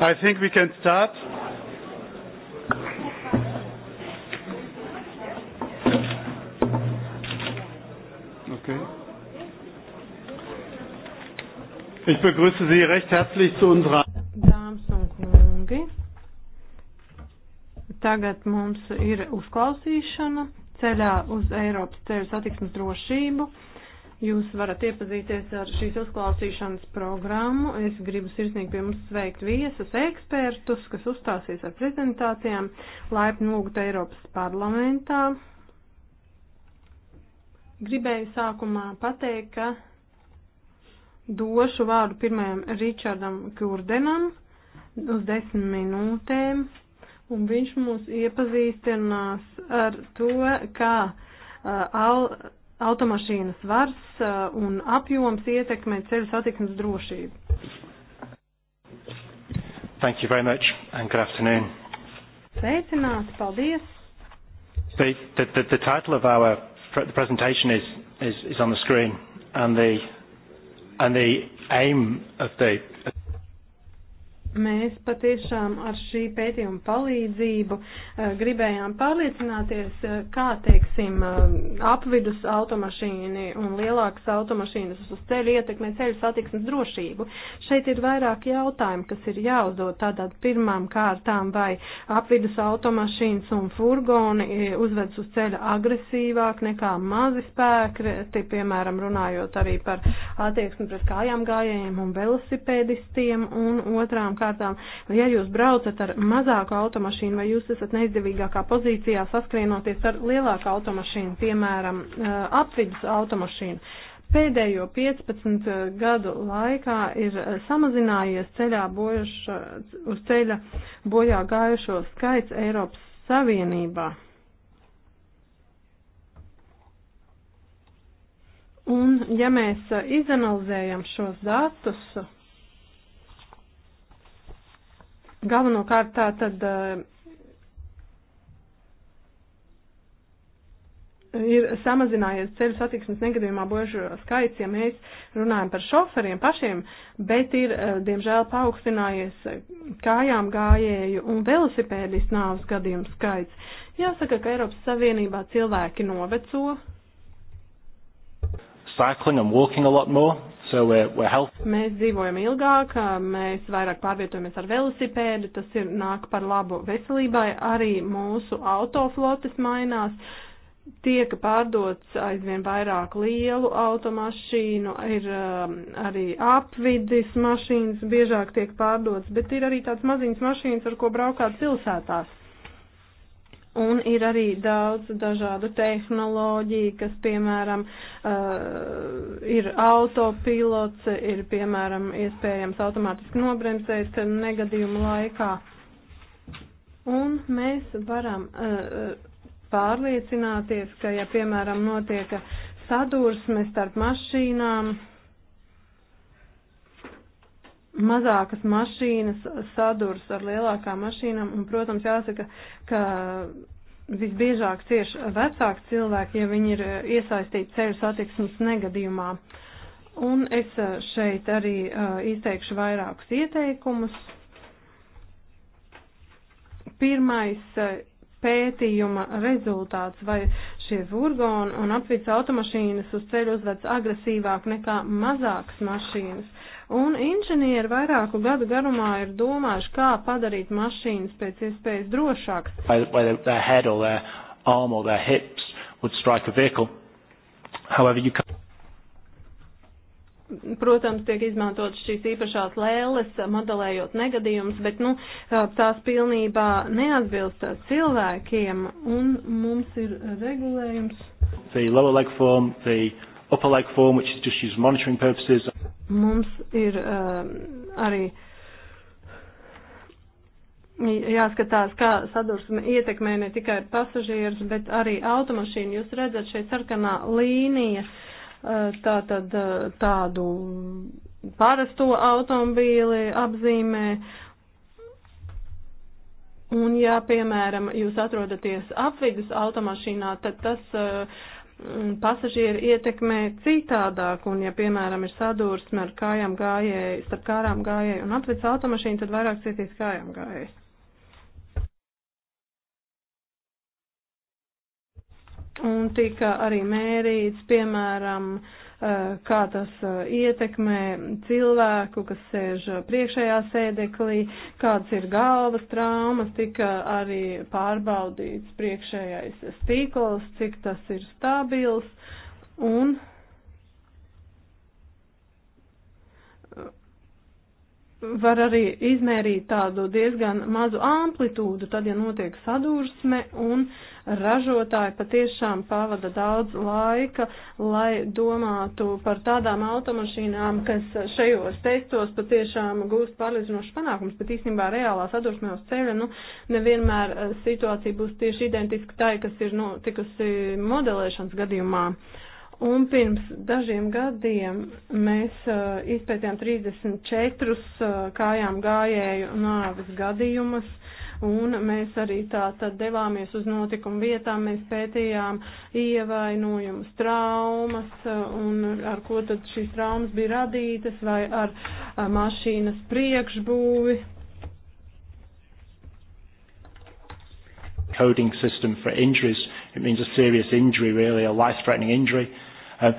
I think we can start. Okay. Ich begrüße Sie recht herzlich zu unserer. Dāmas un kungi, tagad mums ir uzklausīšana ceļā uz Eiropas ceļu satiksmes drošību. Jūs varat iepazīties ar šīs uzklausīšanas programmu. Es gribu sirsnīgi pie mums sveikt viesus ekspertus, kas uzstāsies ar prezentācijām. Laipni lūgt Eiropas parlamentā. Gribēju sākumā pateikt, ka došu vārdu pirmajam Ričardam Kurdenam uz desmit minūtēm, un viņš mūs iepazīstinās ar to, kā uh, al, automašīnas vars uh, un apjoms ietekmē ceļu satiksmes drošību. Thank you very much and good afternoon. Sveicināti, paldies. The, the, the, the title of our the presentation is, is, is on the screen and the, and the aim of the Mēs patiešām ar šī pētījuma palīdzību eh, gribējām pārliecināties, eh, kā, teiksim, eh, apvidus automašīni un lielākas automašīnas uz ceļu ietekmē ceļu satiksmes drošību. Šeit ir vairāk jautājumu, kas ir jāuzdod tādā pirmām kārtām, vai apvidus automašīnas un furgoni uzvedas uz ceļa agresīvāk nekā mazi spēki, te, piemēram, runājot arī par attieksmi pret kājām gājējiem un velosipēdistiem un otrām kārtām iekārtām. Ja jūs braucat ar mazāku automašīnu vai jūs esat neizdevīgākā pozīcijā saskrienoties ar lielāku automašīnu, piemēram, eh, apvidus automašīnu, pēdējo 15 eh, gadu laikā ir eh, samazinājies ceļā bojuša, uz ceļa bojā gājušo skaits Eiropas Savienībā. Un ja mēs izanalizējam šos datus, Galvenokārt tā tad eh, ir samazinājies ceļu satiksmes negadījumā božu skaits, ja mēs runājam par šoferiem pašiem, bet ir, eh, diemžēl, paaugstinājies kājām gājēju un velosipēdis nāvas gadījumu skaits. Jāsaka, ka Eiropas Savienībā cilvēki noveco. Cycling and walking a lot more, So we're, we're health. Mēs dzīvojam ilgāk, mēs vairāk pārvietojamies ar velosipēdu, tas ir nāk par labu veselībai, arī mūsu autoflotes mainās tiek pārdots aizvien vairāk lielu automašīnu, ir um, arī apvidis mašīnas biežāk tiek pārdots, bet ir arī tāds maziņas mašīnas, ar ko braukāt pilsētās. Un ir arī daudz dažādu tehnoloģiju, kas, piemēram, uh, ir autopilots, ir, piemēram, iespējams automātiski nobremzēt negadījumu laikā. Un mēs varam uh, uh, pārliecināties, ka, ja, piemēram, notiek sadursme starp mašīnām, mazākas mašīnas sadurs ar lielākām mašīnām, un, protams, jāsaka, ka visbiežāk cieši vecāki cilvēki, ja viņi ir eh, iesaistīti ceļu satiksmes negadījumā. Un es eh, šeit arī eh, izteikšu vairākus ieteikumus. Pirmais pētījuma rezultāts vai šie furgoni un apvids automašīnas uz ceļu uzvedas agresīvāk nekā mazākas mašīnas. Un inženieri vairāku gadu garumā ir domājuši, kā padarīt mašīnas pēc iespējas drošākas. However, you can protams, tiek izmantotas šīs īpašās lēles, modelējot negadījumus, bet nu, tās pilnībā neatbilst cilvēkiem, un mums ir regulējums. Form, form, mums ir uh, arī jāskatās, kā sadursme ietekmē ne tikai pasažierus, bet arī automašīnu. Jūs redzat šeit sarkanā līnija. Uh, tā tad tādu parasto automobīli apzīmē. Un, ja, piemēram, jūs atrodaties apvidus automašīnā, tad tas uh, pasažieri ietekmē citādāk, un ja, piemēram, ir sadursme ar kājām gājēji, starp kārām gājēji un apvidus automašīnu, tad vairāk cietīs kājām gājēji. un tika arī mērīts, piemēram, eh, kā tas eh, ietekmē cilvēku, kas sēž eh, priekšējā sēdeklī, kādas ir galvas traumas, tika arī pārbaudīts priekšējais stīkls, cik tas ir stabils, un var arī izmērīt tādu diezgan mazu amplitūdu, tad, ja notiek sadursme un uh, ražotāji patiešām pavada daudz laika, lai domātu par tādām automašīnām, kas šajos testos patiešām gūst pārliecinošas panākums, bet īstenībā reālā sadursmē uz ceļa, nu, nevienmēr eh, situācija būs tieši identiska tai, kas ir notikusi nu, modelēšanas gadījumā. Un pirms dažiem gadiem mēs uh, izpētījām 34 uh, eh, kājām gājēju nāves gadījumus. Uh, un mēs arī tā tad devāmies uz notikumu vietām, mēs pētījām ievainojumus, traumas un ar ko tad šīs traumas bija radītas vai ar mašīnas priekšbūvi. Coding system for injuries. It means a serious injury, really, a life threatening injury. Uh,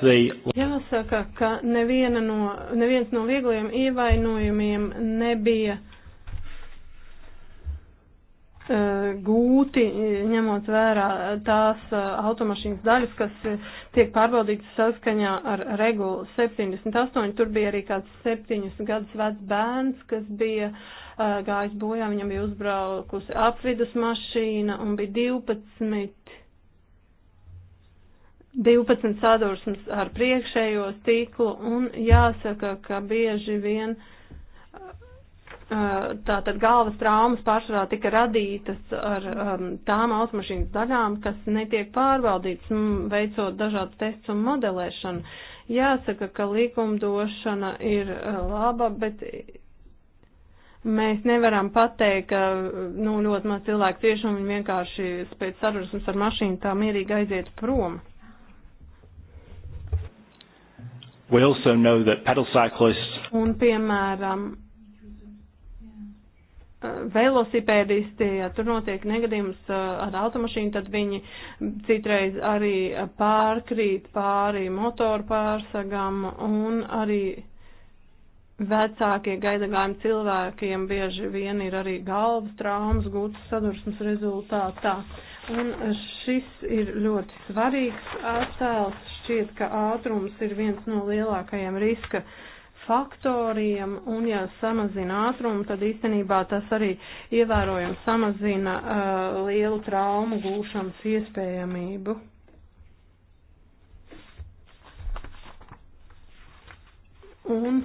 the... Jāsaka, ka neviena no, neviens no viegliem ievainojumiem nebija uh, Eh, gūti, eh, ņemot vērā tās eh, automašīnas daļas, kas tiek pārbaudītas saskaņā ar regulu 78. Tur bija arī kāds septiņus gadus vecs bērns, kas bija gājis bojā, viņam bija uzbraukusi apvidus mašīna un bija 12. 12 sadursmes ar priekšējo stiklu un jāsaka, ka bieži vien uh, Eh, tātad galvas traumas pārsvarā tika radītas ar um, tām automašīnas daļām, kas netiek pārbaudītas, m, veicot dažādas tests un modelēšanu. Jāsaka, ka likumdošana ir eh, laba, bet mēs nevaram pateikt, ka nu, ļoti maz cilvēku tieši un viņi vienkārši pēc sarunas ar mašīnu tā mierīgi aiziet prom. We also know that pedal cyclists un piemēram velosipēdisti, ja tur notiek negadījums uh, ar automašīnu, tad viņi citreiz arī pārkrīt pāri motoru pārsagam un arī vecākie gaidagājumi cilvēkiem bieži vien ir arī galvas traumas gūtas sadursmes rezultātā. Un šis ir ļoti svarīgs attēls. Šķiet, ka ātrums ir viens no lielākajiem riska uh, faktoriem, un ja samazina ātrumu, tad īstenībā tas arī ievērojami samazina uh, lielu traumu gūšanas iespējamību. Un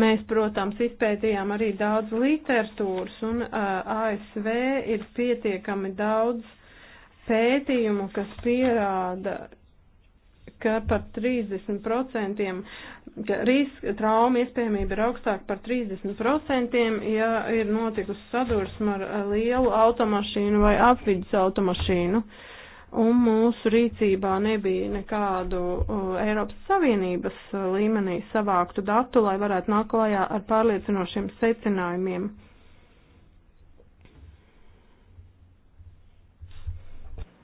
mēs, protams, izpētījām arī daudz literatūras, un uh, ASV ir pietiekami daudz pētījumu, kas pierāda, ka par 30% ka riska trauma iespējamība ir augstāka par 30%, ja ir notikusi sadursme ar eh, lielu automašīnu vai apvidus automašīnu. Un mūsu rīcībā nebija nekādu eh, Eiropas Savienības eh, līmenī savāktu datu, lai varētu nāk klajā ar pārliecinošiem secinājumiem.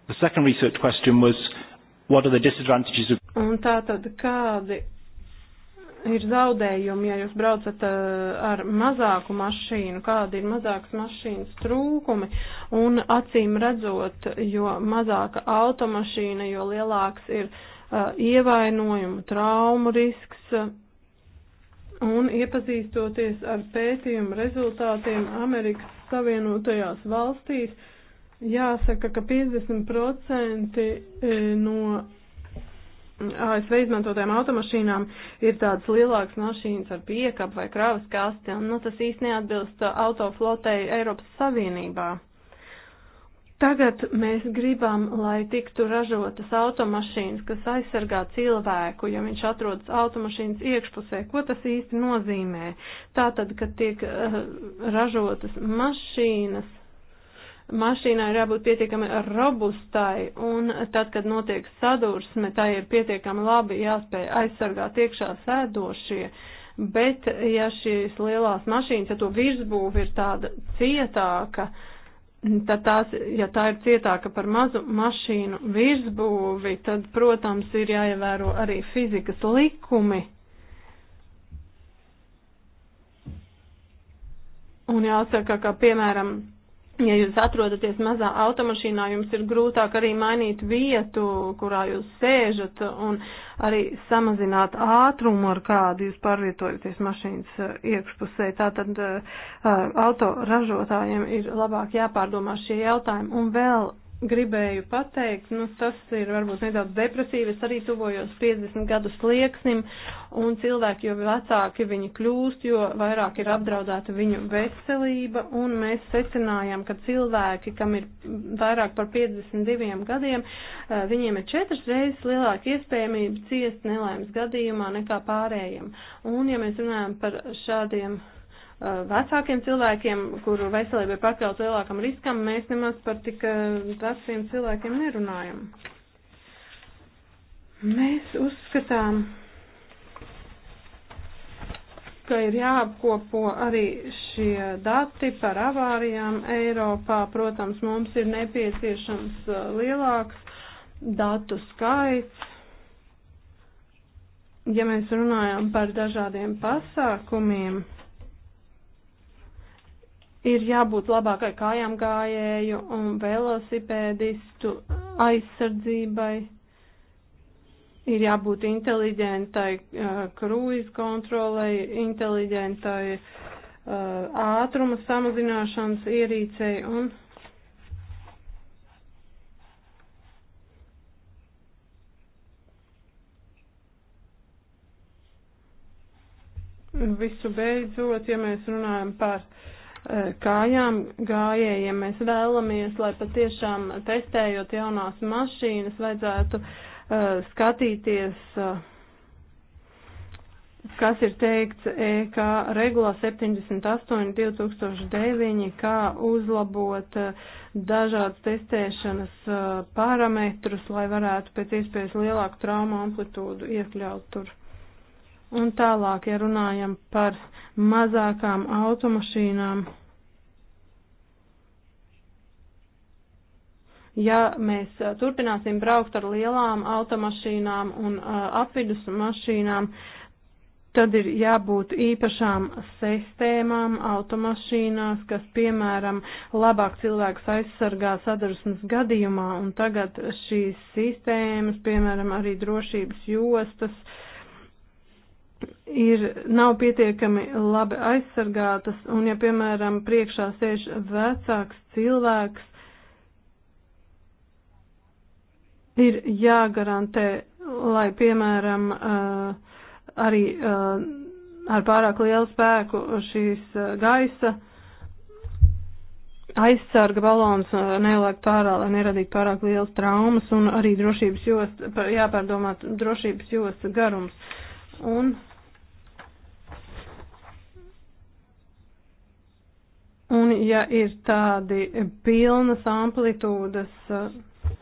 The second research question was, what are the disadvantages of... Un tātad, kādi ir zaudējumi, ja jūs braucat eh, ar mazāku mašīnu, kādi ir mazākas mašīnas trūkumi, un acīm redzot, jo mazāka automašīna, jo lielāks ir eh, ievainojumu, traumu risks, un iepazīstoties ar pētījumu rezultātiem Amerikas Savienotajās valstīs, jāsaka, ka 50% eh, no ASV izmantotajām automašīnām ir tādas lielākas mašīnas ar piekapu vai kravas kasti, un nu, tas īsti neatbilst autoflotei Eiropas Savienībā. Tagad mēs gribam, lai tiktu ražotas automašīnas, kas aizsargā cilvēku, ja viņš atrodas automašīnas iekšpusē. Ko tas īsti nozīmē? Tātad, kad tiek uh, ražotas mašīnas, mašīnai ir jābūt pietiekami robustai, un tad, kad notiek sadursme, tai ir pietiekami labi jāspēj aizsargāt iekšā sēdošie. Bet, ja šīs lielās mašīnas, ja to virsbūve ir tāda cietāka, tad tās, ja tā ir cietāka par mazu mašīnu virsbūvi, tad, protams, ir jāievēro arī fizikas likumi. Un jāsaka, ka, piemēram, Ja jūs atrodaties mazā automašīnā, jums ir grūtāk arī mainīt vietu, kurā jūs sēžat, un arī samazināt ātrumu, ar kādu jūs pārvietojaties mašīnas uh, iekšpusē. Tātad uh, uh, autoražotājiem ir labāk jāpārdomā šie jautājumi. Un vēl gribēju pateikt, nu, tas ir varbūt nedaudz depresīvi, es arī tuvojos 50 gadu slieksnim, un cilvēki, jo vecāki viņi kļūst, jo vairāk ir apdraudēta viņu veselība, un mēs secinājām, ka cilvēki, kam ir vairāk par 52 gadiem, eh, viņiem ir četras reizes lielāka iespējamība ciest nelaimes gadījumā nekā pārējiem. Un, ja mēs runājam par šādiem Eh, vecākiem cilvēkiem, kuru veselība ir pakļauts lielākam riskam, mēs nemaz par tik eh, veciem cilvēkiem nerunājam. Mēs uzskatām, ka ir jāapkopo arī šie dati par avārijām Eiropā. Protams, mums ir nepieciešams eh, lielāks datu skaits. Ja mēs runājam par dažādiem pasākumiem, ir jābūt labākai kājām gājēju un velosipēdistu aizsardzībai, ir jābūt inteliģentai uh, krūjas kontrolei, inteliģentai uh, ātruma samazināšanas ierīcei un visu beidzot, ja mēs runājam par uh, E, kājām gājēji, ja mēs vēlamies, lai patiešām testējot jaunās mašīnas, vajadzētu uh, skatīties, uh, kas ir teikts EK regulā 78-2009, kā uzlabot uh, dažādas testēšanas parametrus, lai varētu pēc iespējas lielāku traumu amplitūdu iekļaut tur. Un tālāk, ja runājam par mazākām automašīnām, ja mēs uh, turpināsim braukt ar lielām automašīnām un uh, apvidus mašīnām, tad ir jābūt īpašām sistēmām automašīnās, kas, piemēram, labāk cilvēks aizsargā sadarsmes gadījumā, un tagad šīs sistēmas, piemēram, arī drošības jostas, uh, ir, nav pietiekami labi aizsargātas, un ja, piemēram, priekšā sēž vecāks cilvēks, ir jāgarantē, lai, piemēram, eh, arī eh, ar pārāk lielu spēku šīs eh, gaisa aizsarga balons neliek pārā, lai neradītu pārāk lielas traumas, un arī drošības jost, jāpārdomā drošības jost garums. Un Un ja ir tādi pilnas amplitūdas. Eh,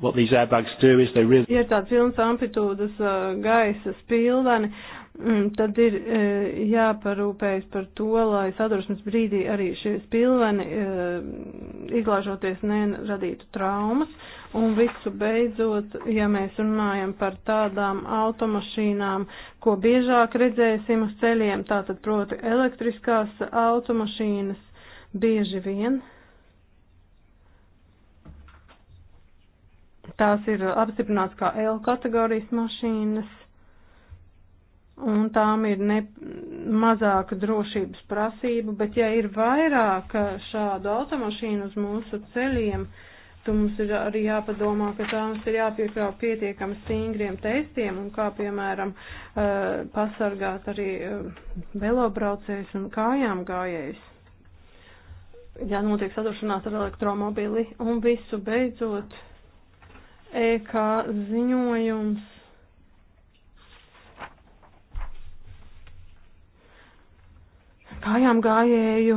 What these airbags do is they really. Ja ir tāda pilnas amplitūdas eh, gaisa spildeni, mm, tad ir eh, jāparūpējas par to, lai sadursmes brīdī arī šie spilveni, izlāžoties, neradītu traumas. Un visu beidzot, ja mēs runājam par tādām automašīnām, ko biežāk redzēsim uz ceļiem, tātad proti elektriskās automašīnas, bieži vien tās ir apstiprināts kā L kategorijas mašīnas, un tām ir ne, mazāka drošības prasība, bet ja ir vairāk šādu automašīnu uz mūsu ceļiem, tad mums ir arī jāpadomā, ka tās ir jāpiekļauj pietiekami stingriem testiem un kā, piemēram, eh, pasargāt arī eh, velobraucējus un kājām gājējus ja notiek saduršanās ar elektromobili. Un visu beidzot, EK ziņojums. Kājām gājēju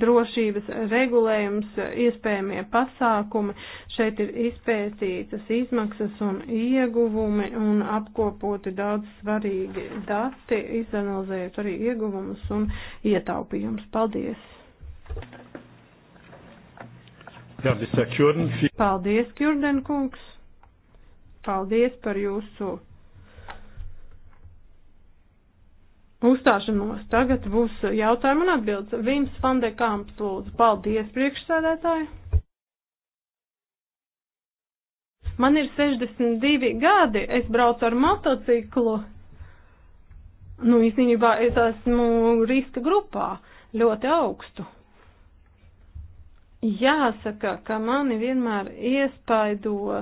drošības regulējums, iespējamie pasākumi, šeit ir izpētītas izmaksas un ieguvumi un apkopoti daudz svarīgi dati, izanalizējot arī ieguvumus un ietaupījumus. Paldies! Paldies, Kjurden kungs! Paldies par jūsu uzstāšanos. Tagad būs jautājumi un atbildes. Vīms Fandekāms lūdzu. Paldies, priekšsēdētāji. Man ir 62 gadi, es braucu ar motociklu. Nu, īstenībā es esmu riska grupā ļoti augstu. Jāsaka, ka mani vienmēr iespaido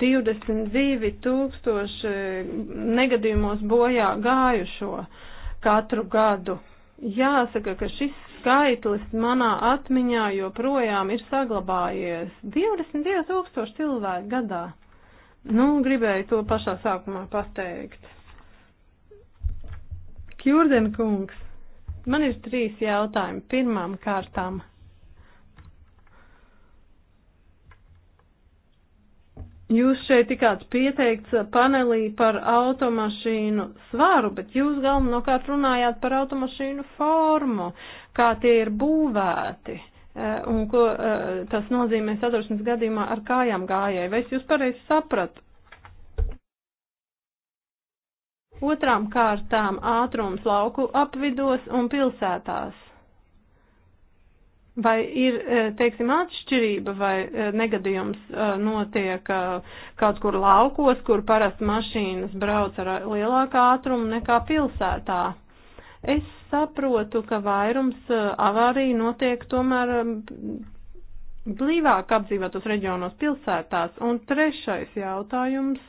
22 tūkstoši negadījumos bojā gājušo katru gadu. Jāsaka, ka šis skaitlis manā atmiņā joprojām ir saglabājies 22 tūkstoši cilvēku gadā. Nu, gribēju to pašā sākumā pateikt. Kjurdenkungs, man ir trīs jautājumi pirmām kārtām. Jūs šeit tikāt pieteikts panelī par automašīnu svaru, bet jūs galvenokārt runājāt par automašīnu formu, kā tie ir būvēti e, un ko e, tas nozīmē sadursmes gadījumā ar kājām gājēji. Vai es jūs pareizi sapratu? Otrām kārtām ātrums lauku apvidos un pilsētās Vai ir, e, teiksim, atšķirība vai e, negadījums e, notiek kaut kur laukos, kur parasti mašīnas brauc ar lielāku ātrumu nekā pilsētā? Es saprotu, ka vairums avāriju notiek tomēr blīvāk apdzīvotos reģionos pilsētās. Un trešais jautājums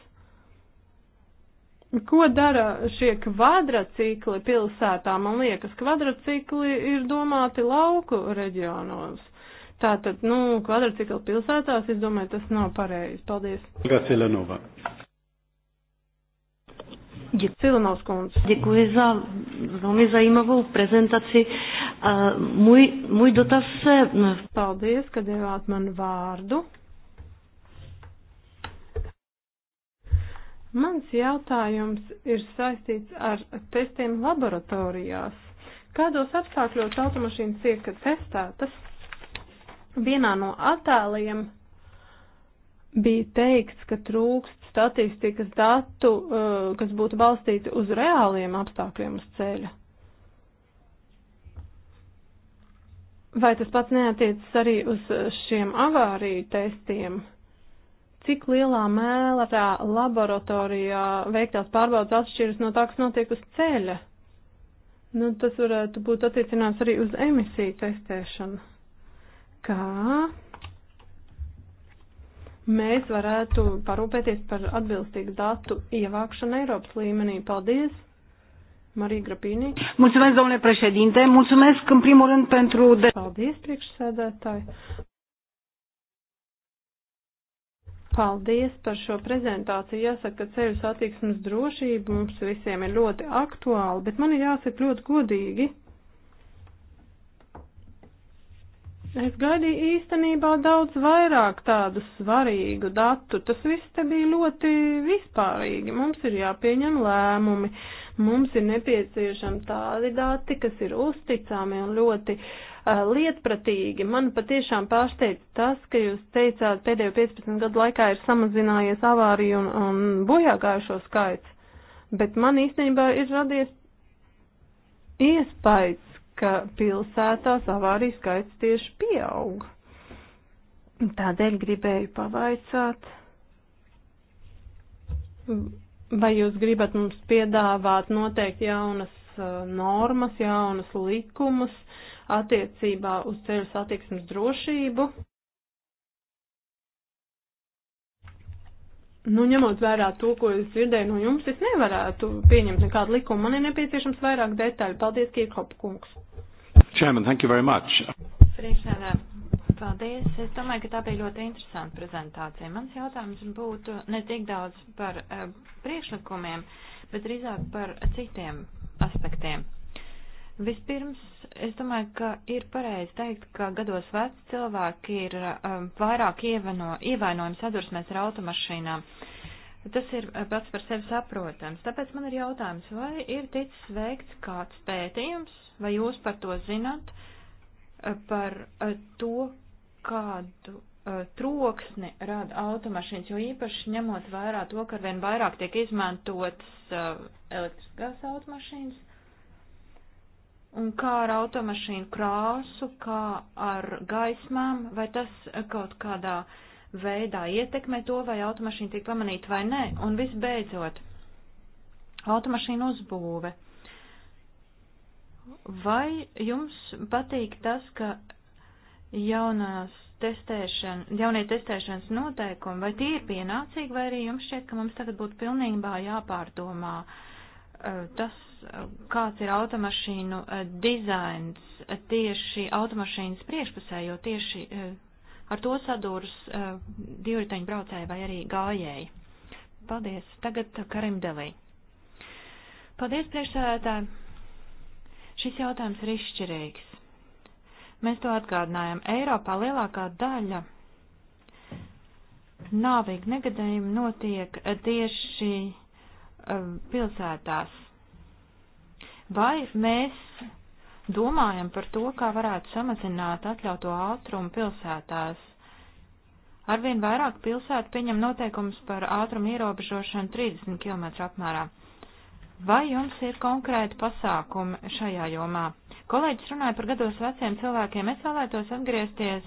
Ko dara šie kvadracikli pilsētā? Man liekas, kvadracikli ir domāti lauku reģionos. Tātad, nu, kvadracikli pilsētās, es domāju, tas nav pareizi. Paldies. Gasilanova. Silanovs kundz. Děkuji za velmi zajímavou prezentaci. Můj, můj dotaz se... Paldies, ka devāt man vārdu. Mans jautājums ir saistīts ar testiem laboratorijās. Kādos apstākļos automašīnas tiek testētas? Vienā no attēliem bija teikts, ka trūkst statistikas datu, uh, kas būtu balstīti uz reāliem apstākļiem uz ceļa. Vai tas pats neatiecas arī uz šiem avāriju testiem? cik lielā mērā laboratorijā veiktās pārbaudas atšķiras no tā, kas notiek uz ceļa. Nu, tas varētu būt attiecināts arī uz emisiju testēšanu. Kā mēs varētu parūpēties par atbilstīgu datu ievākšanu Eiropas līmenī? Paldies! Marie Grapini. Mulțumesc, domnule președinte. Mulțumesc, în primul rând, pentru... De... Paldies, priekšsēdētāji. Paldies par šo prezentāciju. Jāsaka, ka ceļu satiksmes drošība mums visiem ir ļoti aktuāla, bet man ir jāsaka ļoti godīgi. Es gaidīju īstenībā daudz vairāk tādu svarīgu datu. Tas viss te bija ļoti vispārīgi. Mums ir jāpieņem lēmumi. Uh, Mums ir nepieciešami tādi dati, kas ir uzticami un ļoti uh, lietpratīgi. Man patiešām pārsteidz tas, ka jūs teicāt, pēdējo 15 gadu laikā ir samazinājies avāriju un, un bojāgājušo skaits. Bet man īstenībā ir radies iespējas, ka pilsētās avāriju skaits tieši pieaug. Tādēļ gribēju pavaicāt, Vai jūs gribat mums piedāvāt noteikti jaunas uh, normas, jaunas likumus attiecībā uz ceļu satiksmes drošību? Nu, ņemot vērā to, ko es dzirdēju no jums, es nevarētu pieņemt nekādu likumu. Man ir nepieciešams vairāk detaļu. Paldies, Kirkhop kungs. Chairman, thank you very much. Priekšsēdētāj, Paldies. Es domāju, ka tā bija ļoti interesanta prezentācija. Mans jautājums būtu ne tik daudz par uh, priekšlikumiem, bet drīzāk par citiem aspektiem. Vispirms, es domāju, ka ir pareizi teikt, ka gados veci cilvēki ir uh, vairāk ievano, ievainojumi sadursmēs ar automašīnām. Tas ir eh, pats par sevi saprotams. Tāpēc man ir jautājums, vai ir ticis veikts kāds pētījums, vai jūs par to zināt? par to, kādu uh, troksni rada automašīnas, jo īpaši ņemot vērā to, ka vien vairāk tiek izmantotas uh, eh, elektriskās automašīnas, un kā ar automašīnu krāsu, kā ar gaismām, vai tas kaut kādā veidā ietekmē to, vai automašīna tiek pamanīta vai nē, un visbeidzot, automašīnu uzbūve. Vai jums patīk tas, ka jaunās testēšana, jaunie testēšanas noteikumi, vai tie ir pienācīgi, vai arī jums šķiet, ka mums tagad būtu pilnībā jāpārdomā eh, tas, eh, kāds ir automašīnu eh, dizains tieši automašīnas priekšpusē, jo tieši ar to sadūrus divriteņu braucēji vai arī gājēji. Paldies. Tagad Karim Delī. Paldies, priekšsēdētāji. Šis jautājums ir izšķirīgs Mēs to atgādinājam. Eiropā lielākā daļa nāvīgu negadējumu notiek tieši um, pilsētās. Vai mēs domājam par to, kā varētu samazināt atļautu ātrumu pilsētās? Arvien vairāk pilsētu pieņem noteikumus par ātrumu ierobežošanu 30 km apmērā. Vai jums ir konkrēti pasākumi šajā jomā? Kolēģis runāja par gados veciem cilvēkiem. Es vēlētos atgriezties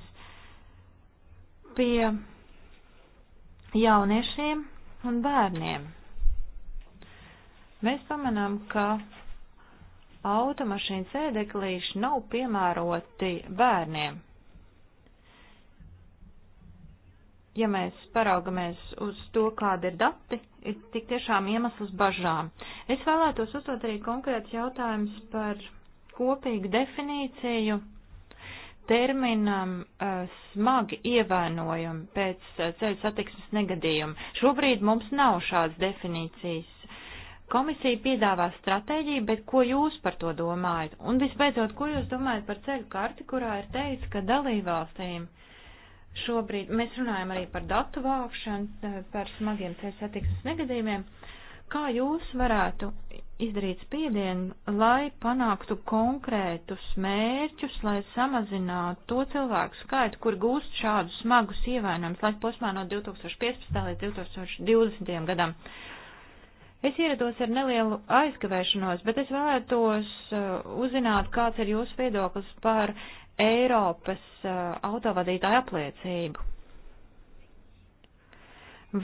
pie jauniešiem un bērniem. Mēs pamanām, ka automašīnu sēdeklīši nav piemēroti bērniem. Ja mēs paraugamies uz to, kāda ir dati, ir tik tiešām iemesls bažām. Es vēlētos uzdot arī konkrēts jautājums par kopīgu definīciju terminam um, uh, smagi ievainojumi pēc uh, ceļu satiksmes negadījuma. Šobrīd mums nav šādas definīcijas. Komisija piedāvā stratēģiju, bet ko jūs par to domājat? Un visbeidzot, ko jūs domājat par ceļu karti, kurā ir teicis, ka dalībvalstīm šobrīd mēs runājam arī par datu vākšanu, uh, par smagiem ceļu satiksmes negadījumiem. Uh, Kā jūs varētu izdarīt spiedienu, lai panāktu konkrētus mērķus, lai samazinātu to cilvēku skaitu, kur gūst šādus smagus ievainojumus laika posmā no 2015. līdz 2020. gadam. Es ierados ar nelielu aizkavēšanos, bet es vēlētos uh, uzzināt, kāds ir jūsu viedoklis par Eiropas uh, autovadītāju apliecību.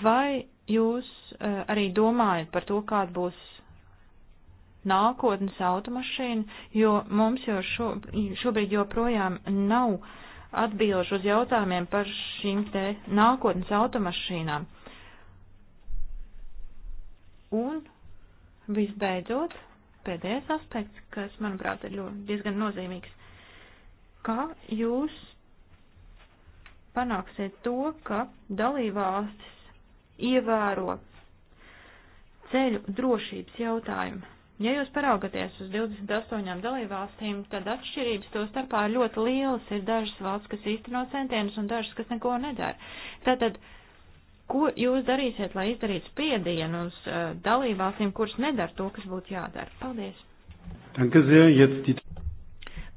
Vai jūs eh, arī domājat par to, kāda būs nākotnes automašīna, jo mums jau šo, šobrīd joprojām nav atbilžu uz jautājumiem par šīm te nākotnes automašīnām. Un visbeidzot, pēdējais aspekts, kas, manuprāt, ir ļoti diezgan nozīmīgs. Kā jūs panāksiet to, ka dalībvalstis ievēro ceļu drošības jautājumu. Ja jūs paraugaties uz 28 dalībvalstīm, tad atšķirības to starpā ir ļoti lielas. Ir dažas valsts, kas īsteno centienus un dažas, kas neko nedara. Tātad, ko jūs darīsiet, lai izdarītu spiedienu uz uh, dalībvalstīm, kuras nedara to, kas būtu jādara? Paldies! Danke sehr, jetzt die...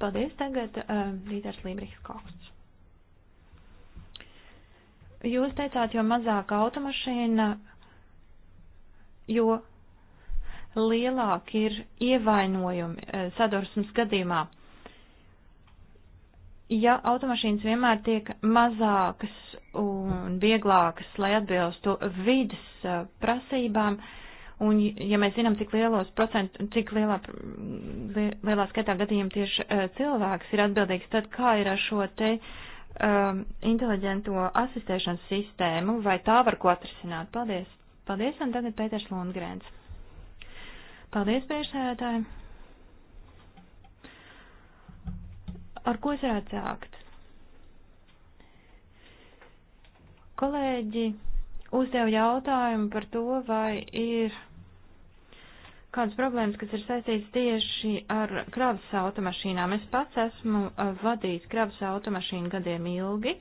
Paldies, tagad uh, Dīters Lībrīgs Koks. Jūs teicāt, jo mazāka automašīna, jo lielāki ir ievainojumi eh, sadursmes gadījumā. Ja automašīnas vienmēr tiek mazākas un vieglākas, lai atbilstu vidas eh, prasībām, un ja mēs zinām, cik lielos procentu, cik lielā, mm, lielā skaitā gadījumu tieši eh, cilvēks ir atbildīgs, tad kā ir ar šo te uh, um, inteliģento asistēšanas sistēmu, vai tā var ko atrisināt? Paldies! Paldies, un tagad Pēters Lundgrēns. Paldies, priekšsēdētāji! Ar ko es varētu sākt? Kolēģi uzdeva jautājumu par to, vai ir kādas problēmas, kas ir saistītas tieši ar kravas automašīnām. Es pats esmu vadījis kravas automašīnu gadiem ilgi,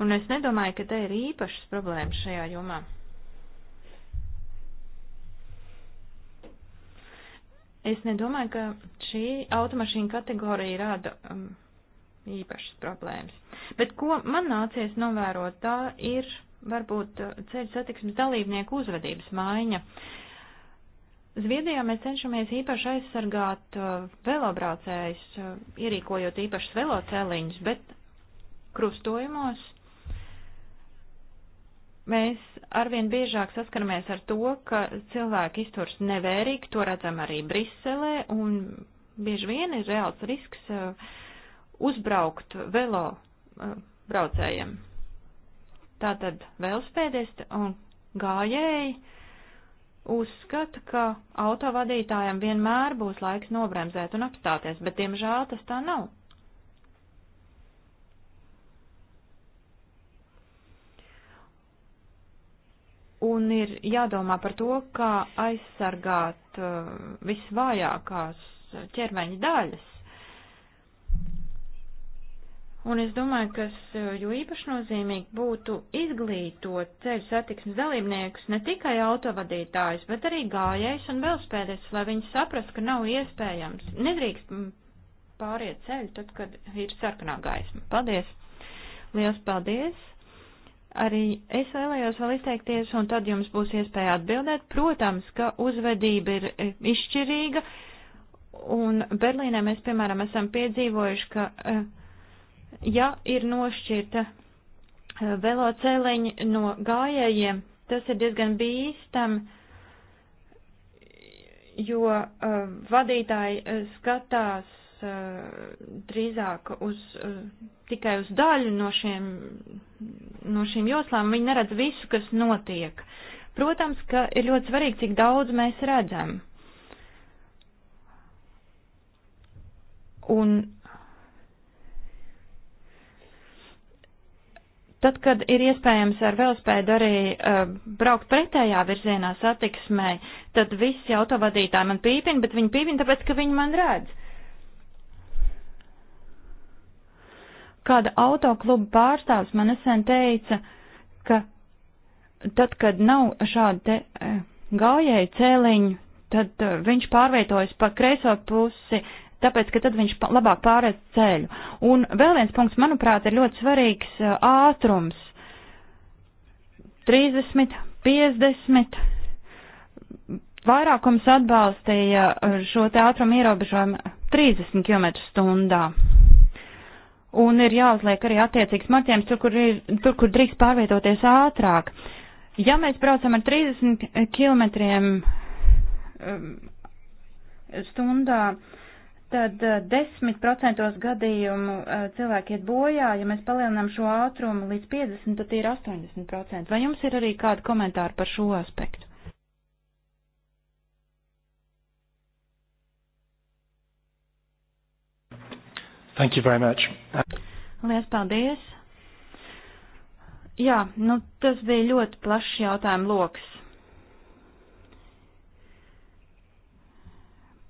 un es nedomāju, ka te ir īpašas problēmas šajā jomā. Es nedomāju, ka šī automašīna kategorija rada um, īpašas problēmas. Bet ko man nācies novērot, tā ir varbūt ceļu satiksmes dalībnieku uzvedības maiņa. Uh, Zviedrijā mēs cenšamies īpaši aizsargāt uh, velobraucējus, uh, ierīkojot īpašas velocēliņus, bet krustojumos mēs arvien biežāk saskaramies ar to, ka cilvēki izturs nevērīgi, to redzam arī Briselē, un bieži vien ir reāls risks uh, uzbraukt velo uh, braucējiem. Tātad velospēdisti un gājēji uzskata, ka autovadītājam vienmēr būs laiks nobremzēt un apstāties, bet diemžēl tas tā nav. Un ir jādomā par to, kā aizsargāt uh, visvājākās ķermeņa daļas. Un es domāju, kas eh, jo īpaši nozīmīgi būtu izglītot ceļu satiksmes dalībniekus, ne tikai autovadītājus, bet arī gājējus un velospēdējus, lai viņi saprast, ka nav iespējams, nedrīkst mm, pāriet ceļu, tad, kad ir sarkanā gaisma. Paldies! Liels paldies! Arī es vēlējos vēl izteikties, un tad jums būs iespēja atbildēt. Protams, ka uzvedība ir eh, izšķirīga, un Berlīnē mēs, piemēram, esam piedzīvojuši, ka. Uh, ja ir nošķirta e, velocēliņi no gājējiem, tas ir diezgan bīstami, jo uh, vadītāji e, skatās uh, drīzāk uz, uh, tikai uz daļu no šiem, no šīm joslām, viņi neredz visu, kas notiek. Protams, ka ir ļoti svarīgi, cik daudz mēs redzam. Un Tad, kad ir iespējams ar velospēdu arī uh, braukt pretējā virzienā satiksmē, tad visi autovadītāji man pīpina, bet viņi pīpina tāpēc, ka viņi man redz. Kāda autokluba pārstāvs man nesen teica, ka tad, kad nav šāda te, uh, eh, gaujēju cēliņu, tad uh, viņš pārvietojas pa kreiso pusi tāpēc, ka tad viņš labāk pārēs ceļu. Un vēl viens punkts, manuprāt, ir ļoti svarīgs ātrums. 30, 50. Vairākums atbalstīja šo te ātrumu ierobežojumu 30 km stundā. Un ir jāuzliek arī attiecīgs marķējums tur, kur, ir, tur, kur drīkst pārvietoties ātrāk. Ja mēs braucam ar 30 km stundā, uh, tad 10% eh, gadījumu eh, cilvēki iet bojā, ja mēs palielinām šo ātrumu līdz 50, tad ir 80%. Vai jums ir arī kādi komentāri par šo aspektu? Thank you very much. Lielas paldies. Jā, nu tas bija ļoti plašs jautājumu loks.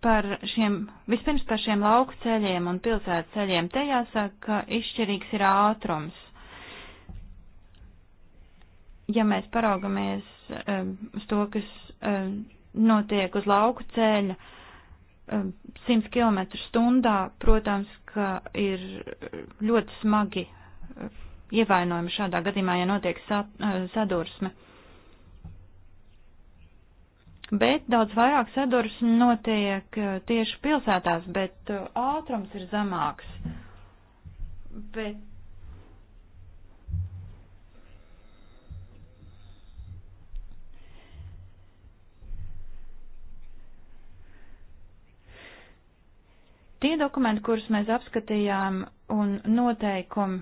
par šiem, vispirms par šiem lauku ceļiem un pilsētu ceļiem, te jāsaka, ka izšķirīgs ir ātrums. Ja mēs paraugamies um, uz to, kas um, notiek uz lauku ceļa um, 100 km stundā, protams, ka ir ļoti smagi um, ievainojumi šādā gadījumā, ja notiek sa, um, sadursme. Um, bet daudz vairāk sadursmes notiek eh, tieši pilsētās, bet eh, ātrums ir zemāks. Bet Tie dokumenti, kurus mēs apskatījām un noteikumi,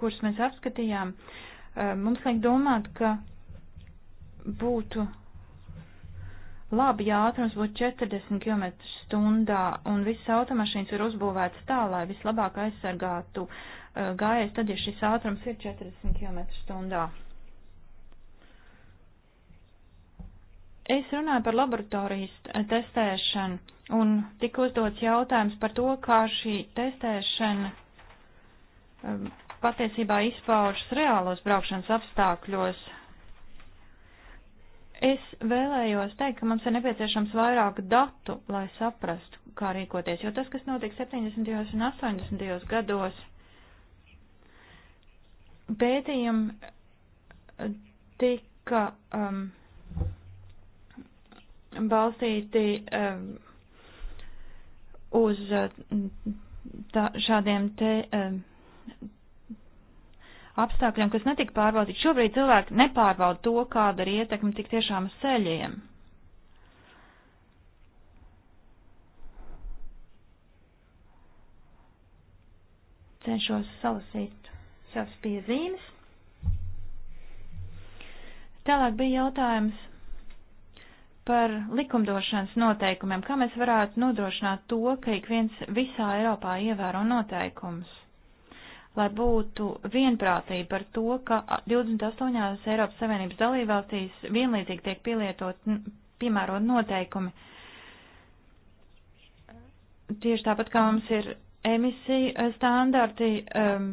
kurus mēs apskatījām, eh, mums liek domāt, ka būtu Labi, ja ātrums būtu 40 km stundā un visas automašīnas ir uzbūvētas tā, lai vislabāk aizsargātu uh, eh, gājējas, tad, ja šis ātrums ir 40 km stundā. Es runāju par laboratorijas testēšanu un tika uzdots jautājums par to, kā šī testēšana um, patiesībā izpaužas reālos braukšanas apstākļos. Es vēlējos teikt, ka mums ir nepieciešams vairāk datu, lai saprastu, kā rīkoties, jo tas, kas notika 70. un 80. gados, pētījumi eh, tika um, balstīti um, uz eh, tā, šādiem te um, apstākļiem, kas netika pārbaudīti. Šobrīd cilvēki nepārbauda to, kāda ir ietekme tik tiešām uz ceļiem. Cenšos salasīt savas piezīmes. Tālāk bija jautājums par likumdošanas noteikumiem, kā mēs varētu nodrošināt to, ka ik viens visā Eiropā ievēro noteikumus lai būtu vienprātība par to, ka 28. Eiropas Savienības dalībvalstīs vienlīdzīgi tiek pielietot, piemērot noteikumi. Tieši tāpat kā mums ir emisiju eh, standarti, um,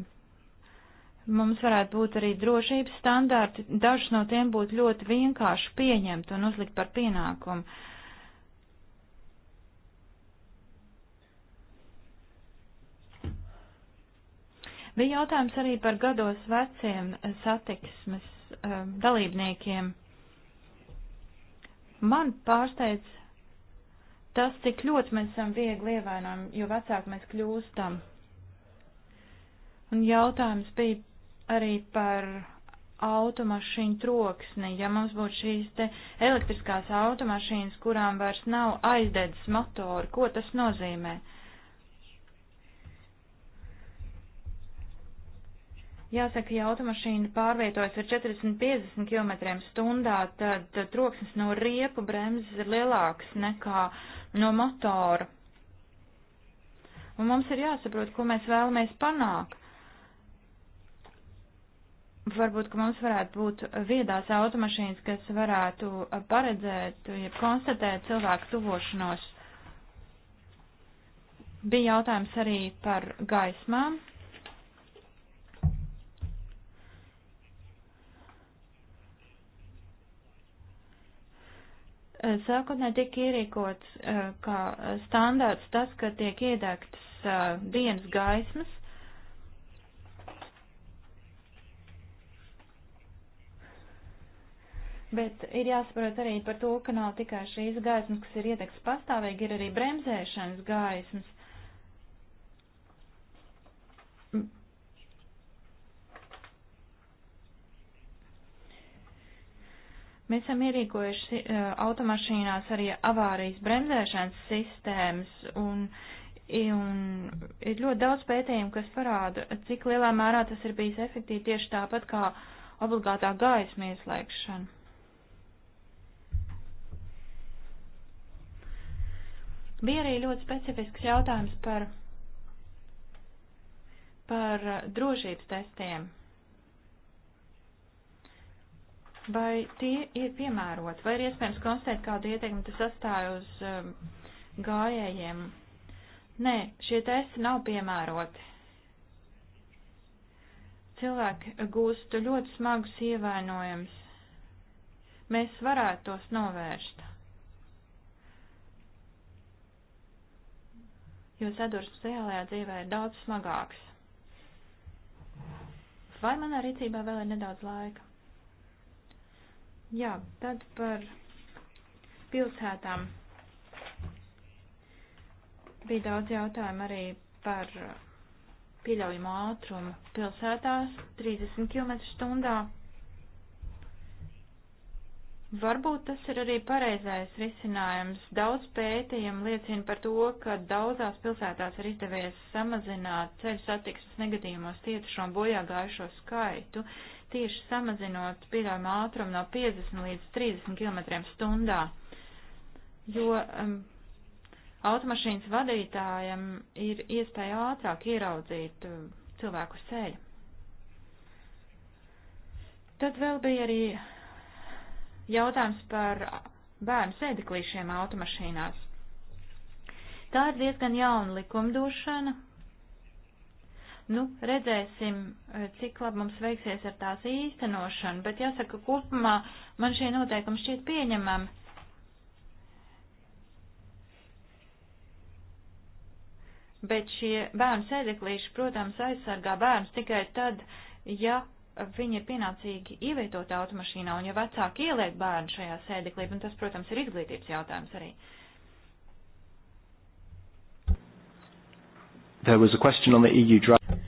mums varētu būt arī drošības standarti, dažus no tiem būtu ļoti vienkārši pieņemt un uzlikt par pienākumu. Bija jautājums arī par gados veciem satiksmes um, dalībniekiem. Man pārsteidz tas, cik ļoti mēs esam viegli ievainojami, jo vecāk mēs kļūstam. Un jautājums bija arī par automašīnu troksni. Ja mums būtu šīs te elektriskās automašīnas, kurām vairs nav aizdedzis motori, ko tas nozīmē? Uh, Jāsaka, ja automašīna pārvietojas ar 40-50 km stundā, tad troksnis no riepu bremzes ir lielāks nekā no motora. Un mums ir jāsaprot, ko mēs vēlamies panākt. Varbūt, ka mums varētu būt viedās automašīnas, kas varētu paredzēt, ja konstatēt cilvēku tuvošanos. Bija jautājums arī par gaismām, Eh, sākotnē tika ierīkots eh, kā standārts tas, ka tiek iedegtas eh, dienas gaismas. Bet ir jāsaprot arī par to, ka nav tikai šīs gaismas, kas ir iedegtas pastāvīgi, ir arī bremzēšanas gaismas. Mēs esam ierīkojuši eh, automašīnās arī avārijas bremzēšanas sistēmas un, un ir ļoti daudz pētījumu, kas parāda, cik lielā mērā tas ir bijis efektīvi tieši tāpat kā obligātā gaisma ieslēgšana. Bija arī ļoti specifisks jautājums par, par drošības testiem vai tie ir piemēroti, vai ir iespējams konstatēt kādu ieteikumu, tas atstāja uz um, gājējiem. Nē, šie testi nav piemēroti. Cilvēki gūst ļoti smagus ievainojumus. Mēs varētu tos novērst. Jo sadursmes reālajā dzīvē ir daudz smagāks. Vai manā rīcībā vēl ir nedaudz laika? Jā, tad par pilsētām. Bija daudz jautājumu arī par pieļaujamo ātrumu pilsētās 30 km stundā. Varbūt tas ir arī pareizais risinājums. Daudz pētījumu liecina par to, ka daudzās pilsētās ir izdevies samazināt ceļu satiksmes negadījumos cietušo un bojā gājušo skaitu tieši samazinot pieļaujamo ātrumu no 50 līdz 30 km stundā, jo um, automašīnas vadītājam ir iespēja ātrāk ieraudzīt um, cilvēku ceļu. Tad vēl bija arī jautājums par bērnu sēdeklīšiem automašīnās. Tā ir diezgan jauna likumdošana, Nu, redzēsim, eh, cik labi mums veiksies ar tās īstenošanu, bet jāsaka, kopumā man šie noteikumi šķiet pieņemami. Bet šie bērnu sēdeklīši, protams, aizsargā bērnus tikai tad, ja viņi ir pienācīgi ievietoti automašīnā un ja vecāki ieliek bērnu šajā sēdeklī, un tas, protams, ir izglītības jautājums arī. Uh, There was a question on the EU drive.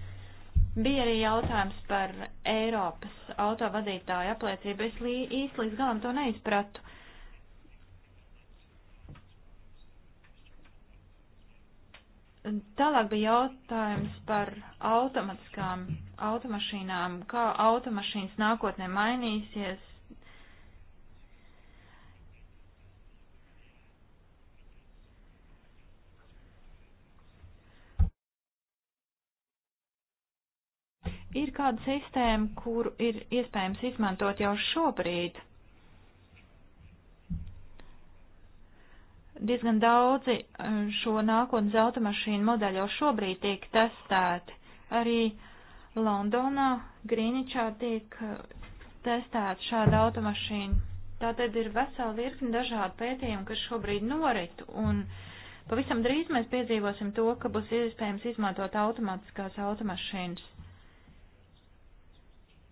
Bija arī jautājums par Eiropas autovadītāju apliecību. Es lī, īsti līdz galam to neizpratu. Tālāk bija jautājums par automatiskām automašīnām, kā automašīnas nākotnē mainīsies, ir kāda sistēma, kuru ir iespējams izmantot jau šobrīd. Diezgan daudzi eh, šo nākotnes automašīnu modeļu jau šobrīd tiek testēti. Arī Londonā, Grīničā tiek eh, testēta šāda automašīna. Tātad ir vesela virkni dažādu pētījumu, kas šobrīd norit, un pavisam drīz mēs piedzīvosim to, ka būs iespējams izmantot automātiskās automašīnas.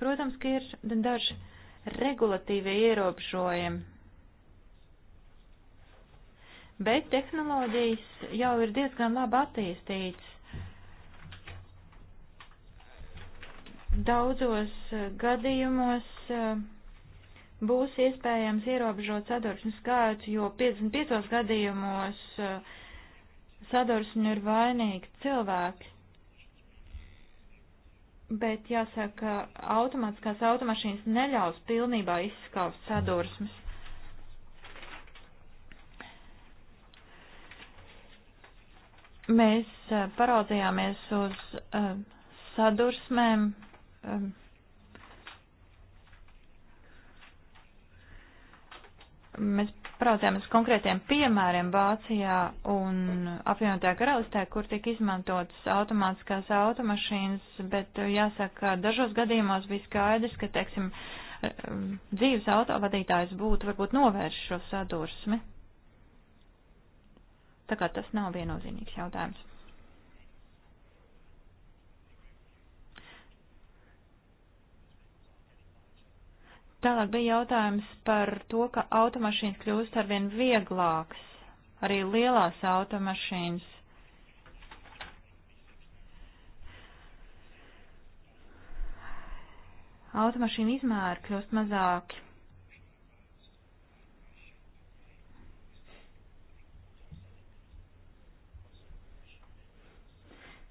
Protams, ka ir daži regulatīvie ierobežojumi, bet tehnoloģijas jau ir diezgan labi attīstītas. Daudzos eh, gadījumos eh, būs iespējams ierobežot sadursmes skaitu, jo 55 gadījumos eh, sadursmi ir vainīgi cilvēki bet jāsaka, automātiskās automašīnas neļaus pilnībā izskaust sadursmes. Mēs paraudzījāmies uz uh, sadursmēm. Um, mēs paraudzījāmies konkrētiem piemēriem Vācijā un apvienotajā karalistē, kur tiek izmantotas automātiskās automašīnas, bet uh, jāsaka, dažos gadījumos bija skaidrs, ka, teiksim, uh, um, dzīves autovadītājs būtu varbūt novērš šo sadursmi. Tā kā tas nav viennozīmīgs jautājums. Tālāk bija jautājums par to, ka automašīnas kļūst arvien vieglāks, arī lielās automašīnas. Automašīna izmēri kļūst mazāki.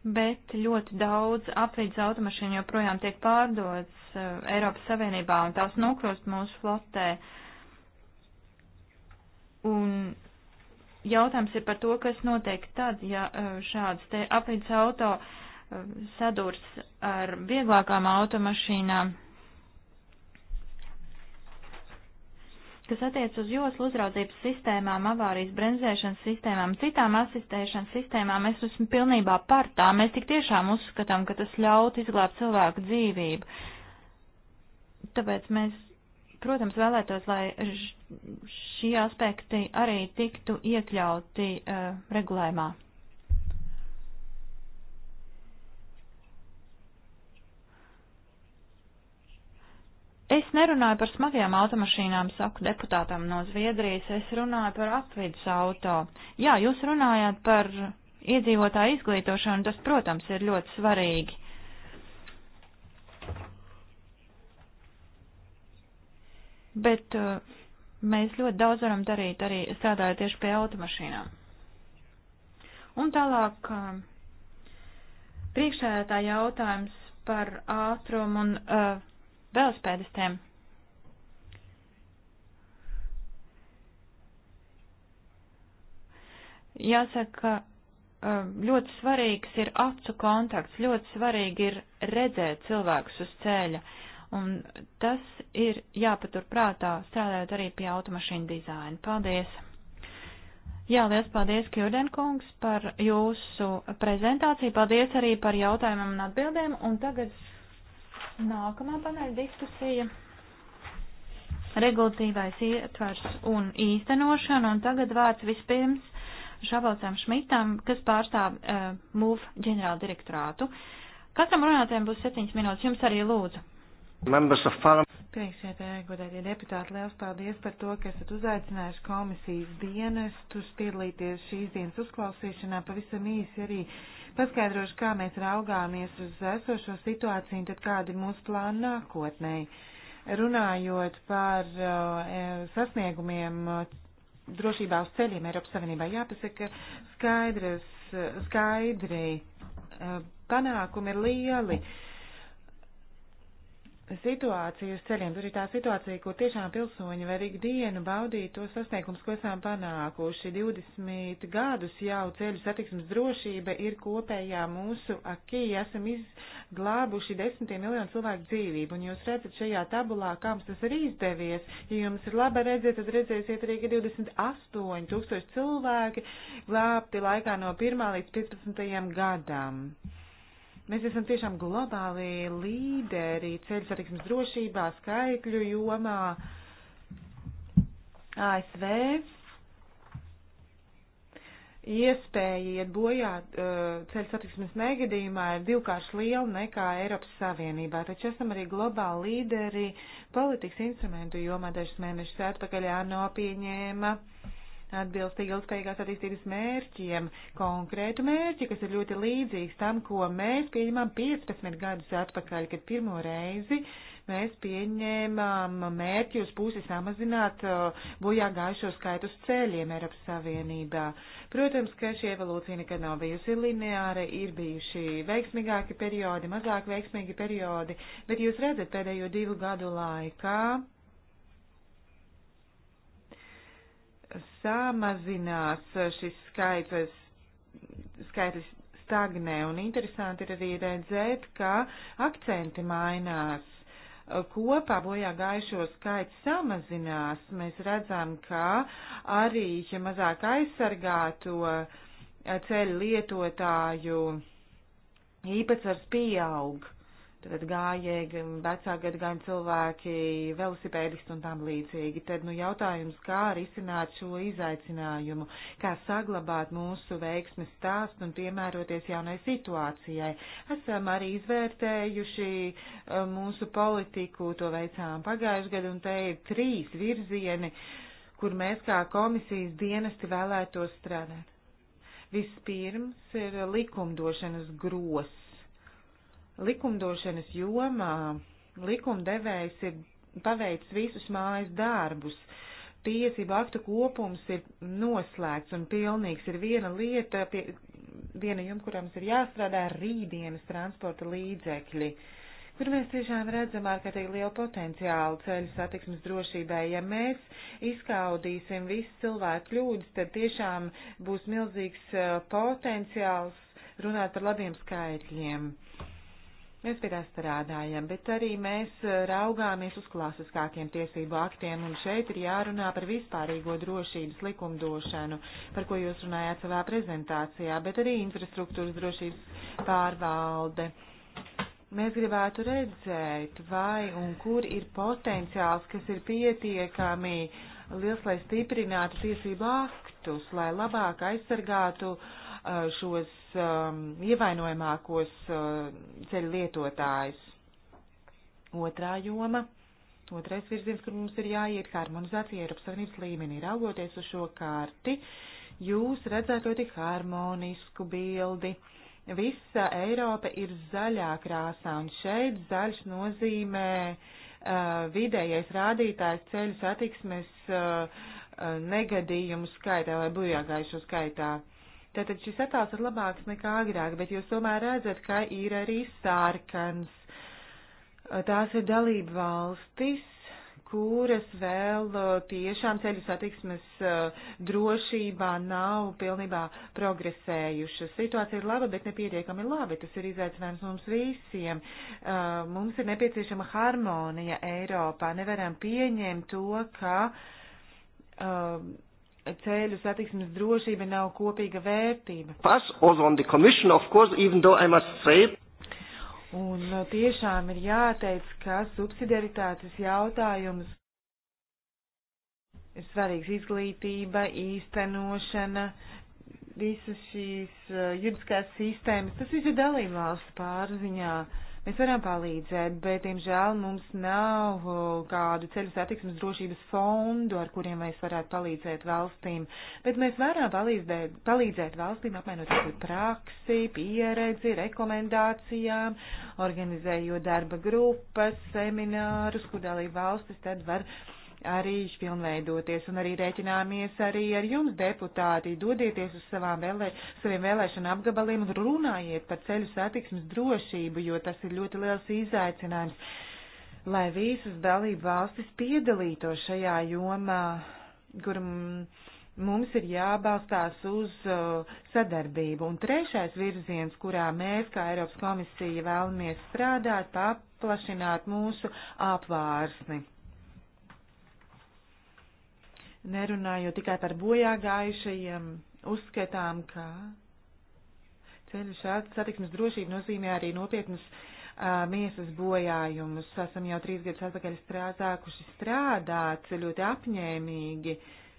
bet ļoti daudz apvidus automašīnu joprojām tiek pārdots uh, eh, Eiropas Savienībā un tās nokļūst mūsu flotē. Un jautājums ir par to, kas notiek tad, ja uh, šāds te apvidus auto uh, sadurs ar vieglākām automašīnām. kas attiec uz joslu uzraudzības sistēmām, avārijas bremzēšanas sistēmām, citām asistēšanas sistēmām, es esmu pilnībā par tām. Mēs tik tiešām uzskatām, ka tas ļaut izglābt cilvēku dzīvību. Tāpēc mēs, protams, vēlētos, lai šie aspekti arī tiktu iekļauti uh, regulējumā. Es nerunāju par smagajām automašīnām, saku deputātam no Zviedrijas, es runāju par apvidus auto. Jā, jūs runājāt par iedzīvotāju izglītošanu, tas, protams, ir ļoti svarīgi. Bet uh, mēs ļoti daudz varam darīt arī strādājot tieši pie automašīnām. Un tālāk uh, priekšsēdētā jautājums par ātrumu un uh, velospēdistēm. Jāsaka, um, ļoti svarīgs ir acu kontakts, ļoti svarīgi ir redzēt cilvēkus uz ceļa, un tas ir jāpatur prātā, strādājot arī pie automašīnu dizaina. Paldies! Jā, liels paldies, Kjūdenkungs, par jūsu prezentāciju. Paldies arī par jautājumiem un atbildēm. Un tagad Nākamā paneļa diskusija - regulatīvais ietvars un īstenošana, un tagad vārds vispirms Šabalcam Šmitam, kas pārstāv uh, MUV ģenerāla direktorātu. Katram runātājiem būs 7 minūtes, jums arī lūdzu. Priekšsēdētāji, godētie deputāti, liels paldies par to, ka esat uzaicinājuši komisijas dienestus piedalīties šīs dienas uzklausīšanā. Pavisam īsi arī uh, paskaidrošu, kā mēs raugāmies uz esošo situāciju un tad kādi ir mūsu plāni nākotnēji. Runājot par uh, sasniegumiem uh, drošībā uz ceļiem Eiropas Savienībā, jāpasaka, skaidrs, eh, skaidri uh, panākumi ir lieli. Uh, situācija uz ceļiem. Tur ir tā situācija, kur tiešām pilsoņi var ikdienu baudīt tos sasniegums, ko esam panākuši. 20 gadus jau ceļu satiksmes drošība ir kopējā mūsu akī. Esam izglābuši desmitiem miljonu cilvēku dzīvību. Un jūs redzat šajā tabulā, kā mums tas ir izdevies. Ja jums ir laba redzēt, tad redzēsiet arī, ka 28 tūkstoši cilvēki glābti laikā no 1 līdz 15 gadam. Mēs esam tiešām globāli līderi ceļu satiksmes drošībā, skaitļu jomā, ASV. Iespēja iet bojā uh, ceļu satiksmes negadījumā ir divkārši liela nekā Eiropas Savienībā, taču esam arī globāli līderi politikas instrumentu jomā dažus mēnešus atpakaļ ANO pieņēma. Uh, atbilstīgi ilgspējīgās attīstības mērķiem, konkrētu mērķi, kas ir ļoti līdzīgs tam, ko mēs pieņemām 15 gadus atpakaļ, kad pirmo reizi mēs pieņēmām mērķi uz pusi samazināt uh, bojā gājušo skaitu uz ceļiem Eiropas Savienībā. Protams, ka šī evolūcija nekad nav bijusi lineāra, ir bijuši veiksmīgāki periodi, mazāk veiksmīgi periodi, bet jūs redzat pēdējo divu gadu laikā samazinās eh, šis skaitlis, skaitlis stagnē, un interesanti ir arī redzēt, ka akcenti mainās. Eh, kopā bojā gājušo skaits samazinās. Mēs redzam, ka arī ja mazāk aizsargāto eh, ceļu lietotāju īpatsvars pieaug. Uh, tad gājēji, vecāku gadagājumu cilvēki, velosipēdisti un tam līdzīgi. Tad, nu, jautājums, kā risināt šo izaicinājumu, kā saglabāt mūsu veiksmes stāstu un piemēroties jaunai situācijai. Esam arī izvērtējuši eh, mūsu politiku, to veicām pagājušajā gadu, un te ir trīs virzieni, kur mēs kā komisijas dienesti vēlētos strādāt. Vispirms ir likumdošanas gros likumdošanas jomā likumdevējs ir paveicis visus mājas darbus. Tiesību aktu kopums ir noslēgts un pilnīgs. Ir viena lieta, pie, viena jums, kurām ir jāstrādā rītdienas transporta līdzekļi. Kur mēs tiešām redzam ārkārtīgi lielu potenciālu ceļu satiksmes drošībai. Ja mēs izkaudīsim visu cilvēku kļūdas, tad tiešām būs milzīgs eh, potenciāls runāt par labiem skaitļiem. Uh, Mēs pie tā strādājam, bet arī mēs eh, raugāmies uz klasiskākiem tiesību aktiem, un šeit ir jārunā par vispārīgo drošības likumdošanu, par ko jūs runājāt savā prezentācijā, bet arī infrastruktūras drošības pārvalde. Mēs gribētu redzēt, vai un kur ir potenciāls, kas ir pietiekami liels, lai stiprinātu tiesību aktus, lai labāk aizsargātu uh, šos ievainojamākos ceļu lietotājus. Otrā joma, otrais virziens, kur mums ir jāiet harmonizācija Eiropas Savienības līmenī, raugoties uz šo kārti, jūs redzētu ļoti harmonisku bildi. Visa Eiropa ir zaļā krāsā, un šeit zaļš nozīmē uh, vidējais rādītājs ceļu satiksmes uh, negadījumu skaitā vai bojāgājušo skaitā. Tātad šis attēls ir labāks nekā agrāk, bet jūs tomēr redzat, ka ir arī sārkans. Tās ir dalība valstis, kuras vēl uh, tiešām ceļu satiksmes uh, drošībā nav pilnībā progresējušas. Situācija ir laba, bet nepietiekami labi. Tas ir izaicinājums mums visiem. Uh, mums ir nepieciešama harmonija Eiropā. Nevaram pieņemt to, ka ceļu satiksmes drošība nav kopīga vērtība. Pass, course, say... Un uh, tiešām ir jāteic, ka subsidiaritātes jautājums ir svarīgs izglītība, īstenošana, visas šīs uh, juridiskās sistēmas, tas viss ir dalībvalsts pārziņā. Uh, Mēs varam palīdzēt, bet, diemžēl, mums nav uh, kādu ceļu satiksmes drošības fondu, ar kuriem mēs varētu palīdzēt valstīm. Bet mēs varam palīdzēt, palīdzēt valstīm apmainoties ar praksi, pieredzi, rekomendācijām, organizējot darba grupas, seminārus, kur dalība valstis tad var arī pilnveidoties un arī rēķināmies arī ar jums, deputāti. Dodieties uz savām vēlē, saviem vēlēšana apgabaliem un runājiet par ceļu satiksmes drošību, jo tas ir ļoti liels izaicinājums, lai visas dalību valstis piedalītos šajā jomā, kur mums ir jābalstās uz sadarbību. Un trešais virziens, kurā mēs, kā Eiropas komisija, vēlamies strādāt, paplašināt mūsu apvārsni nerunājot tikai par bojā gājušajiem, uzskatām, ka ceļu šāds satiksmes drošība nozīmē arī nopietnas uh, miesas bojājumus. Esam jau trīs gadus atpakaļ strādākuši strādāt ļoti apņēmīgi. Uh,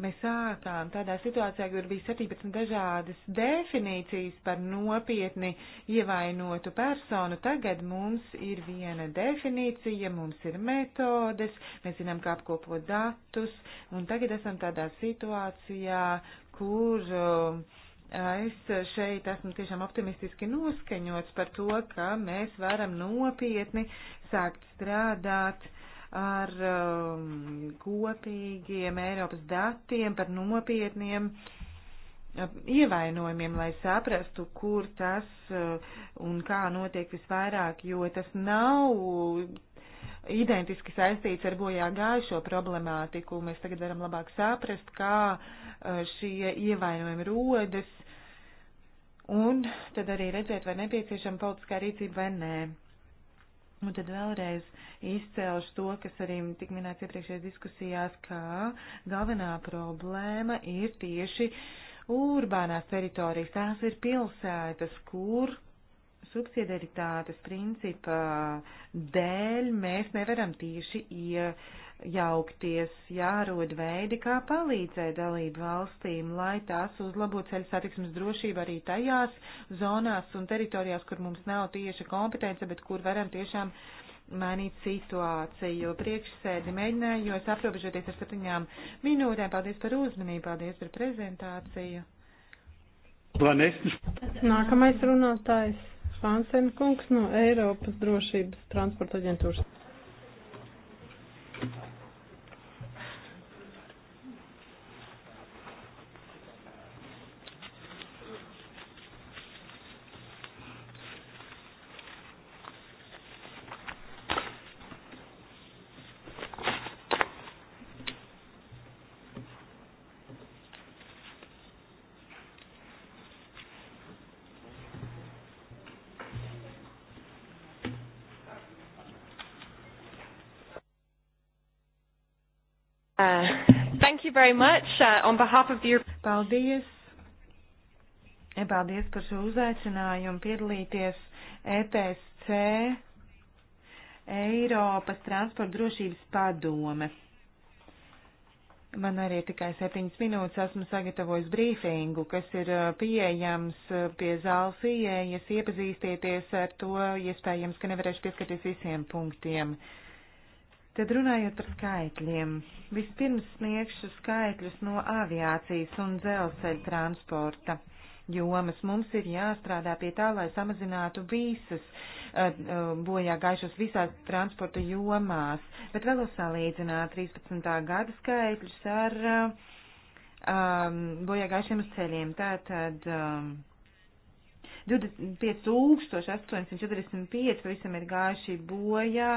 Mēs sākām tādā situācijā, kur bija 17 dažādas definīcijas par nopietni ievainotu personu. Tagad mums ir viena definīcija, mums ir metodes, mēs zinām, kā apkopot datus, un tagad esam tādā situācijā, kur um, es šeit esmu tiešām optimistiski noskaņots par to, ka mēs varam nopietni sākt strādāt uh, ar um, kopīgiem Eiropas datiem par nopietniem um, ievainojumiem, lai saprastu, kur tas uh, un kā notiek visvairāk, jo tas nav identiski saistīts ar bojā gājušo problemātiku. Mēs tagad varam labāk saprast, kā uh, šie ievainojumi rodas, un tad arī redzēt, vai nepieciešama politiskā rīcība vai nē. Un tad vēlreiz izcēlšu to, kas arī tik minēts iepriekšējās diskusijās, ka galvenā problēma ir tieši urbānās teritorijas. Tās ir pilsētas, kur subsidiaritātes principa dēļ mēs nevaram tieši iejaukties, jārod veidi, kā palīdzēt dalību valstīm, lai tās uzlabo ceļu satiksmes drošību arī tajās zonās un teritorijās, kur mums nav tieša kompetence, bet kur varam tiešām mainīt situāciju. Priekšsēdi mēģinājos aprobežoties ar septiņām minūtēm. Paldies par uzmanību, paldies par prezentāciju. Nākamais runātājs. Hansen kungs no Eiropas drošības transporta aģentūras. you very much uh, on behalf of your... Paldies. E, paldies par šo uzaicinājumu piedalīties ETSC Eiropas transporta drošības padome. Man arī ir tikai septiņas minūtes, esmu sagatavojis brīfingu, kas ir uh, pieejams uh, pie zāles ieejas, iepazīstieties ar to, iespējams, ka nevarēšu pieskarties visiem punktiem. Uh, Tad runājot par skaitļiem, vispirms sniegšu skaitļus no aviācijas un dzelzceļa transporta jomas. Mums ir jāstrādā pie tā, lai samazinātu visas eh, eh, bojā gaišos visās transporta jomās, bet vēlos salīdzināt 13. gada skaitļus ar eh, um, bojā gaišiem uz ceļiem. Tātad, um, 25,845 pavisam ir gājuši bojā,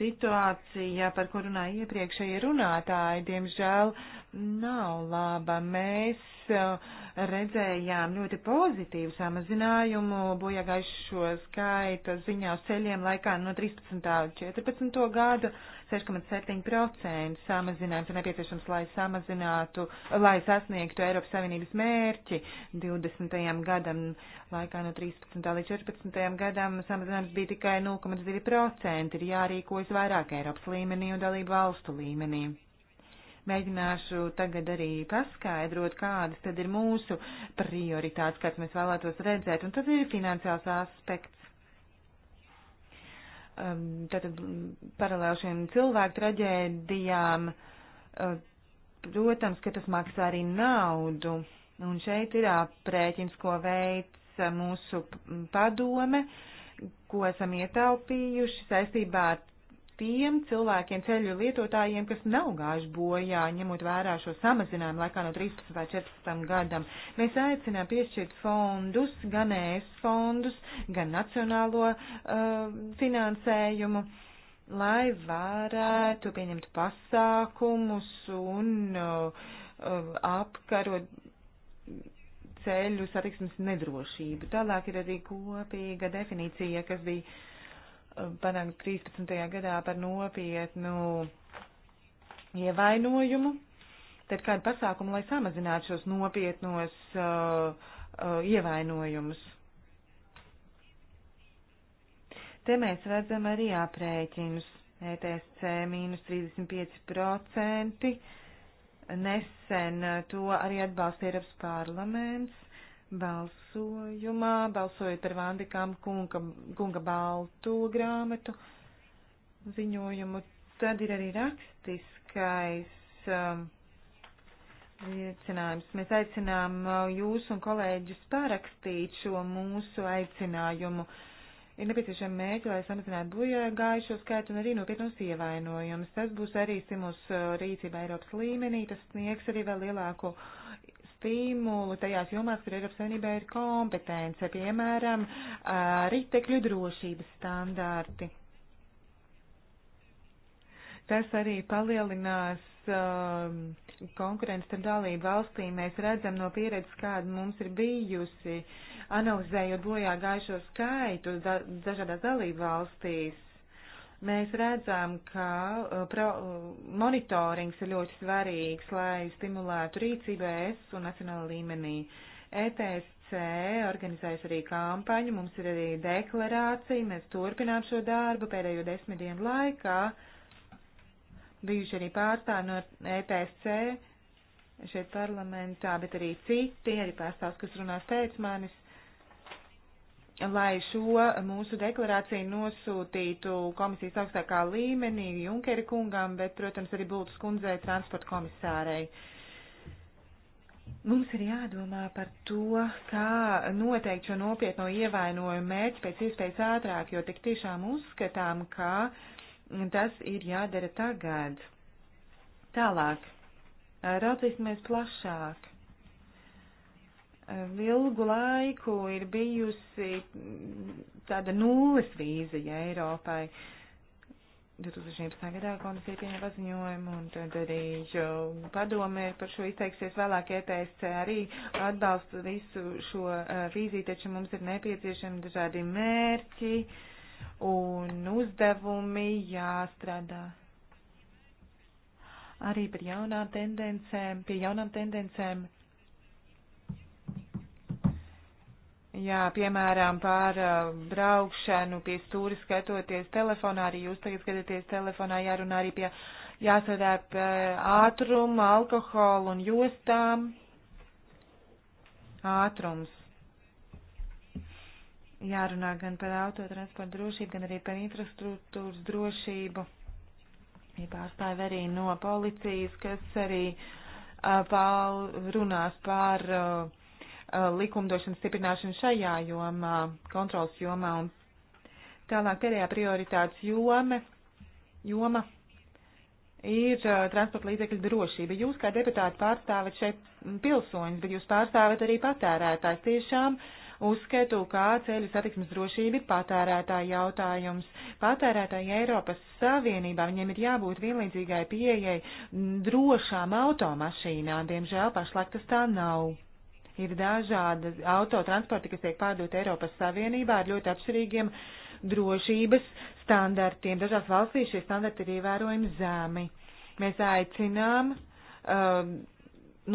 situācija, par ko runāja iepriekšējie runātāji, diemžēl nav laba. Mēs eh, redzējām ļoti pozitīvu samazinājumu bojagaišo skaita ziņā uz ceļiem laikā no 13. līdz 14. gadu 6,7% samazinājums ir nepieciešams, lai samazinātu, lai sasniegtu Eiropas Savienības mērķi 20. gadam. Laikā no 13. līdz 14. gadam samazinājums bija tikai 0,2%. Ir jārīkojas vairāk Eiropas līmenī un dalību valstu līmenī. Mēģināšu tagad arī paskaidrot, kādas tad ir mūsu prioritātes, kāds mēs vēlētos redzēt, un tad ir finansiāls aspekts um, tātad paralēli šiem cilvēku traģēdijām, uh, protams, ka tas maksā arī naudu. Un šeit ir aprēķins, ko veic mūsu padome, ko esam ietaupījuši saistībā ar tiem cilvēkiem, ceļu lietotājiem, kas nav gājuši bojā, ņemot vērā šo samazinājumu laikā no 13 vai 14 gadam. Mēs aicinām piešķirt fondus, gan ES fondus, gan nacionālo uh, finansējumu, lai varētu pieņemt pasākumus un uh, uh, apkarot ceļu satiksmes nedrošību. Tālāk ir arī kopīga definīcija, kas bija panākt 13. gadā par nopietnu ievainojumu, tad kādu pasākumu, lai samazinātu šos nopietnos uh, uh, ievainojumus. Te mēs redzam arī aprēķinus. ETSC mīnus 35% nesen to arī atbalsta Eiropas parlaments balsojumā, balsojot ar Vandikām kunga, kunga balto grāmatu ziņojumu. Tad ir arī rakstiskais um, aicinājums. Mēs aicinām uh, jūs un kolēģus parakstīt šo mūsu aicinājumu. Ir nepieciešami mēģi, lai samazinātu bojā gājušo skaitu un arī nopietnos ievainojumus. Tas būs arī stimuls uh, rīcība Eiropas līmenī, tas sniegs arī vēl lielāko stimulu tajās jomās, kur Eiropas Savienībā ir kompetence, piemēram, ritekļu drošības standārti. Tas arī palielinās um, konkurence starp dalību valstīm. Mēs redzam no pieredzes, kāda mums ir bijusi, analizējot bojā gājušo skaitu da dažādās dalību valstīs Mēs redzam, ka uh, pro, uh, monitorings ir ļoti svarīgs, lai stimulētu rīcību ES un nacionāla līmenī. ETSC organizējas arī kampaņu, mums ir arī deklarācija, mēs turpinām šo darbu pēdējo desmit dienu laikā. Bijuši arī pārstāvi no ETSC šeit parlamentā, bet arī citi, arī pārstāvs, kas runās pēc manis lai šo mūsu deklarāciju nosūtītu komisijas augstākā līmenī Junkeri kungam, bet, protams, arī Bultas kundzei, transporta komisārei. Mums ir jādomā par to, kā noteikt šo nopietno ievainojumu mērķi pēc iespējas ātrāk, jo tik tiešām uzskatām, ka tas ir jādara tagad. Tālāk. Raudzīsimies plašāk ilgu laiku ir bijusi tāda nulles vīzija Eiropai. 2011. gadā komisija pieņēma paziņojumu, un tad arī padome par šo izteiksies vēlāk ETSC arī atbalsta visu šo vīziju, taču mums ir nepieciešami dažādi mērķi un uzdevumi jāstrādā. Arī par jaunām tendencēm, pie jaunām tendencēm Jā, piemēram, pār uh, braukšanu pie stūri skatoties telefonā, arī jūs tagad skatāties telefonā, jārunā arī pie jāsadā pie ātruma, alkohola un jostām. Ātrums. Jārunā gan par autotransporta drošību, gan arī par infrastruktūras drošību. Ir pārstāvi arī no policijas, kas arī uh, pār, runās par uh, Uh, likumdošanas stiprināšanu šajā jomā, kontrols jomā un tālāk pēdējā prioritātes jome, joma ir uh, transporta līdzekļu drošība. Jūs kā deputāti pārstāvat šeit pilsoņus, bet jūs pārstāvat arī patērētājs. Tiešām uzskatu, kā ceļu satiksmes drošība ir patērētāja jautājums. Patērētāji Eiropas Savienībā viņiem ir jābūt vienlīdzīgai pieejai drošām automašīnām. Diemžēl pašlaik tas tā nav. Ir dažāda autotransporta, kas tiek pārdot Eiropas Savienībā ar ļoti atšķirīgiem drošības standartiem. Dažās valstīs šie standarti ir ievērojami zemi. Mēs aicinām um,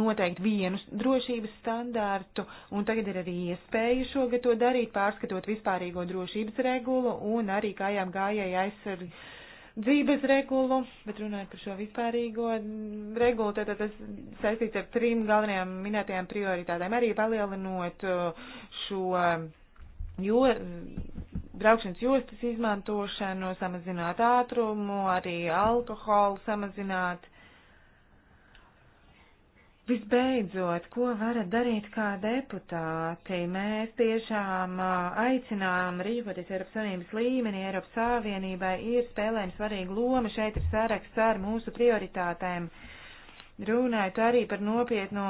noteikt vienu drošības standārtu, un tagad ir arī iespēja šogad to darīt, pārskatot vispārīgo drošības regulu un arī kājām gājēju aizsardzību dzīves regulu, bet runājot par šo vispārīgo regulu, tad tas saistīts ar trim galvenajām minētajām prioritātēm. Arī palielinot uh, šo um, jo, braukšanas jostas izmantošanu, samazināt ātrumu, arī alkoholu samazināt Visbeidzot, ko varat darīt kā deputāti? Mēs tiešām aicinām rīkoties Eiropas Savienības līmenī. Eiropas Savienībai ir spēlējama svarīga loma. Šeit ir saraksts ar mūsu prioritātēm. Runājot arī par nopietno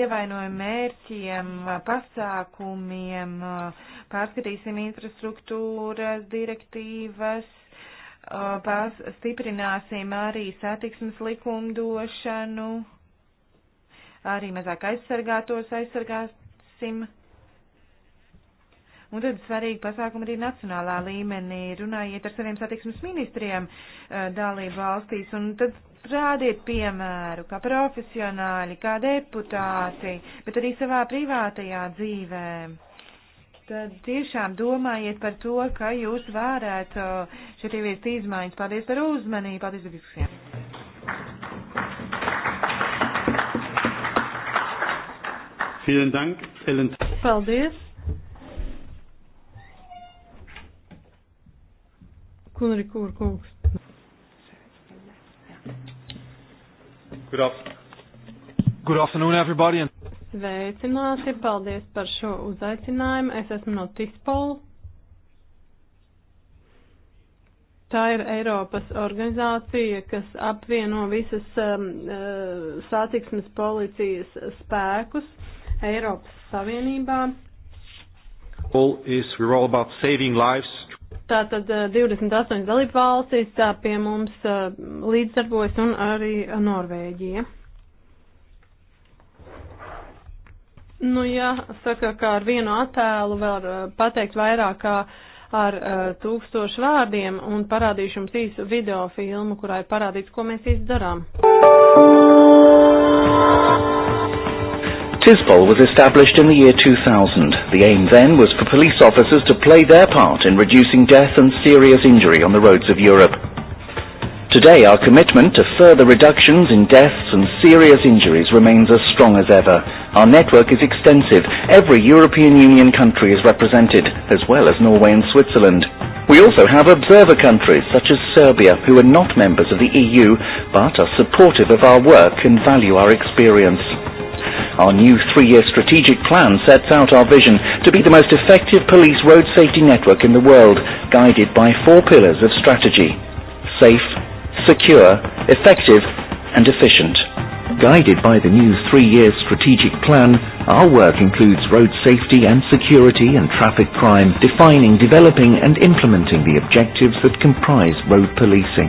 ievainojumu mērķiem, pasākumiem, pārskatīsim infrastruktūras direktīvas, stiprināsim arī satiksmes likumdošanu arī mazāk aizsargātos aizsargāsim. Un tad svarīgi pasākumi arī nacionālā līmenī. Runājiet ar saviem satiksmes ministriem eh, dalību valstīs un tad rādiet piemēru, kā profesionāļi, kā deputāti, bet arī savā privātajā dzīvē. Tad tiešām domājiet par to, ka jūs varētu eh, šeit ieviest izmaiņas. Paldies par uzmanību, paldies visiem! Vielen Dank, Ellen. Paldies. Kunri Kūr kungs. Good, after Good afternoon, everybody. And Sveicināti, paldies par šo uzaicinājumu. Es esmu no Tispola. Tā ir Eiropas organizācija, kas apvieno visas um, uh, satiksmes policijas spēkus. Uh, Eiropas Savienībā. Tātad 28 eh, dalību valstīs tā pie mums eh, līdzdarbojas un arī Norvēģija. Nu jā, saka, ka ar vienu attēlu var eh, pateikt vairāk kā ar tūkstošu vārdiem un parādīšu jums īsu video filmu, kurā ir parādīts, ko mēs īsti darām. FISBOL was established in the year 2000. The aim then was for police officers to play their part in reducing death and serious injury on the roads of Europe. Today, our commitment to further reductions in deaths and serious injuries remains as strong as ever. Our network is extensive. Every European Union country is represented, as well as Norway and Switzerland. We also have observer countries such as Serbia, who are not members of the EU, but are supportive of our work and value our experience. Our new three-year strategic plan sets out our vision to be the most effective police road safety network in the world, guided by four pillars of strategy: safe, secure, effective, and efficient. Guided by the new three-year strategic plan, our work includes road safety and security and traffic crime, defining, developing, and implementing the objectives that comprise road policing.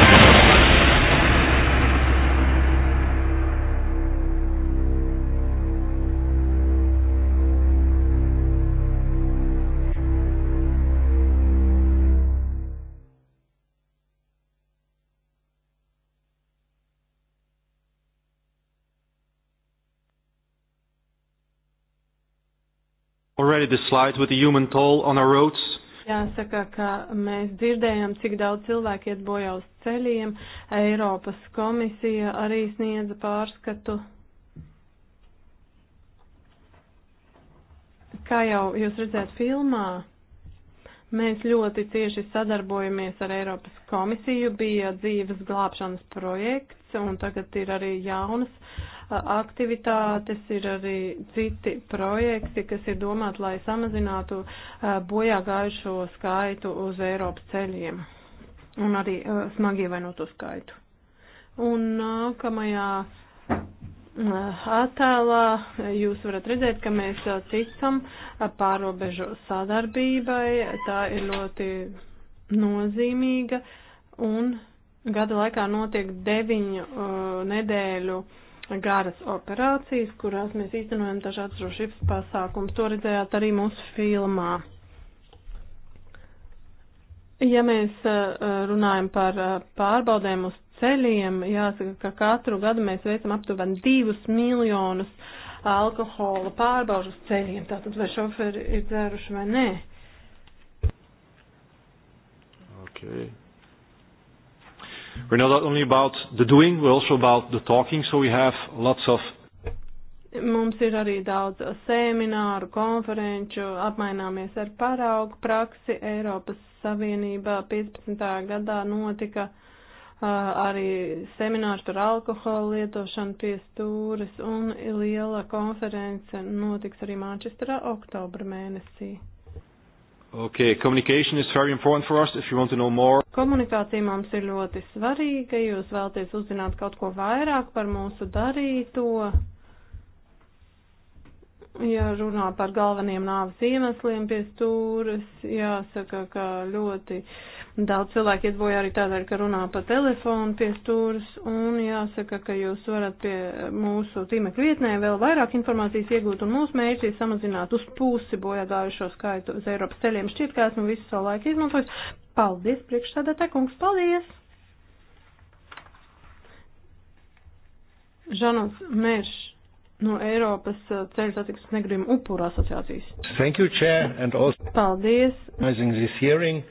already the slide with the human toll on our roads. Jāsaka, ka mēs dzirdējam, cik daudz cilvēku iet bojā uz ceļiem. Eiropas komisija arī sniedza pārskatu. Kā jau jūs redzēt filmā, Mēs ļoti cieši sadarbojamies ar Eiropas komisiju, bija dzīves glābšanas projekts un tagad ir arī jaunas aktivitātes, ir arī citi projekti, kas ir domāti, lai samazinātu bojā gājušo skaitu uz Eiropas ceļiem un arī smagi ievainoto skaitu. Un nākamajā attēlā jūs varat redzēt, ka mēs ticam pārobežu sadarbībai. Tā ir ļoti nozīmīga un gada laikā notiek deviņu uh, nedēļu uh, garas operācijas, kurās mēs īstenojam dažādas drošības pasākumus. To redzējāt arī mūsu filmā. Ja mēs uh, uh, runājam par uh, pārbaudēm uz ceļiem, jāsaka, ka katru gadu mēs veicam aptuveni divus miljonus alkohola pārbaužu uz ceļiem. Tātad vai šoferi ir dzēruši vai nē? Okay. We're not only about the doing, we're also about the talking, so we have lots of Mums ir arī daudz semināru, konferenču, apmaināmies ar paraugu praksi. Eiropas Savienībā 15. gadā notika uh, arī seminārs par alkoholu lietošanu pie stūres un liela konference notiks arī Manchesterā oktobra mēnesī. Okay, communication is very important for us if you want to know more. Komunikācija mums ir ļoti svarīga, ja jūs vēlaties uzzināt kaut ko vairāk par mūsu darīto. Ja runā par galveniem nāves iemesliem pie stūras, jāsaka, ka ļoti uh, Daudz cilvēku iet bojā arī tādēļ, ka runā pa telefonu pie stūras, un jāsaka, ka jūs varat pie mūsu tīmekļa vietnē vēl vairāk informācijas iegūt, un mūsu mērķis ir samazināt uz pusi bojā gājušo skaitu uz Eiropas ceļiem. Šķiet, ka esmu visu savu laiku izmantojis. Paldies, priekšsēdētāj, kungs, paldies! Žanons Mēršs no Eiropas ceļu satiksmes negadījumu upuru asociācijas. Thank you, Chair, and also paldies. This hearing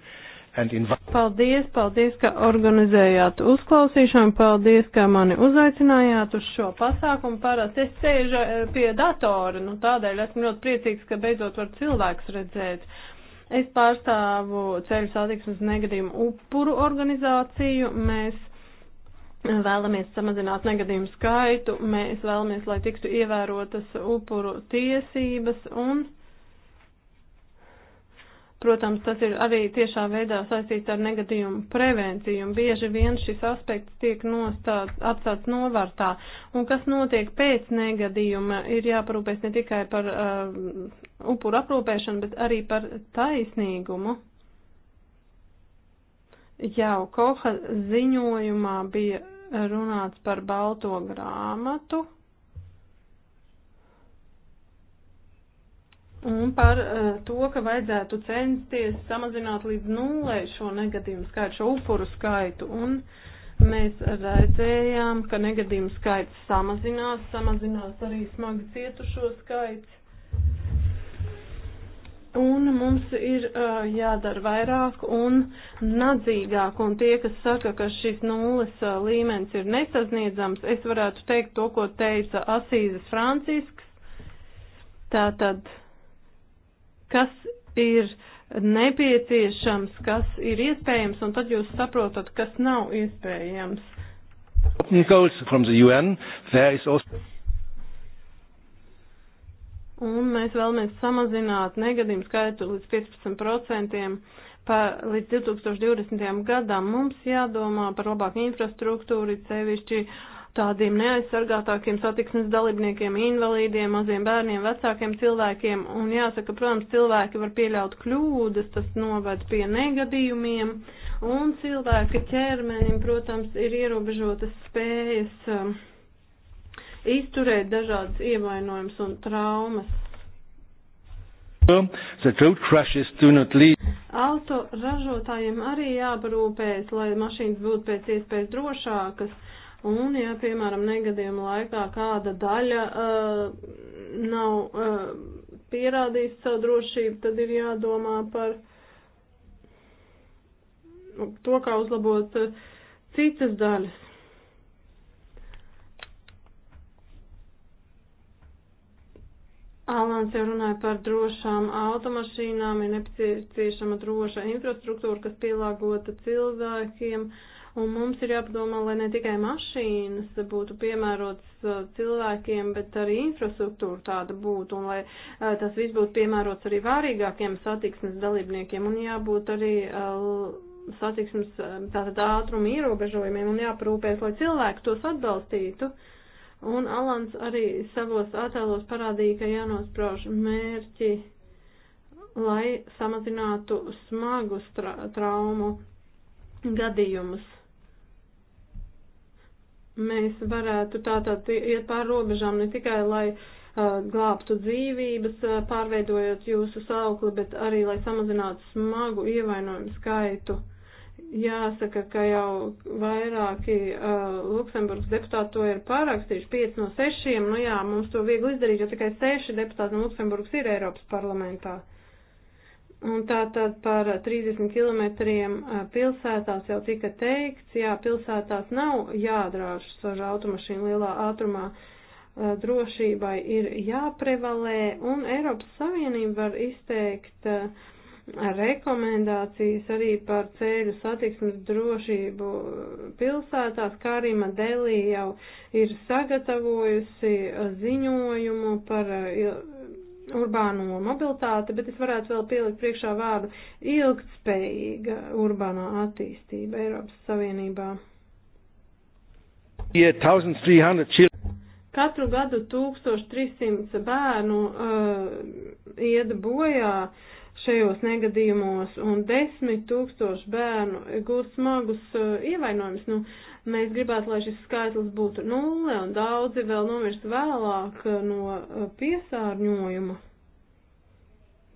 and invite. Paldies, paldies, ka organizējāt uzklausīšanu, paldies, ka mani uzaicinājāt uz šo pasākumu. Parasti es sēžu eh, pie datora, nu tādēļ esmu ļoti priecīgs, ka beidzot var cilvēks redzēt. Es pārstāvu ceļu satiksmes negadījumu upuru organizāciju. Mēs vēlamies samazināt negadījumu skaitu, mēs vēlamies, lai tiktu ievērotas upuru tiesības un Protams, tas ir arī tiešā veidā saistīts ar negadījumu prevenciju, un bieži vien šis aspekts tiek nostāts, atstāts novārtā. Un kas notiek pēc negadījuma, ir jāparūpēs ne tikai par uh, upuru aprūpēšanu, bet arī par taisnīgumu. Jau Koha ziņojumā bija runāts par balto grāmatu Un par uh, to, ka vajadzētu censties samazināt līdz nulē šo negadījumu skaitu, šo upuru skaitu. Un mēs redzējām, ka negadījumu skaits samazinās, samazinās arī smagi cietušo skaits. Un mums ir uh, jādara vairāk un nadzīgāk, un tie, kas saka, ka šis nulles uh, līmenis ir nesasniedzams, es varētu teikt to, ko teica Asīzes Francisks. Tātad kas ir nepieciešams, kas ir iespējams, un tad jūs saprotat, kas nav iespējams. Un mēs vēlamies samazināt negadījumu skaitu līdz 15% pa, līdz 2020. gadam. Mums jādomā par labāku infrastruktūru, sevišķi uh, tādiem neaizsargātākiem satiksmes dalībniekiem, invalīdiem, maziem bērniem, vecākiem cilvēkiem. Un jāsaka, protams, cilvēki var pieļaut kļūdas, tas noved pie negadījumiem. Un cilvēka ķermenim, protams, ir ierobežotas spējas um, izturēt dažādas ievainojumus un traumas. Auto ražotājiem arī jāparūpējas, lai mašīnas būtu pēc iespējas drošākas Un, ja, piemēram, negadījuma laikā kāda daļa uh, nav uh, pierādījusi savu drošību, tad ir jādomā par nu, to, kā uzlabot uh, citas daļas. Alans jau runāja par drošām automašīnām, ir nepieciešama droša infrastruktūra, kas pielāgota cilvēkiem. Uh, Un mums ir jāpadomā, lai ne tikai mašīnas būtu piemērotas uh, cilvēkiem, bet arī infrastruktūra tāda būtu, un lai uh, tas viss būtu piemērots arī vārīgākiem satiksmes dalībniekiem, un jābūt arī uh, satiksmes tātad ātruma ierobežojumiem, un jāprūpēs, lai cilvēki tos atbalstītu. Un Alans arī savos attēlos parādīja, ka jānosprauž mērķi, lai samazinātu smagu traumu gadījumus mēs varētu tātad iet pār robežām ne tikai, lai uh, glābtu dzīvības, uh, pārveidojot jūsu saukli, bet arī, lai samazinātu smagu ievainojumu skaitu. Jāsaka, ka jau vairāki uh, Luksemburgas deputāti to ir pārakstījuši, 5 no 6, nu jā, mums to viegli izdarīt, jo tikai 6 deputāti no Luksemburgas ir Eiropas parlamentā. Uh, Un tā tad par 30 kilometriem pilsētās jau tika teikts, jā, pilsētās nav jādrāžas ar automašīnu lielā ātrumā, drošībai ir jāprevalē, un Eiropas Savienība var izteikt rekomendācijas arī par ceļu satiksmes drošību pilsētās, kā arī Madelī jau ir sagatavojusi ziņojumu par urbāno mobilitāti, bet es varētu vēl pielikt priekšā vārdu ilgtspējīga urbānā attīstība Eiropas Savienībā. Yeah, 1300 katru gadu 1300 bērnu uh, iet bojā šajos negadījumos, un 10 tūkstoši bērnu gūst smagus uh, ievainojumus. Nu, Mēs gribētu, lai šis skaitlis būtu nulle un daudzi vēl nomirst vēlāk eh, no eh, piesārņojuma.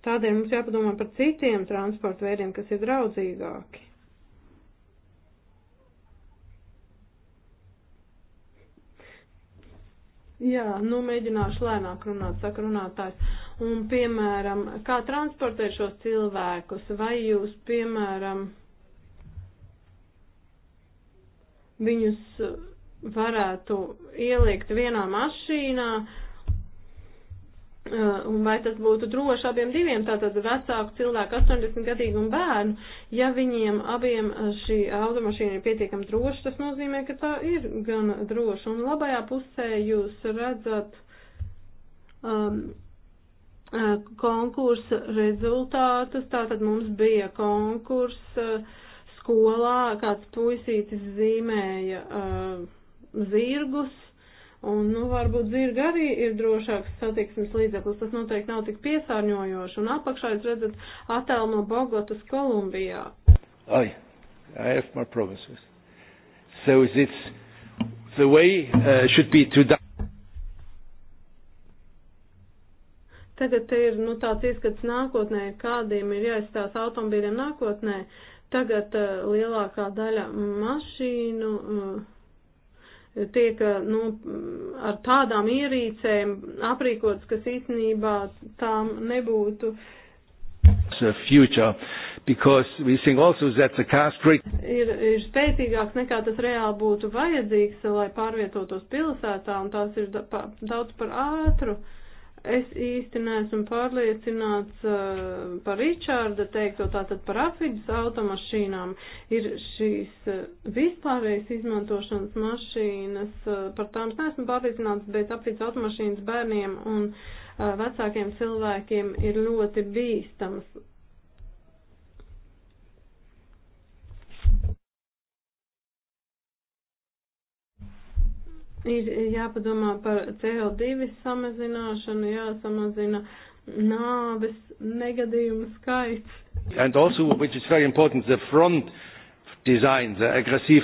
Tādēļ mums jāpadomā par citiem transporta veidiem, kas ir draudzīgāki. Jā, nu mēģināšu lēnāk runāt, saka runātājs. Un, piemēram, kā transportēt šos cilvēkus, vai jūs, piemēram, viņus varētu ielikt vienā mašīnā, uh, un vai tas būtu droši abiem diviem, tātad vecāku cilvēku 80 gadīgu un bērnu, ja viņiem abiem uh, šī automašīna ir pietiekami droša, tas nozīmē, ka tā ir gan droša, un labajā pusē jūs redzat um, uh, konkursa rezultātus, tātad mums bija konkursa, uh, skolā kāds puisītis zīmēja uh, zirgus, un, nu, varbūt zirga arī ir drošāks satiksmes līdzeklis, tas noteikti nav tik piesārņojoši, un apakšā jūs redzat attēlu no Bogotas Kolumbijā. Ai, I have my promises. So it's the way uh, should be to die. Tagad ir nu, tāds ieskats nākotnē, kādiem ir jāizstās automobīļiem nākotnē. Uh, Tagad eh, lielākā daļa mašīnu eh, tiek eh, nu, ar tādām ierīcēm aprīkots, kas īstenībā tām nebūtu uh, future because we think also that the car street ir, ir spēcīgāks nekā tas reāli būtu vajadzīgs, lai pārvietotos pilsētā un tās ir da, pa, daudz par ātru. Uh, Es īsti neesmu pārliecināts uh, par Ričārda teikto, tātad par afidus automašīnām ir šīs uh, eh, vispārējas izmantošanas mašīnas, uh, par tām es neesmu pārliecināts, bet afidus automašīnas bērniem un uh, vecākiem cilvēkiem ir ļoti bīstams Ir jāpadomā par CO2 samazināšanu, jāsamazina nāves negadījumu skaits. And also, which is very important, the front design, the aggressive,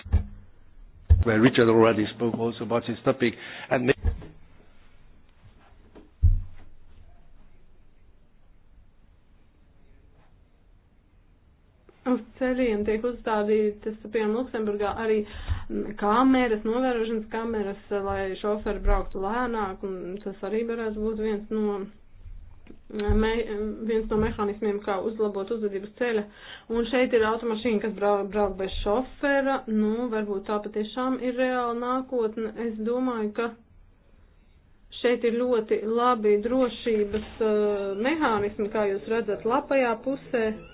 where Richard already spoke also about this topic. And ceļiem tiek uzstādītas, piemēram, Luksemburgā arī kameras, novērošanas kameras, lai šoferi brauktu lēnāk, un tas arī varētu būt viens no me, viens no mehānismiem, kā uzlabot uzvedības ceļa. Un šeit ir automašīna, kas brauc, brauc bez šofera. Nu, varbūt tā patiešām ir reāla nākotne. Es domāju, ka šeit ir ļoti labi drošības uh, mehānismi, kā jūs redzat, lapajā pusē. Uh,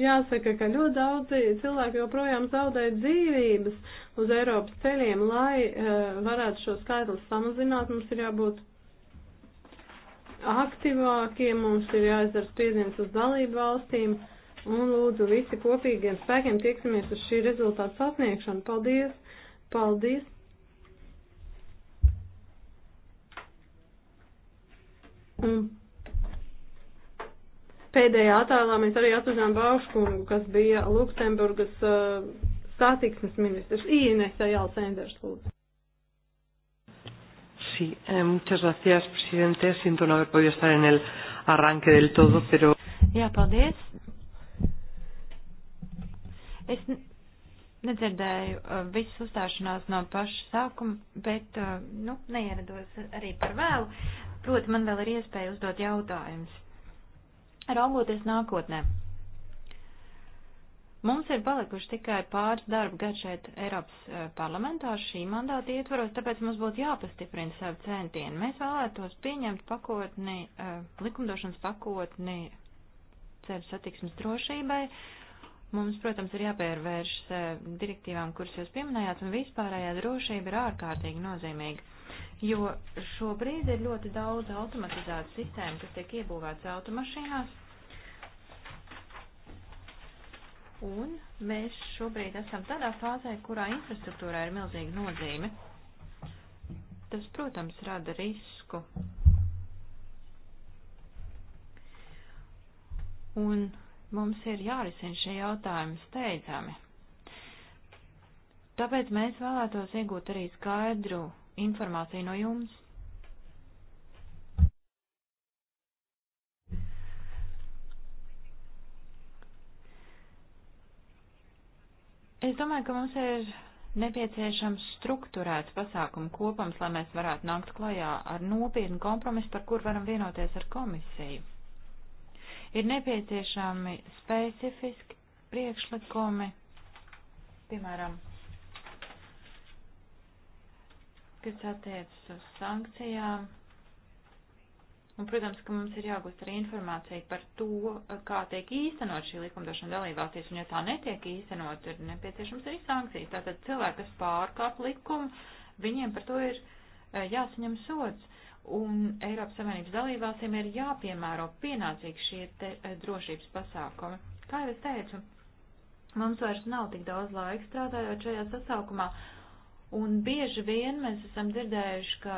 Jāsaka, ka ļoti daudzi cilvēki joprojām zaudē dzīvības uz Eiropas ceļiem, lai uh, varētu šo skaitli samazināt. Mums ir jābūt aktīvākiem, mums ir jāizdara spiediens uz dalību valstīm un lūdzu visi kopīgiem spēkiem tieksimies uz šī rezultāta sasniegšanu. Paldies! Paldies! Un Pēdējā attēlā mēs arī atradzām Bauškungu, kas bija Luksemburgas uh, satiksmes ministrs. Ienesa Jālsenders, lūdzu. Sí, eh, muchas gracias, presidente. Siento no haber podido estar en el arranque del todo, pero. Jā, paldies. Es nedzirdēju eh, visu uzstāšanās no paša sākuma, bet, eh, nu, neierados arī par vēlu. Proti, man vēl ir iespēja uzdot jautājumus. Raugoties nākotnē, mums ir palikuši tikai pāris darba gadi šeit Eiropas e, parlamentā šī mandāta ietvaros, tāpēc mums būtu jāpastiprina savu centienu. Mēs vēlētos pieņemt pakotni, e, likumdošanas pakotni ceļu satiksmes drošībai. Mums, protams, ir jāpērvērš e, direktīvām, kuras jūs pieminējāt, un vispārējā drošība ir ārkārtīgi nozīmīga jo šobrīd ir ļoti daudz automatizētu sistēmu, kas tiek iebūvēts automašīnās. Un mēs šobrīd esam tādā fāzē, kurā infrastruktūrā ir milzīga nozīme. Tas, protams, rada risku. Un mums ir jārisina šie jautājumi steidzami. Tāpēc mēs vēlētos iegūt arī skaidru informāciju no jums. Es domāju, ka mums ir nepieciešams struktūrēts pasākumu kopums, lai mēs varētu nākt klajā ar nopietnu kompromisu, par kur varam vienoties ar komisiju. Ir nepieciešami specifiski priekšlikumi, piemēram, kas attiecas uz sankcijām. Un, protams, ka mums ir jāgūst arī informācija par to, kā tiek īstenot šī likumdošana dalībvalstīs, un ja tā netiek īstenot, ir nepieciešams arī sankcijas. Tātad cilvēki, kas pārkāp likumu, viņiem par to ir eh, jāsaņem sods, un Eiropas Savienības dalībvalstīm ir jāpiemēro pienācīgi šie te, eh, drošības pasākumi. Kā jau es teicu, mums vairs nav tik daudz laika strādājot šajā sasaukumā, Un bieži vien mēs esam dzirdējuši, ka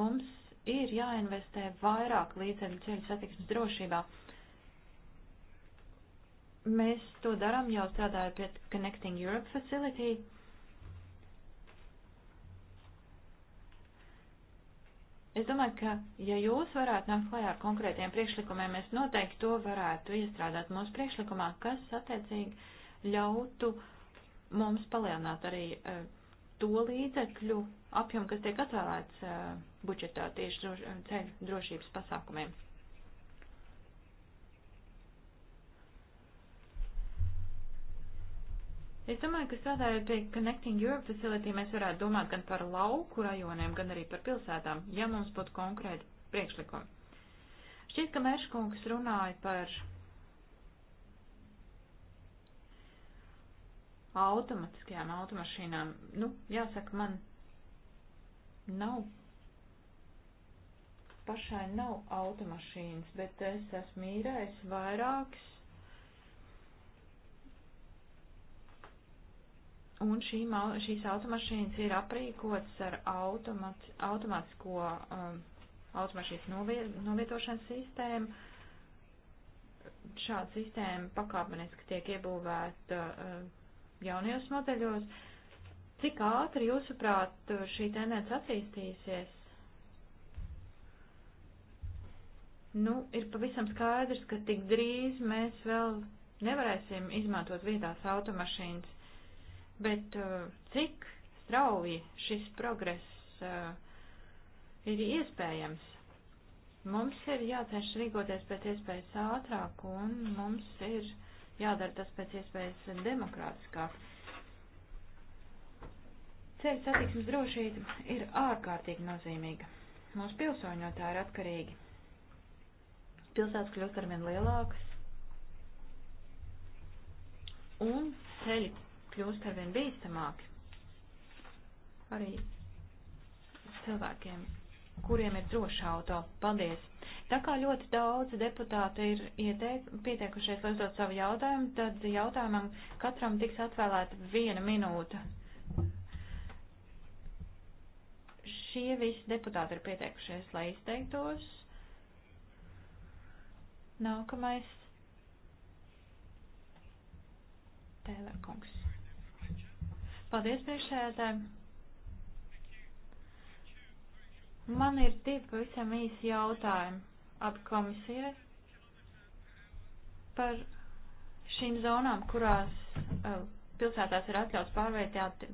mums ir jāinvestē vairāk līdzekļu ceļu satiksmes drošībā. Mēs to darām jau strādājot pie Connecting Europe Facility. Es domāju, ka ja jūs varētu nākt klajā ar konkrētiem priekšlikumiem, mēs noteikti to varētu iestrādāt mūsu priekšlikumā, kas attiecīgi ļautu uh, mums palielināt arī eh, to līdzekļu apjomu, kas tiek atvēlēts eh, budžetā tieši eh, ceļu drošības pasākumiem. Es domāju, ka strādājot pie Connecting Europe facility, mēs varētu domāt gan par lauku rajoniem, gan arī par pilsētām, ja mums būtu konkrēti priekšlikumi. Šķiet, ka Mērškungs runāja par automatiskajām automašīnām, nu, jāsaka, man nav, pašai nav automašīnas, bet es esmu īrējis vairākas. Un šī, šīs automašīnas ir aprīkotas ar automat, automatisko um, automašīnas noviet, novietošanas sistēmu. Šāda sistēma pakāpeniski tiek iebūvēta uh, jaunajos modeļos. Cik ātri, jūsuprāt, šī tendence attīstīsies? Nu, ir pavisam skaidrs, ka tik drīz mēs vēl nevarēsim izmantot vietās automašīnas, bet uh, cik strauji šis progress uh, ir iespējams? Mums ir jācenšas rīkoties pēc iespējas ātrāk, un mums ir jādara tas pēc iespējas demokrātiskāk. Ceļu satiksmes drošība ir ārkārtīgi nozīmīga. Mūsu pilsoņi no tā ir atkarīgi. Pilsētas kļūst arvien lielākas, un ceļi kļūst arvien bīstamāki. Arī cilvēkiem kuriem ir droši auto. Paldies! Tā kā ļoti daudz deputāti ir ieteik, pieteikušies, lai uzdot savu jautājumu, tad jautājumam katram tiks atvēlēta viena minūte. Šie visi deputāti ir pieteikušies, lai izteiktos. Nākamais. Tēlēkungs. Paldies priekšsēdētājiem! Man ir divi pavisam īsi jautājumi ap komisijai par šīm zonām, kurās uh, pilsētās ir atļauts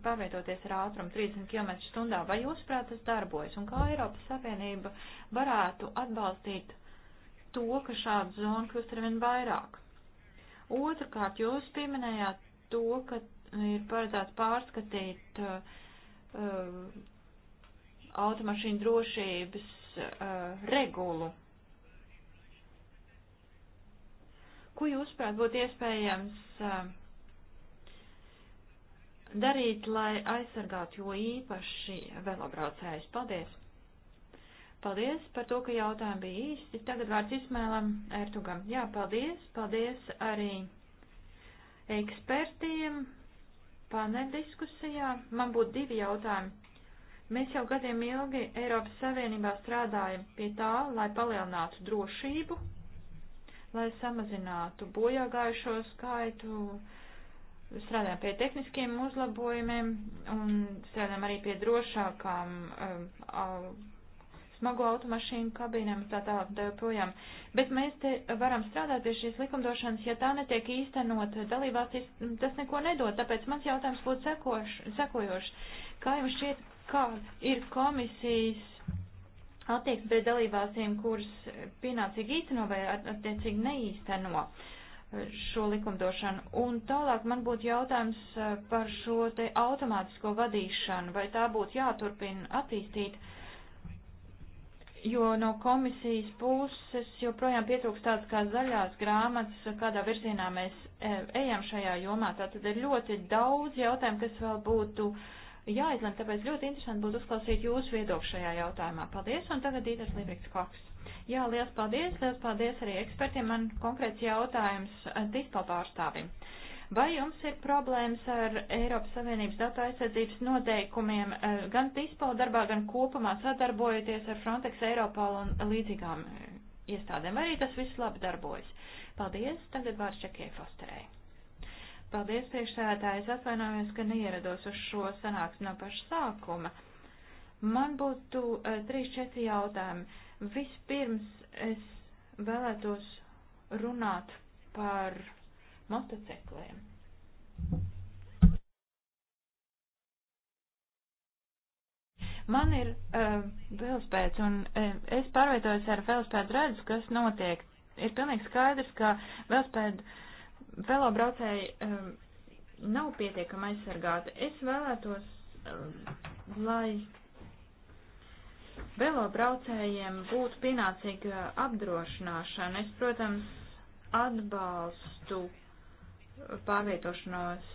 pārvietoties ar ātrumu 30 km stundā. Vai jūs prāt tas darbojas un kā Eiropas Savienība varētu atbalstīt to, ka šādu zonu kļūst arvien vairāk? Otrakārt, jūs pieminējāt to, ka ir paredzēts pārskatīt uh, uh, automašīnu drošības uh, regulu. Ko jūs prāt būtu iespējams uh, darīt, lai aizsargātu jo īpaši velobraucējus? Paldies! Paldies par to, ka jautājumi bija īsti. Tagad vārds Ismēlam Ertugam. Jā, paldies. Paldies arī ekspertiem paneļdiskusijā. Man būtu divi jautājumi. Mēs jau gadiem ilgi Eiropas Savienībā strādājam pie tā, lai palielinātu drošību, lai samazinātu bojāgājušo skaitu, strādājam pie tehniskiem uzlabojumiem un strādājam arī pie drošākām um, smago automašīnu kabīnēm un tā tālāk tā joprojām. Bet mēs te varam strādāt pie šīs likumdošanas, ja tā netiek īstenot dalībvalstīs, tas neko nedod. Tāpēc mans jautājums būtu sekojošs. Kā jums šķiet, kāda ir komisijas attieksme pret dalībvalstīm, kuras pienācīgi īsteno vai attiecīgi neīsteno eh, šo likumdošanu. Un tālāk man būtu jautājums eh, par šo te automātisko vadīšanu, vai tā būtu jāturpina attīstīt, jo no komisijas puses joprojām pietrūkst tāds kā zaļās grāmatas, kādā virzienā mēs eh, ejam šajā jomā. Tātad ir ļoti daudz jautājumu, kas vēl būtu uh, jāizlem, tāpēc ļoti interesanti būtu uzklausīt jūsu viedokli šajā jautājumā. Paldies, un tagad Dīters Libriks Koks. Jā, liels paldies, liels paldies arī ekspertiem. Man konkrēts jautājums eh, dispo pārstāvim. Vai jums ir problēmas ar Eiropas Savienības datu aizsardzības noteikumiem eh, gan dispo darbā, gan kopumā sadarbojoties ar Frontex, Eiropol un līdzīgām eh, iestādēm? Vai arī tas viss labi darbojas? Paldies, tagad vārds Čekie Fosterei. Paldies, priekšsēdētāji. Es atvainojos, ka neierados uz šo sanāksmi no paša sākuma. Man būtu uh, trīs, četri jautājumi. Vispirms es vēlētos runāt par motocikliem. Man ir uh, velospēds, un uh, es pārvietojos ar velospēdu redzu, kas notiek. Ir pilnīgi skaidrs, ka velospēdu uh, velobraucēji um, nav pietiekami aizsargāti. Es vēlētos, um, lai velobraucējiem būtu pienācīga apdrošināšana. Es, protams, atbalstu pārvietošanos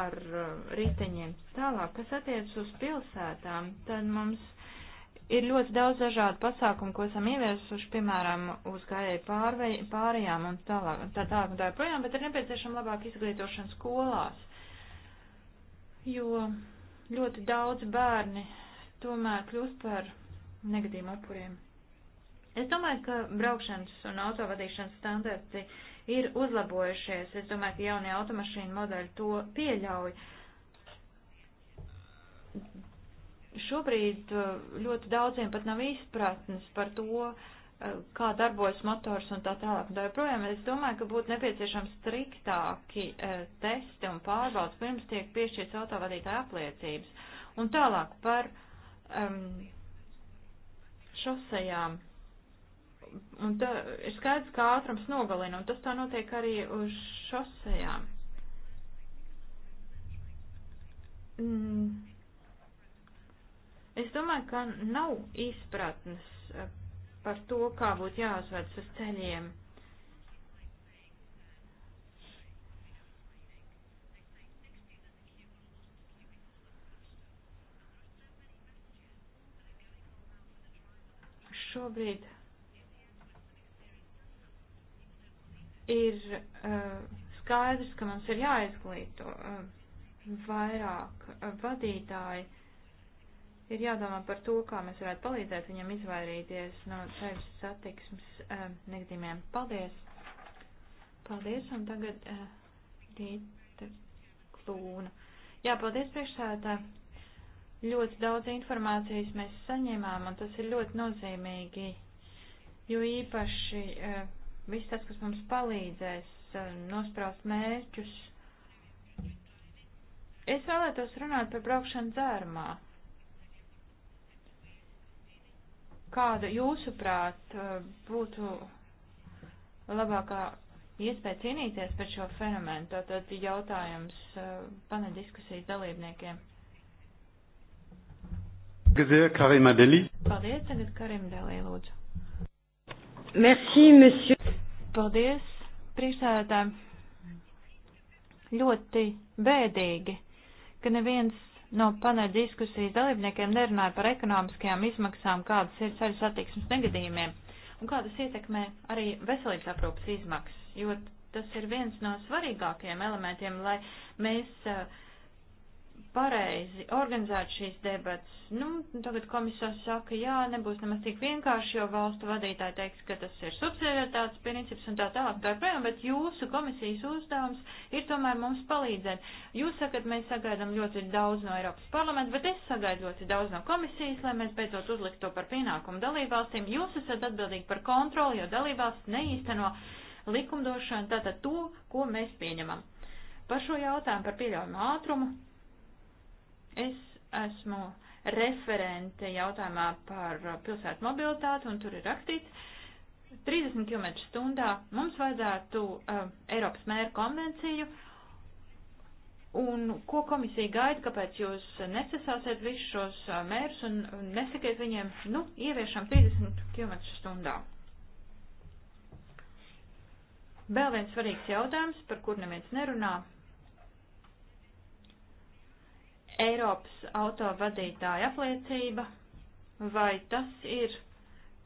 ar uh, riteņiem. Tālāk, kas attiec uz pilsētām, tad mums Ir ļoti daudz dažādu pasākumu, ko esam ieviesuši, piemēram, uz gājēju pārējām un tālāk, tā tālāk un tā projām, bet ir nepieciešama labāka izglītošana skolās, jo ļoti daudz bērni tomēr kļūst par negadījumu upuriem. Es domāju, ka braukšanas un autovadīšanas standarti ir uzlabojušies. Es domāju, ka jaunie automašīnu modeļi to pieļauj Šobrīd uh, ļoti daudziem pat nav izpratnes par to, uh, kā darbojas motors un tā tālāk. Tā joprojām es domāju, ka būtu nepieciešams striktāki uh, testi un pārbaudas pirms tiek piešķirts autovadītāja apliecības. Un tālāk par um, šosejām un tā ir skaidrs, ka ātrums nogalina, un tas tā notiek arī uz šosejām. Mm. Es domāju, ka nav izpratnes eh, par to, kā būtu jāuzvedas uz ceļiem. Šobrīd ir uh, skaidrs, ka mums ir jāizglīto uh, vairāk uh, vadītāji. Uh, ir jādomā par to, kā mēs varētu palīdzēt viņam izvairīties no ceļu satiksmes uh, eh, negadījumiem. Paldies! Paldies, un tagad uh, Rīta Klūna. Jā, paldies priekšsētā. Ļoti daudz informācijas mēs saņēmām, un tas ir ļoti nozīmīgi, jo īpaši uh, viss tas, kas mums palīdzēs uh, nospraust mērķus. Es vēlētos runāt par braukšanu dzērmā. Kāda jūsuprāt uh, būtu labākā iespēja cīnīties par šo fenomenu? Tātad jautājums uh, panel diskusijas dalībniekiem. Uh, Karim Adeli. Paldies, tagad Karim Delī, lūdzu. Merci, monsieur. Paldies, priekšsēdētāji. Ļoti bēdīgi, ka neviens no paneļa diskusijas dalībniekiem nerunāja par ekonomiskajām izmaksām, kādas ir ceļu satiksmes negadījumiem un kā tas ietekmē arī veselības aprūpas izmaksas, jo tas ir viens no svarīgākajiem elementiem, lai mēs uh, pareizi organizēt šīs debatas. Nu, tagad komisārs saka, jā, nebūs nemaz tik vienkārši, jo valstu vadītāji teiks, ka tas ir subsidiaritātes princips un tā tālāk, tā joprojām, bet jūsu komisijas uzdevums ir tomēr mums palīdzēt. Jūs sakat, mēs sagaidām ļoti daudz no Eiropas parlamenta, bet es sagaidu ļoti daudz no komisijas, lai mēs beidzot uzliktu to par pienākumu dalībvalstīm. Jūs esat atbildīgi par kontroli, jo dalībvalsts neīsteno likumdošanu, tātad to, ko mēs pieņemam. Par šo jautājumu par pieļaujumu ātrumu Es esmu referente jautājumā par pilsētu mobilitāti, un tur ir rakstīts, 30 km stundā mums vajadzētu uh, Eiropas mēra konvenciju, un ko komisija gaida, kāpēc jūs nesasāsiet visus šos uh, mērus un nesakiet viņiem, nu, ieviešam 30 km stundā. Vēl viens svarīgs jautājums, par kur neviens nerunā, Eiropas autovadītāja apliecība, vai tas ir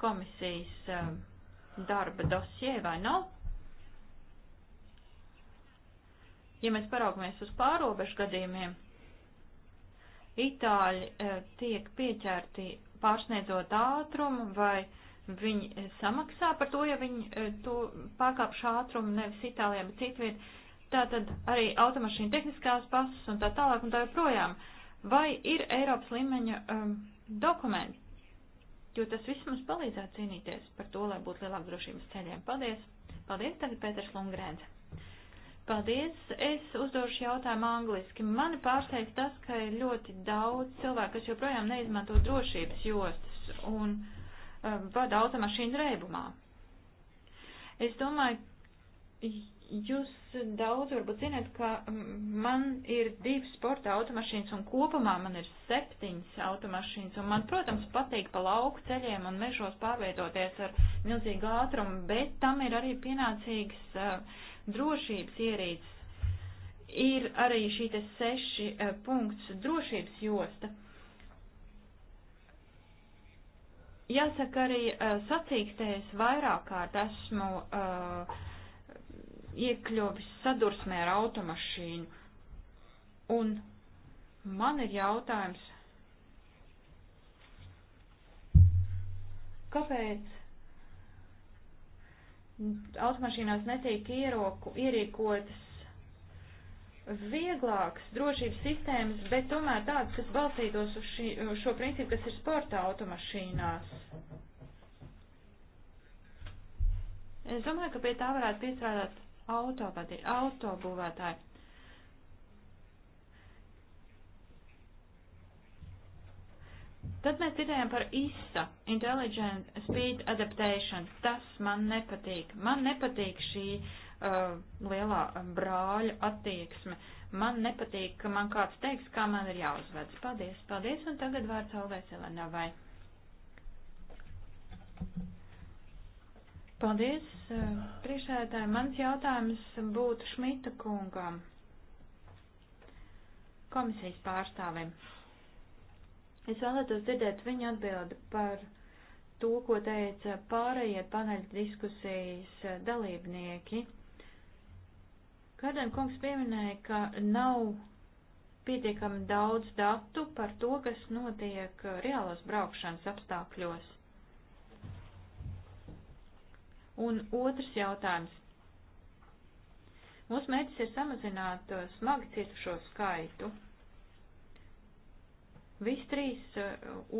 komisijas eh, darba dosie vai nav? Ja mēs paraugamies uz pārobežu gadījumiem, itāļi eh, tiek pieķerti pārsniedzot ātrumu vai viņi samaksā par to, ja viņi eh, to pārkāpšu ātrumu nevis Itālijā, bet citviet tātad arī automašīnu tehniskās pasas un tā tālāk un tā joprojām. Vai ir Eiropas līmeņa um, dokumenti? Jo tas viss mums palīdzētu cīnīties par to, lai būtu lielāk drošības ceļiem. Paldies! Paldies, tagad Pēters Lungrēns. Paldies, es uzdošu jautājumu angliski. Mani pārsteidz tas, ka ir ļoti daudz cilvēku, kas joprojām neizmanto drošības jostas un um, vada automašīnu reibumā. Es domāju, jūs daudz varbūt zināt, ka man ir divas sporta automašīnas un kopumā man ir septiņas automašīnas. Un man, protams, patīk pa lauku ceļiem un mežos pārvietoties ar milzīgu ātrumu, bet tam ir arī pienācīgs uh, drošības ierīces. Ir arī šī te seši uh, punkts drošības josta. Jāsaka arī uh, sacīkstēs vairāk kārt esmu. Uh, iekļuvis sadursmē ar automašīnu. Un man ir jautājums, kāpēc automašīnās netiek ieroku, ierīkotas vieglākas drošības sistēmas, bet tomēr tādas, kas balstītos uz šī, šo principu, kas ir sporta automašīnās. Es domāju, ka pie tā varētu piestrādāt autovadi, autobūvētāji. Tad mēs dzirdējām par ISA, Intelligent Speed Adaptation. Tas man nepatīk. Man nepatīk šī uh, lielā brāļa attieksme. Man nepatīk, ka man kāds teiks, kā man ir jāuzvedas. Paldies, paldies, un tagad vārds Olgai Selenavai. Paldies, eh, priekšsēdētāji. Mans jautājums būtu Šmita kungam, komisijas pārstāvim. Es vēlētos dzirdēt viņa atbildi par to, ko teica pārējie paneļa diskusijas eh, dalībnieki. Kādēļ kungs pieminēja, ka nav pietiekami daudz datu par to, kas notiek eh, reālos braukšanas apstākļos. Un otrs jautājums. Mūsu mērķis ir samazināt uh, smagi cietušo skaitu. Visi trīs uh,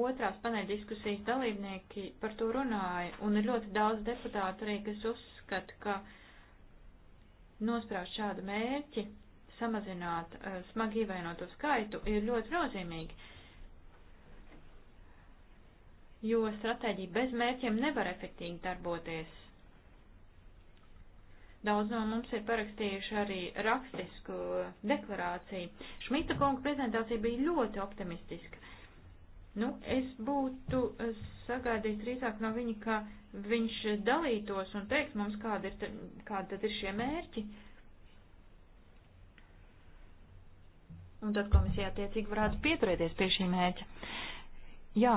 otrās paneļa diskusijas dalībnieki par to runāja, un ir ļoti daudz deputātu arī, kas uzskata, ka nosprāst šādu mērķi, samazināt uh, smagi ievainoto skaitu, ir ļoti nozīmīgi jo stratēģija bez mērķiem nevar efektīvi darboties. Daudz no mums ir parakstījuši arī rakstisku deklarāciju. Šmita kunga prezentācija bija ļoti optimistiska. Nu, es būtu sagaidījis drīzāk no viņa, ka viņš dalītos un teiks mums, kāda ir, kāda tad ir šie mērķi. Un tad komisija attiecīgi varētu pieturēties pie šī mērķa. Jā,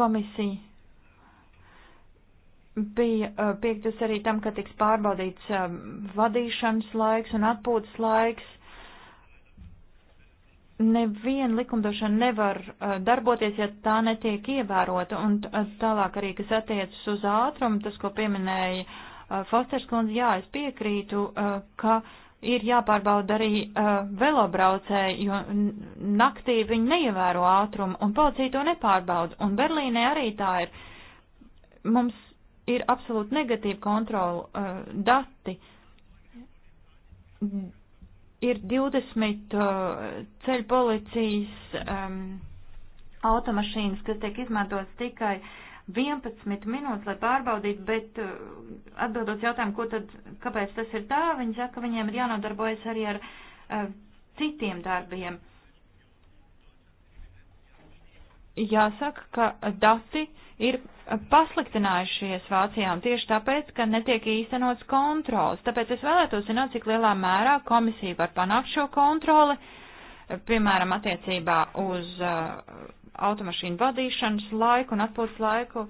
komisija bija uh, piektas arī tam, ka tiks pārbaudīts um, vadīšanas laiks un atpūtas laiks. Neviena likumdošana nevar uh, darboties, ja tā netiek ievērota, un uh, tālāk arī, kas attiecas uz ātrumu, tas, ko pieminēja Fosters kundze, jā, es piekrītu, ka ir jāpārbauda arī velobraucēji, jo naktī viņi neievēro ātrumu, un policija to nepārbauda, un Berlīnē arī tā ir. Mums ir absolūti negatīva kontrola uh, dati. Ir 20 uh, ceļu policijas um, automašīnas, kas tiek izmantotas tikai 11 minūtes, lai pārbaudītu, bet uh, atbildot jautājumu, ko tad, kāpēc tas ir tā, viņi saka, ka viņiem ir jānodarbojas arī ar uh, citiem darbiem. Uh, jāsaka, ka dati ir pasliktinājušies Vācijām tieši tāpēc, ka netiek īstenots kontrols. Tāpēc es vēlētos zināt, cik lielā mērā komisija var panākt šo kontroli, piemēram, attiecībā uz uh, automašīnu vadīšanas laiku un atpūtas laiku.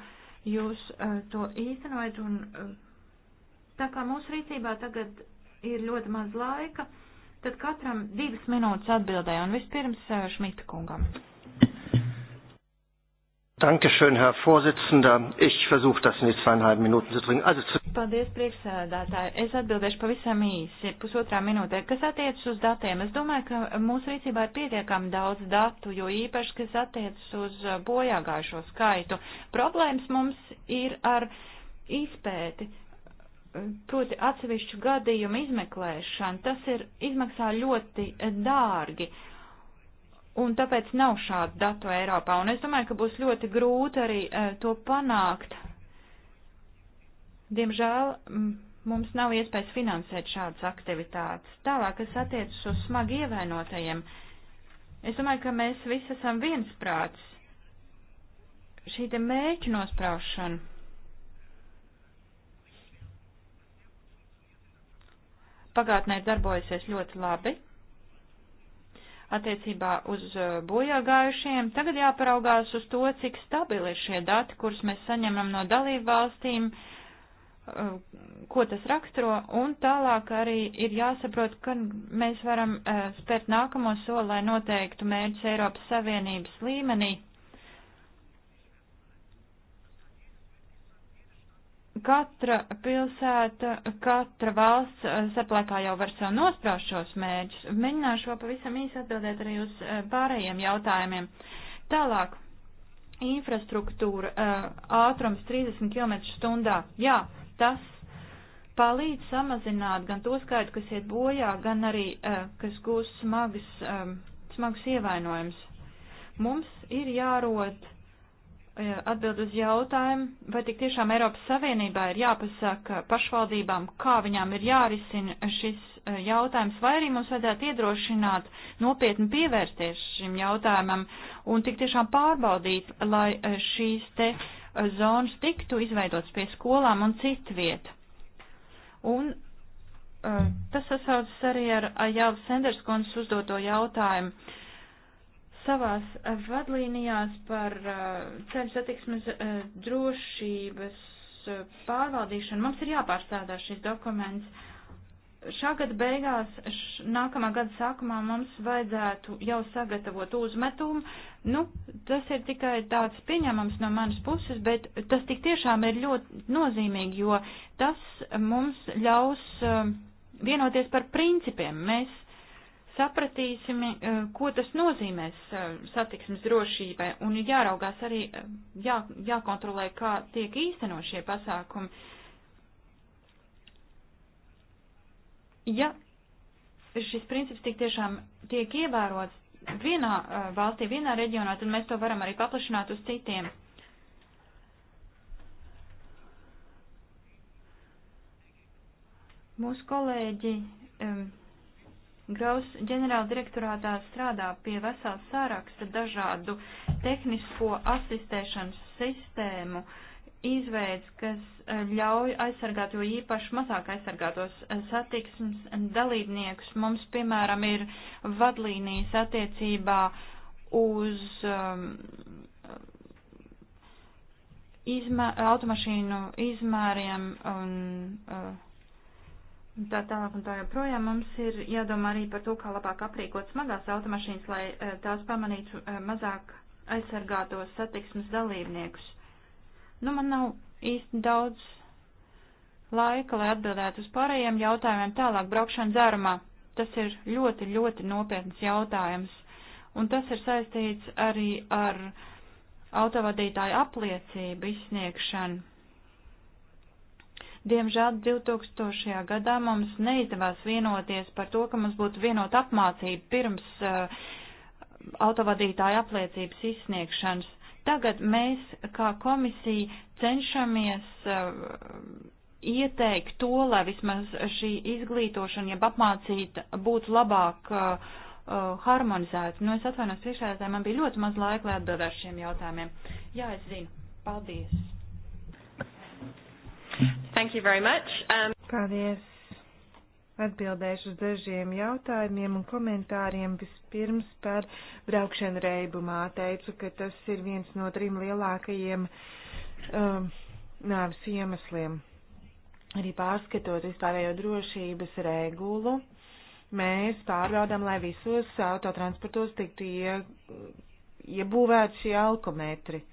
Jūs uh, to īstenojat un uh, tā kā mūsu rīcībā tagad ir ļoti maz laika, tad katram divas minūtes atbildēja un vispirms uh, Šmita kungam. Dankeschön, Herr Vorsitzender. Ich versuche das in die zweieinhalb Minuten zu bringen. Also zu Paldies, priekšsēdētāji. Es atbildēšu pavisam īsi, pusotrā minūtē. Kas attiecas uz datiem? Es domāju, ka mūsu rīcībā ir pietiekami daudz datu, jo īpaši, kas attiecas uz uh, bojāgājušo skaitu. Problēmas mums ir ar izpēti, proti atsevišķu gadījumu izmeklēšanu. Tas ir izmaksā ļoti eh, dārgi. Uh, un tāpēc nav šādu datu Eiropā. Un es domāju, ka būs ļoti grūti arī uh, to panākt. Diemžēl mums nav iespējas finansēt šādas aktivitātes. Tālāk, kas attiecas uz smagi ievainotajiem, es domāju, ka mēs visi esam viensprāts. Šī te mēķu nospraušana. Pagātnē darbojusies ļoti labi, attiecībā uz uh, bojāgājušiem. Tagad jāparaugās uz to, cik stabili ir šie dati, kurus mēs saņemam no dalību valstīm, uh, ko tas raksturo, un tālāk arī ir jāsaprot, ka mēs varam uh, spērt nākamo soli, lai noteiktu mērķus Eiropas Savienības līmenī Katra pilsēta, katra valsts eh, saplēkā jau var sev nospraust šos mērķus. Mēģināšu vēl pavisam īsi atbildēt arī uz eh, pārējiem jautājumiem. Tālāk, infrastruktūra, eh, ātrums 30 km stundā. Jā, tas palīdz samazināt gan to skaitu, kas iet bojā, gan arī, kas gūs smagas, smagas ievainojums. Mums ir jārot atbild uz jautājumu, vai tik tiešām Eiropas Savienībā ir jāpasaka pašvaldībām, kā viņām ir jārisina šis eh, jautājums, vai arī mums vajadzētu iedrošināt nopietni pievērsties šim jautājumam un tik tiešām pārbaudīt, lai eh, šīs te eh, zonas tiktu izveidotas pie skolām un citviet. Un tas sasaucas arī ar Jālu Senderskundas uzdoto jautājumu savās eh, vadlīnijās par eh, ceļu satiksmes eh, drošības pārvaldīšanu. Mums ir jāpārstrādā šis dokuments. Šā gada beigās, š, nākamā gada sākumā mums vajadzētu jau sagatavot uzmetumu. Nu, tas ir tikai tāds pieņemams no manas puses, bet tas tik tiešām ir ļoti nozīmīgi, jo tas mums ļaus vienoties par principiem. Mēs sapratīsim, eh, ko tas nozīmēs eh, satiksmes drošībai, un ir jāraugās arī, eh, jā, jākontrolē, kā tiek īsteno šie pasākumi. Ja šis princips tik tiešām tiek ievērots vienā valstī, vienā reģionā, tad mēs to varam arī paplašināt uz citiem. Mūsu kolēģi um, Graus ģenerāla direktorātā strādā pie vesela sāraksta dažādu tehnisko asistēšanas sistēmu izveids, kas eh, ļauj aizsargāt, jo īpaši mazāk aizsargātos eh, satiksmes dalībniekus. Mums, piemēram, ir vadlīnijas attiecībā uz um, ehm, izmē, automašīnu izmēriem un. Uh, Tā tālāk un tā joprojām mums ir jādomā arī par to, kā labāk aprīkot smagās automašīnas, lai eh, tās pamanītu eh, mazāk aizsargātos satiksmes dalībniekus. Nu, man nav īsti daudz laika, lai atbildētu uz pārējiem jautājumiem tālāk braukšana dzērumā. Tas ir ļoti, ļoti nopietns jautājums, un tas ir saistīts arī ar autovadītāju apliecību izsniegšanu Diemžēl 2000. gadā mums neizdevās vienoties par to, ka mums būtu vienota apmācība pirms uh, autovadītāja apliecības izsniegšanas. Tagad mēs, kā komisija, cenšamies uh, ieteikt to, lai vismaz šī izglītošana, jeb apmācīta, būtu labāk uh, uh harmonizēta. Nu, es atvainos priekšsēdētāji, man bija ļoti maz laika, lai atbildētu šiem jautājumiem. Jā, es zinu. Paldies! Thank you very much. Um... Paldies. Atbildēšu uz dažiem jautājumiem un komentāriem vispirms par braukšanu reibumā. Teicu, ka tas ir viens no trim lielākajiem um, nāvis iemesliem. Arī pārskatot vispārējo drošības regulu, mēs pārbaudām, lai visos autotransportos tiktu ie, iebūvēti šie alkometri.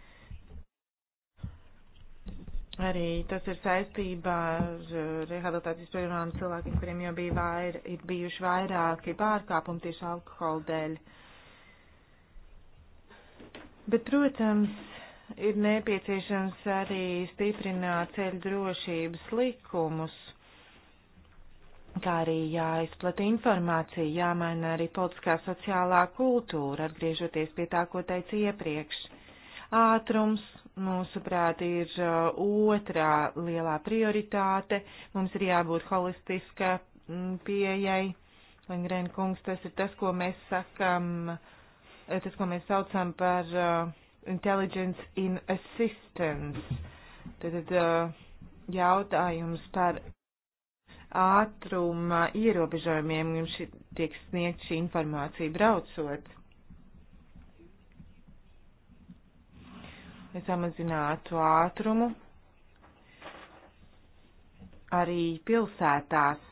Arī tas ir saistībā ar eh, rehabilitācijas programmu cilvēkiem, kuriem jau bija vair, ir bijuši vairāki pārkāpumi tieši alkohola dēļ. Bet, protams, ir nepieciešams arī stiprināt ceļu drošības likumus, kā arī jāizplata informācija, jāmaina arī politiskā sociālā kultūra, atgriežoties pie tā, ko teicu iepriekš. Ātrums, mūsuprāt, ir uh, otrā lielā prioritāte. Mums ir jābūt holistiska mm, pieejai. Lengrēn kungs, tas ir tas, ko mēs sakam, eh, tas, ko mēs saucam par uh, intelligence in assistance. Tātad uh, jautājums par ātruma ierobežojumiem, jums šī tiek sniegt šī informācija braucot. lai samazinātu ātrumu arī pilsētās.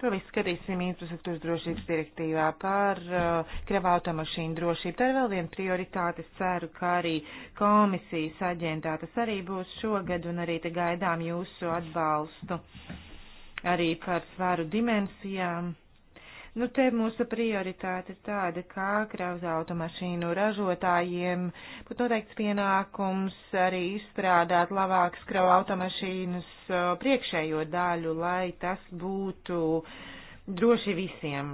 To visu skatīsim infrastruktūras drošības direktīvā par uh, kravā automašīnu drošību. Tā ir vēl viena prioritāte. Es ceru, ka arī komisijas aģentā tas arī būs šogad un arī te gaidām jūsu atbalstu arī par svaru dimensijām Nu, te mūsu prioritāte ir tāda, kā krauz automašīnu ražotājiem būtu noteikts pienākums arī izstrādāt labākas krauz automašīnas priekšējo daļu, lai tas būtu droši visiem,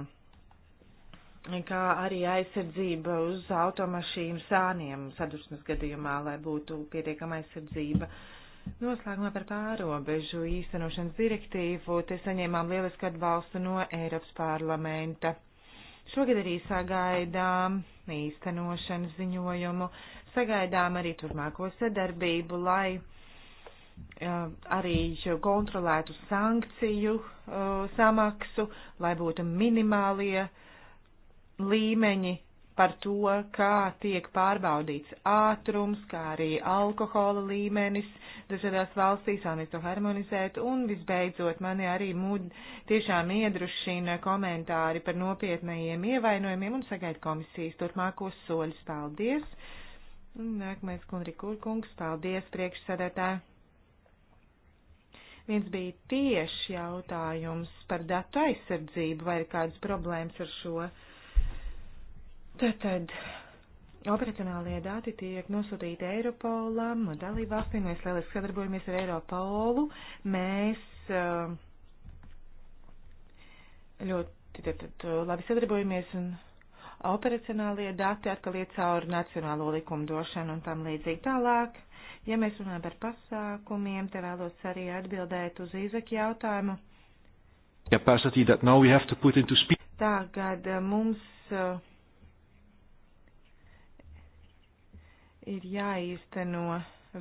kā arī aizsardzība uz automašīnu sāniem sadursmes gadījumā, lai būtu pietiekama aizsardzība. Uh, Noslēgumā par pārobežu īstenošanas direktīvu te saņēmām lielisku atbalstu no Eiropas parlamenta. Šogad arī sagaidām īstenošanas ziņojumu, sagaidām arī turpmāko sadarbību, lai uh, arī kontrolētu sankciju uh, samaksu, lai būtu minimālie līmeņi par to, kā tiek pārbaudīts ātrums, kā arī alkohola līmenis dažādās valstīs, un to harmonizēt. Un visbeidzot, mani arī mūd tiešām iedrušina komentāri par nopietnējiem ievainojumiem un sagaida komisijas turpmākos soļus. Paldies! Nākamais kundri kurkungs, paldies priekšsēdētāji. Viens bija tieši jautājums par datu aizsardzību vai ir kādas problēmas ar šo Tātad operacionālie dati tiek nosūtīti Eiropolam un dalībvalstīm. Mēs lieliski sadarbojamies ar Eiropolu. Mēs eh, ļoti tātad, eh, labi sadarbojamies un operacionālie dati atkal iet cauri nacionālo likumdošanu un tam līdzīgi tālāk. Ja mēs runājam par pasākumiem, te vēlos arī atbildēt uz īzaki jautājumu. Tagad eh, mums uh, ir jāīsteno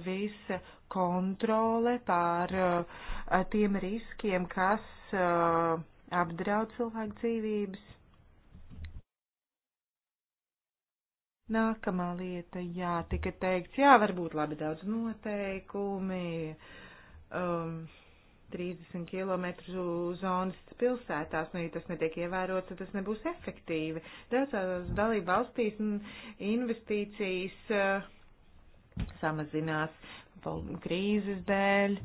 visa kontrole pār uh, tiem riskiem, kas uh, apdraud cilvēku dzīvības. Nākamā lieta, jā, tika teikts, jā, varbūt labi daudz noteikumi, um, 30 km zonas pilsētās, nu, ja tas netiek ievērots, tad tas nebūs efektīvi. Daudzās dalību valstīs investīcijas uh, samazinās krīzes dēļ,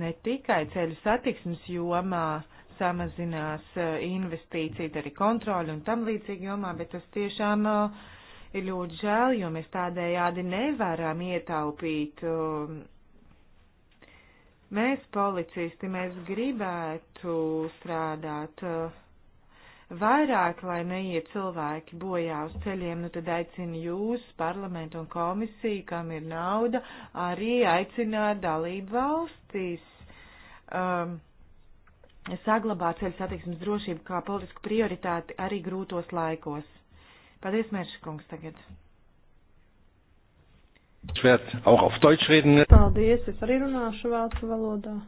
ne tikai ceļu satiksmes jomā samazinās eh, investīcija, arī kontroļu un tam līdzīgi jomā, bet tas tiešām eh, ir ļoti žēl, jo mēs tādējādi nevaram ietaupīt. Um, mēs, policisti, mēs gribētu strādāt uh, vairāk, lai neiet cilvēki bojā uz ceļiem, nu tad aicinu jūs, parlamentu un komisiju, kam ir nauda, arī aicināt dalību valstīs. Um, saglabāt ceļu satiksmes drošību kā politisku prioritāti arī grūtos laikos. Paldies, Mērškungs, tagad. Paldies, es arī runāšu vācu valodā.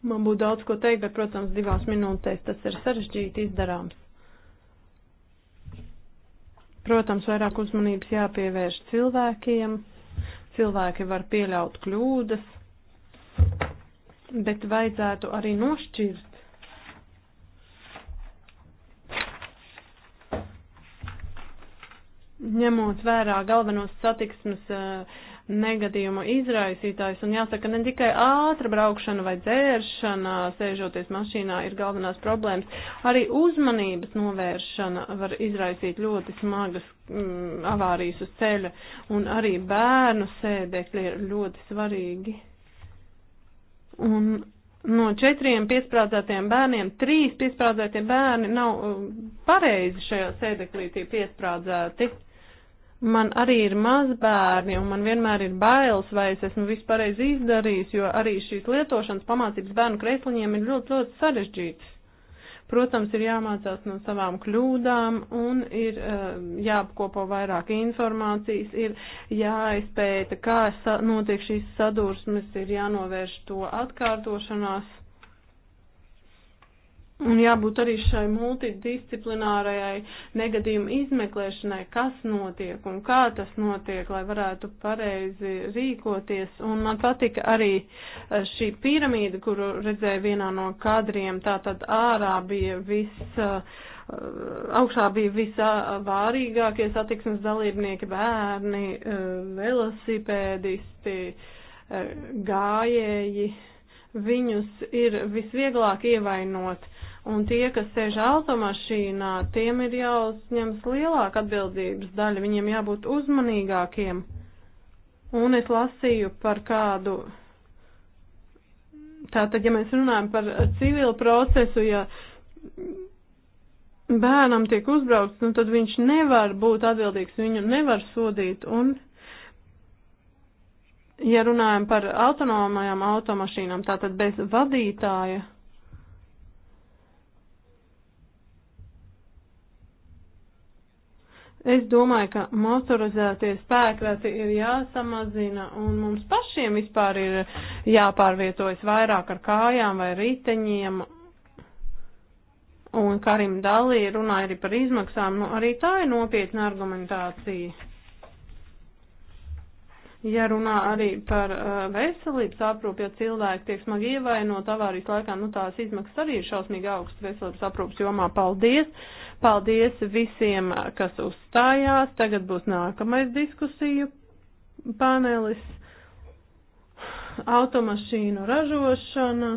Man būtu daudz ko teikt, bet, protams, divās minūtēs tas ir sarežģīti izdarāms. Protams, vairāk uzmanības jāpievērš cilvēkiem. Cilvēki var pieļaut kļūdas, bet vajadzētu arī nošķirt. Ņemot vērā galvenos satiksmes uh, negadījumu izraisītājs, un jāsaka, ne tikai ātra braukšana vai dzēršana, sēžoties mašīnā, ir galvenās problēmas, arī uzmanības novēršana var izraisīt ļoti smagas mm, avārijas uz ceļa, un arī bērnu sēdekļi ir ļoti svarīgi. Un no četriem piesprādzētiem bērniem, trīs piesprādzētie bērni nav um, pareizi šajā sēdeklī tie piesprādzēti. Man arī ir mazbērni, un man vienmēr ir bailes, vai es esmu vispārreiz izdarījis, jo arī šīs lietošanas pamācības bērnu kreisliņiem ir ļoti, ļoti sarežģītas. Protams, ir jāmācās no savām kļūdām un ir um, jāapkopo vairāk informācijas, ir jāizpēta, kā notiek šīs sadursmes, ir jānovērš to atkārtošanās. Un jābūt arī šai multidisciplinārajai negadījuma izmeklēšanai, kas notiek un kā tas notiek, lai varētu pareizi rīkoties. Un man patika arī eh, šī piramīda, kuru redzēju vienā no kadriem, tā tad ārā bija viss. Eh, augšā bija visā vārīgākie satiksmes dalībnieki, bērni, eh, velosipēdisti, gājēji. Viņus ir visvieglāk ievainot. Uh, Un tie, kas sēž automašīnā, tiem ir jāuzņems lielāka atbildības daļa, viņiem jābūt uzmanīgākiem. Un es lasīju par kādu Tātad, ja mēs runājam par civilu procesu, ja bērnam tiek uzbraukts, nu, tad viņš nevar būt atbildīgs, viņu nevar sodīt. Un, ja runājam par autonomajām automašīnām, tātad bez vadītāja. Es domāju, ka motorizētie spēkrati ir jāsamazina un mums pašiem vispār ir jāpārvietojas vairāk ar kājām vai riteņiem. Un Karim Dalī runāja arī par izmaksām, nu arī tā ir nopietna argumentācija. Ja runā arī par uh, veselības aprūpi, ja cilvēki tiek smagi ievainot avārijas laikā, nu tās izmaksas arī ir šausmīgi augstas veselības aprūpas jomā. Paldies! Paldies visiem, kas uzstājās. Tagad būs nākamais diskusiju panelis. Automašīnu ražošana,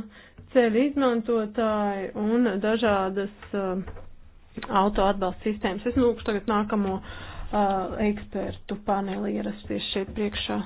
ceļu izmantotāji un dažādas uh, auto atbalsta sistēmas. Es lūkšu tagad nākamo uh, ekspertu paneli ierasties šeit priekšā.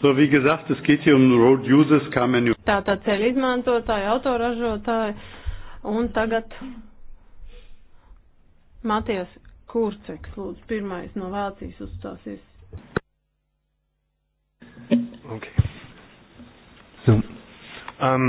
So, wie gesagt, es geht hier um road users, car manu. Tātad ceļu izmantotāji, autoražotāji un tagad Matijas Kurceks, lūdzu, pirmais no Vācijas uzstāsies. Okay. So, um,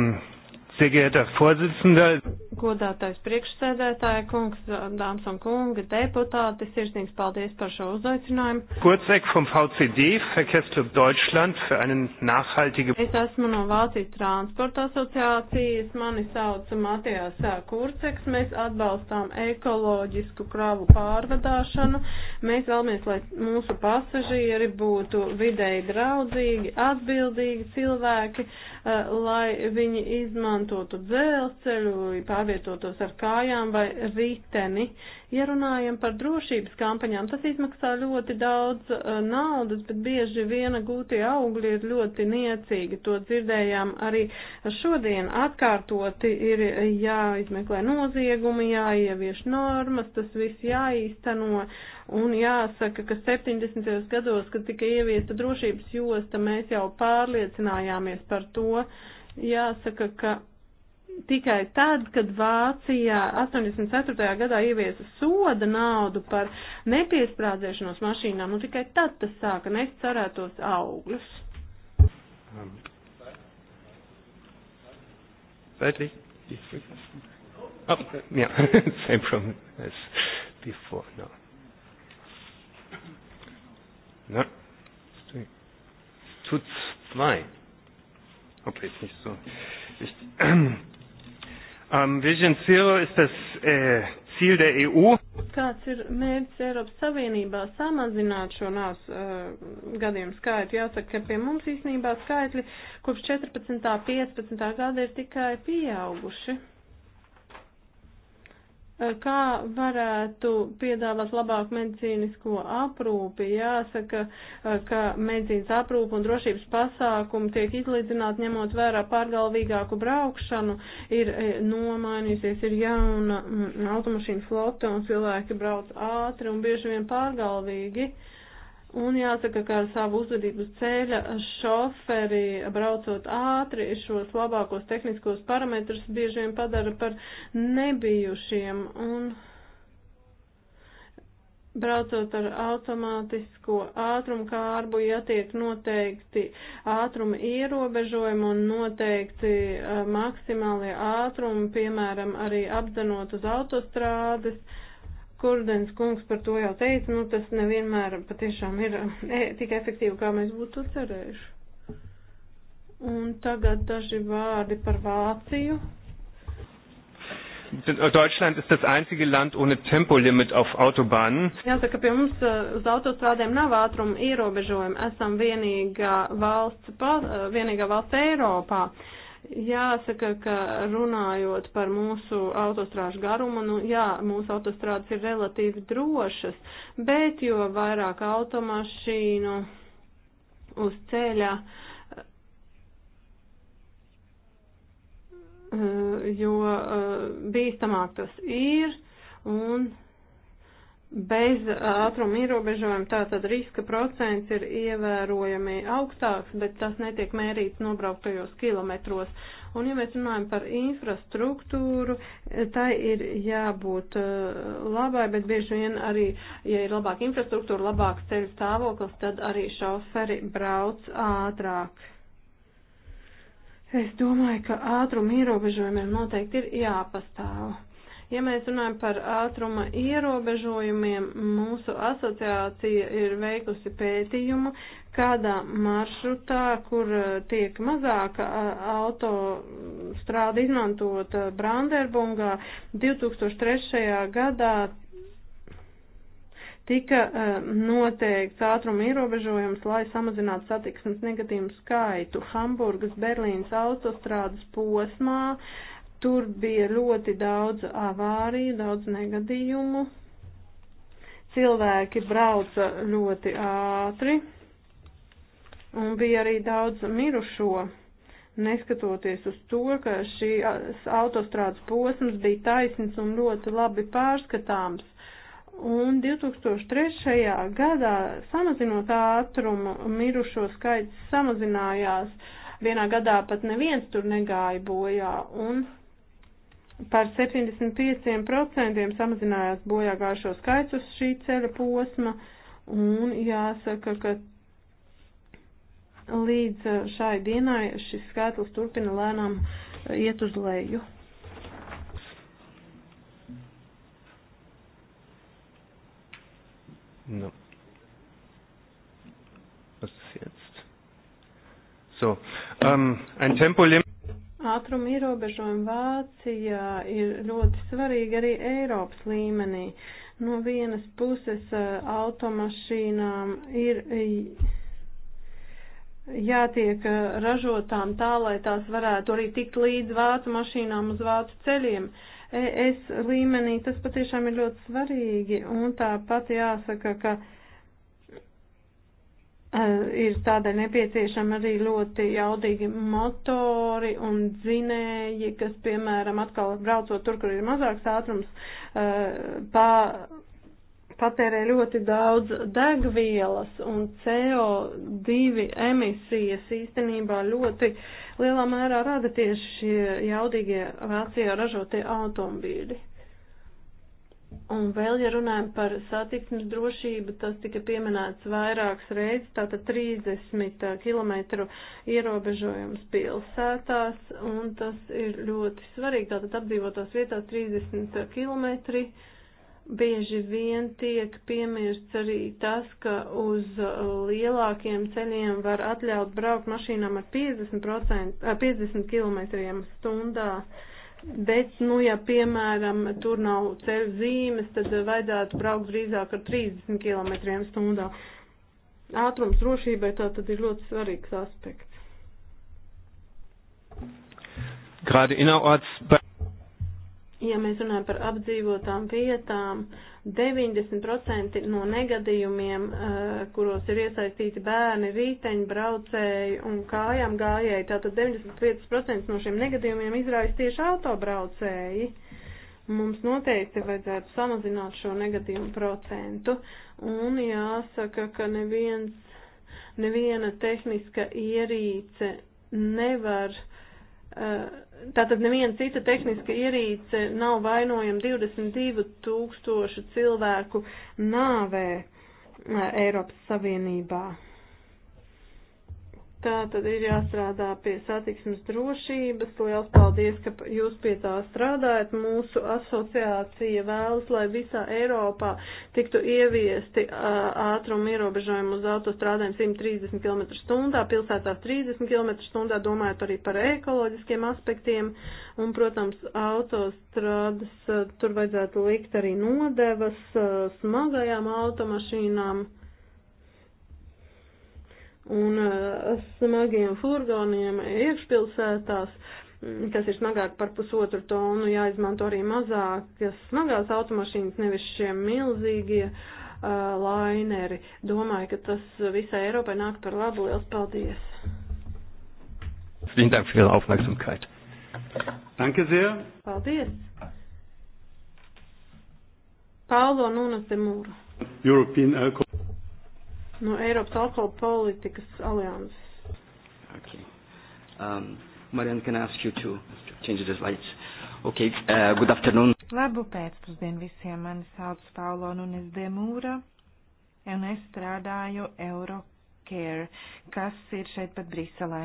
sehr geehrter Vorsitzender. Godātais priekšsēdētāja kungs, dāmas un kungi, deputāti, sirsnīgs paldies par šo uzaicinājumu. Kurzek vom VCD, Verkehrsklub Deutschland, für einen nachhaltigen. Es esmu no Vācijas transporta asociācijas, mani sauc Matijās Kurzeks, mēs atbalstām ekoloģisku kravu pārvadāšanu, mēs vēlamies, lai mūsu pasažieri būtu videi draudzīgi, atbildīgi cilvēki, eh, lai viņi izmantotu dzelzceļu, pārvadāšanu pārvietotos ar kājām vai riteni. Ja runājam par drošības kampaņām, tas izmaksā ļoti daudz eh, naudas, bet bieži viena gūtie augļi ir ļoti niecīgi. To dzirdējām arī šodien atkārtoti ir jāizmeklē noziegumi, jāievieš normas, tas viss jāīsteno. Un jāsaka, ka 70. gados, kad tika ieviesta drošības josta, mēs jau pārliecinājāmies par to. Jāsaka, ka tikai tad, kad Vācijā 84. gadā ieviesa soda naudu par nepiesprādzēšanos mašīnām, un tikai tad tas sāka nest cerētos augļus. Zeitlich? Um, oh, yeah, same problem as before. No. No. Tut's zwei. Okay, ist nicht so. Ist, Um, Vision Zero ist das äh, Ziel der EU. Kāds ir mērķis Eiropas Savienībā samazināt šo nāves uh, gadījumu skaitu? Jāsaka, ka pie mums īstenībā skaitļi kopš 14. 15. gada ir tikai pieauguši kā varētu piedāvāt labāku medicīnisko aprūpi. Jāsaka, ka medicīnas aprūpa un drošības pasākumi tiek izlīdzināti ņemot vērā pārgalvīgāku braukšanu, ir e, nomainījusies, ir jauna mm, automašīnu flote un cilvēki brauc ātri un bieži vien pārgalvīgi. Uh, Un jāsaka, ka ar savu uzvedības ceļa šoferi, braucot ātri, šos labākos tehniskos parametrus bieži vien padara par nebijušiem. Un braucot ar automātisko ātrumu kārbu, ja tiek noteikti ātruma ierobežojumi un noteikti uh, maksimālie ātrumi, piemēram, arī apdzenot uz autostrādes, uh, Kurdens kungs par to jau teica, nu tas nevienmēr patiešām ir e, tik efektīvi, kā mēs būtu cerējuši. Un tagad daži vārdi par Vāciju. Deutschland ist das einzige Land ohne Tempolimit auf Autobahnen. Jāsaka, pie mums e, uz autostrādēm nav ātruma ierobežojumi. Esam vienīgā valsts, e, vienīgā valsts Eiropā. Uh, Jāsaka, ka runājot par mūsu autostrāžu garumu, nu jā, mūsu autostrādes ir relatīvi drošas, bet jo vairāk automašīnu uz ceļa, eh, jo eh, bīstamāk tas ir, un bez uh, ātruma ierobežojuma, tātad riska procents ir ievērojami augstāks, bet tas netiek mērīts nobrauktajos kilometros. Un, ja mēs runājam par infrastruktūru, tai ir jābūt uh, labai, bet bieži vien arī, ja ir labāka infrastruktūra, labāks ceļu stāvoklis, tad arī šoferi brauc ātrāk. Es domāju, ka ātruma ierobežojumiem noteikti ir jāpastāv. Ja mēs runājam par ātruma ierobežojumiem, mūsu asociācija ir veikusi pētījumu, kādā maršrutā, kur eh, tiek mazāk auto strāda izmantot Branderbungā 2003. gadā tika eh, noteikts ātruma ierobežojums, lai samazinātu satiksmes negatīvu skaitu. Hamburgas, Berlīnas autostrādes posmā uh, Tur bija ļoti daudz avāriju, daudz negadījumu. Cilvēki brauca ļoti ātri un bija arī daudz mirušo neskatoties uz to, ka šī autostrādes posms bija taisns un ļoti labi pārskatāms. Un 2003. gadā, samazinot ātrumu, mirušo skaits samazinājās. Vienā gadā pat neviens tur negāja bojā. Un par 75% samazinājās bojā gājušo skaits uz šī ceļa posma, un jāsaka, ka līdz šai dienai šis skaitlis turpina lēnām iet uz leju. No. Was ist jetzt? So, ähm, um, ein Tempolimit. Ātruma ierobežojumi Vācijā ir ļoti svarīgi arī Eiropas līmenī. No vienas puses automašīnām ir jātiek ražotām tā, lai tās varētu arī tikt līdz vācu mašīnām uz vācu ceļiem. ES līmenī tas patiešām ir ļoti svarīgi un tāpat jāsaka, ka Eh, ir tādēļ nepieciešami arī ļoti jaudīgi motori un dzinēji, kas, piemēram, atkal braucot tur, kur ir mazāks ātrums, eh, pā, patērē ļoti daudz degvielas un CO2 emisijas īstenībā ļoti lielā mērā rada tieši šie jaudīgie Vācijā ražotie automobīļi. Un vēl, ja runājam par satiksmes drošību, tas tika pieminēts vairākas reizes, tātad 30 km ierobežojums pilsētās, un tas ir ļoti svarīgi, tātad apdzīvotās vietās 30 km. Bieži vien tiek piemirsts arī tas, ka uz lielākiem ceļiem var atļaut braukt mašīnām ar 50%, 50 km stundā. Uh, Bet, nu, ja, piemēram, tur nav ceļu zīmes, tad eh, vajadzētu braukt drīzāk ar 30 km stundā. Ātrums drošībai tā tad ir ļoti svarīgs aspekts. Gerade innerorts ja mēs runājam par apdzīvotām vietām, 90% no negadījumiem, eh, kuros ir iesaistīti bērni, riteņbraucēji un kājām gājēji, tātad 95% no šiem negadījumiem izraisa tieši autobraucēji. Mums noteikti vajadzētu samazināt šo negadījumu procentu un jāsaka, ka neviens, neviena tehniska ierīce nevar uh, Tātad neviena cita tehniska ierīce nav vainojama 22 tūkstošu cilvēku nāvē eh, Eiropas Savienībā. Tā tad ir jāstrādā pie satiksmes drošības. Liels paldies, ka jūs pie tā strādājat. Mūsu asociācija vēlas, lai visā Eiropā tiktu ieviesti ātruma ierobežojumi uz autostrādēm 130 km stundā, pilsētās 30 km stundā, domājot arī par ekoloģiskiem aspektiem. Un, protams, autostrādes tur vajadzētu likt arī nodevas smagajām automašīnām un uh, smagiem furgoniem iekšpilsētās, mm, kas ir smagāk par pusotru tonu, jāizmanto arī mazākas smagās automašīnas, nevis šie milzīgie uh, laineri. Domāju, ka tas visai Eiropai nāk par labu. Liels paldies! Vielen Dank für Ihre Aufmerksamkeit. Danke sehr. Paldies. Paulo Nunes de Muro. European Alcohol no Eiropas alkohola politikas alianses. Okay. Um, Marian, can I ask you to change the slides? Okay, uh, good afternoon. Labu pēcpusdienu visiem. Mani sauc Paulo Nunes de Mūra, un es strādāju Eurocare, kas ir šeit pat Briselē.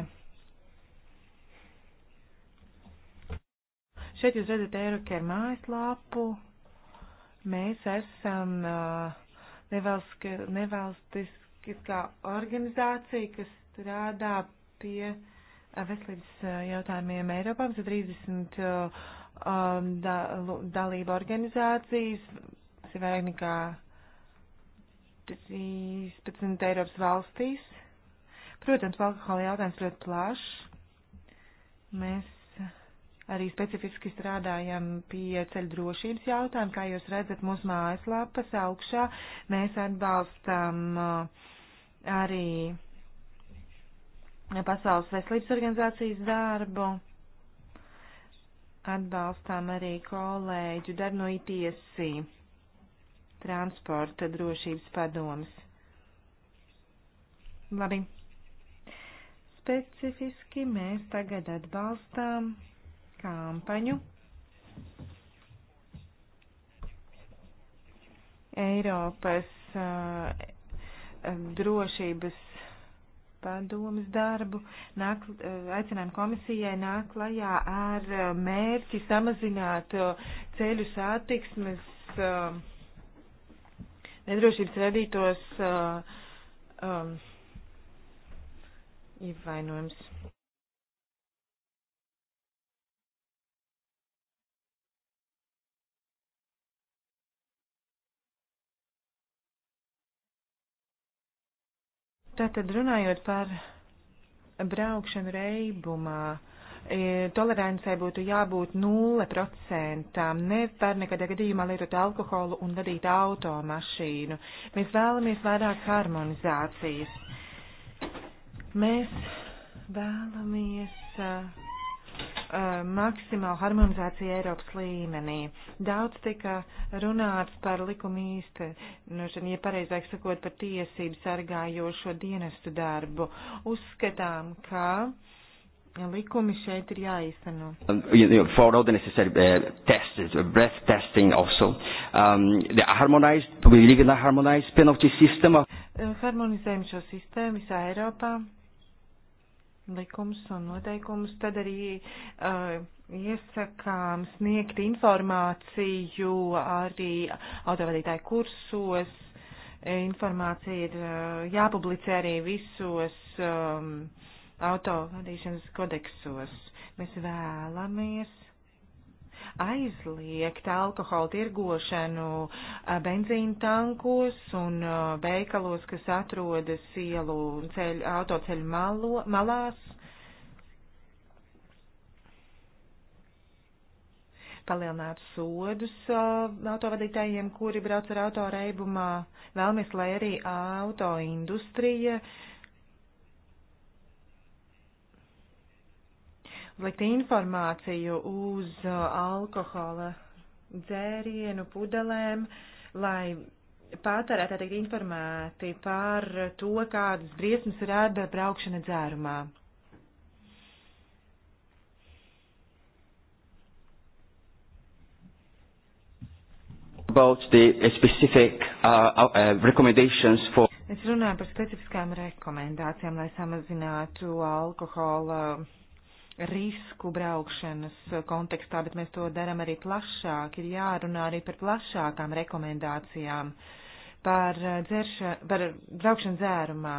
Šeit jūs redzat Eurocare mājaslapu. Mēs esam uh, nevalstiski kā organizācija, kas strādā pie eh, veselības eh, jautājumiem Eiropā. Mums ir 30 eh, um, da, dalība organizācijas, tas ir vairāk nekā 13 Eiropas valstīs. Protams, alkohola jautājums ļoti plašs. Mēs arī specifiski strādājam pie ceļu drošības jautājumu. Kā jūs redzat, mūsu mājaslapas augšā mēs atbalstam uh, arī Pasaules veselības organizācijas darbu. Atbalstām arī kolēģu darbu no ITSC, transporta drošības padomas. Labi. Specifiski mēs tagad atbalstām kampaņu Eiropas uh, drošības padomas darbu, nāk, uh, aicinām komisijai nāk lajā ar uh, mērķi samazināt uh, ceļu satiksmes nedrošības radītos um, ievainojums. Tātad runājot par braukšanu reibumā, e, tolerancei būtu jābūt 0%, nevar nekadā gadījumā lietot alkoholu un vadīt automašīnu. Mēs vēlamies vairāk harmonizācijas. Mēs vēlamies. Uh, Uh, maksimāla harmonizācija Eiropas līmenī. Daudz tika runāts par likumu īstenošanu, ja pareizāk sakot, par tiesību sargājošo dienestu darbu. Uzskatām, ka likumi šeit ir jāīsteno. Um, for all the necessary uh, tests, uh, breath testing also. Um, the harmonized, we live in a harmonized penalty system. Of... Harmonizējam šo sistēmu visā Eiropā likums un noteikumus, tad arī uh, iesakām sniegt informāciju arī autovadītāju kursos. Informācija ir uh, jāpublicē arī visos um, autovadīšanas kodeksos. Mēs vēlamies aizliegt alkohola tirgošanu benzīna tankos un veikalos, kas atrodas ielu un ceļ, autoceļu malo, malās. palielināt sodus uh, autovadītājiem, kuri brauc ar autoreibumā. Vēlamies, lai arī autoindustrija uh, likt informāciju uz uh, alkohola dzērienu pudelēm, lai patērētāji tiktu informēti par to, kādas briesmas rada braukšana dzērumā. About the uh, specific uh, uh, recommendations for. Es runāju par specifiskām rekomendācijām, lai samazinātu alkohola uh, risku braukšanas kontekstā, bet mēs to darām arī plašāk. Ir jārunā arī par plašākām rekomendācijām, par, eh, dzerša, par braukšanu dzērumā.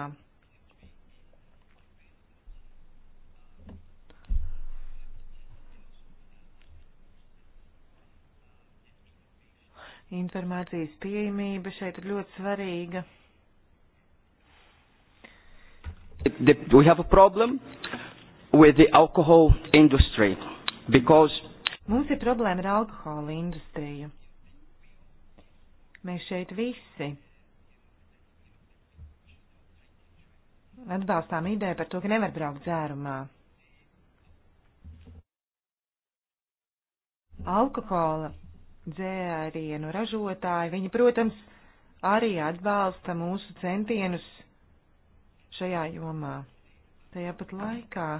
Informācijas pieejamība šeit ir ļoti svarīga. We have a problem. Uh, with the alcohol industry because Mums ir problēma ar alkohola industriju. Mēs šeit visi atbalstām ideju par to, ka nevar braukt dzērumā. Alkohola dzērienu ražotāji, viņi, protams, arī atbalsta mūsu centienus šajā jomā. Tajā pat laikā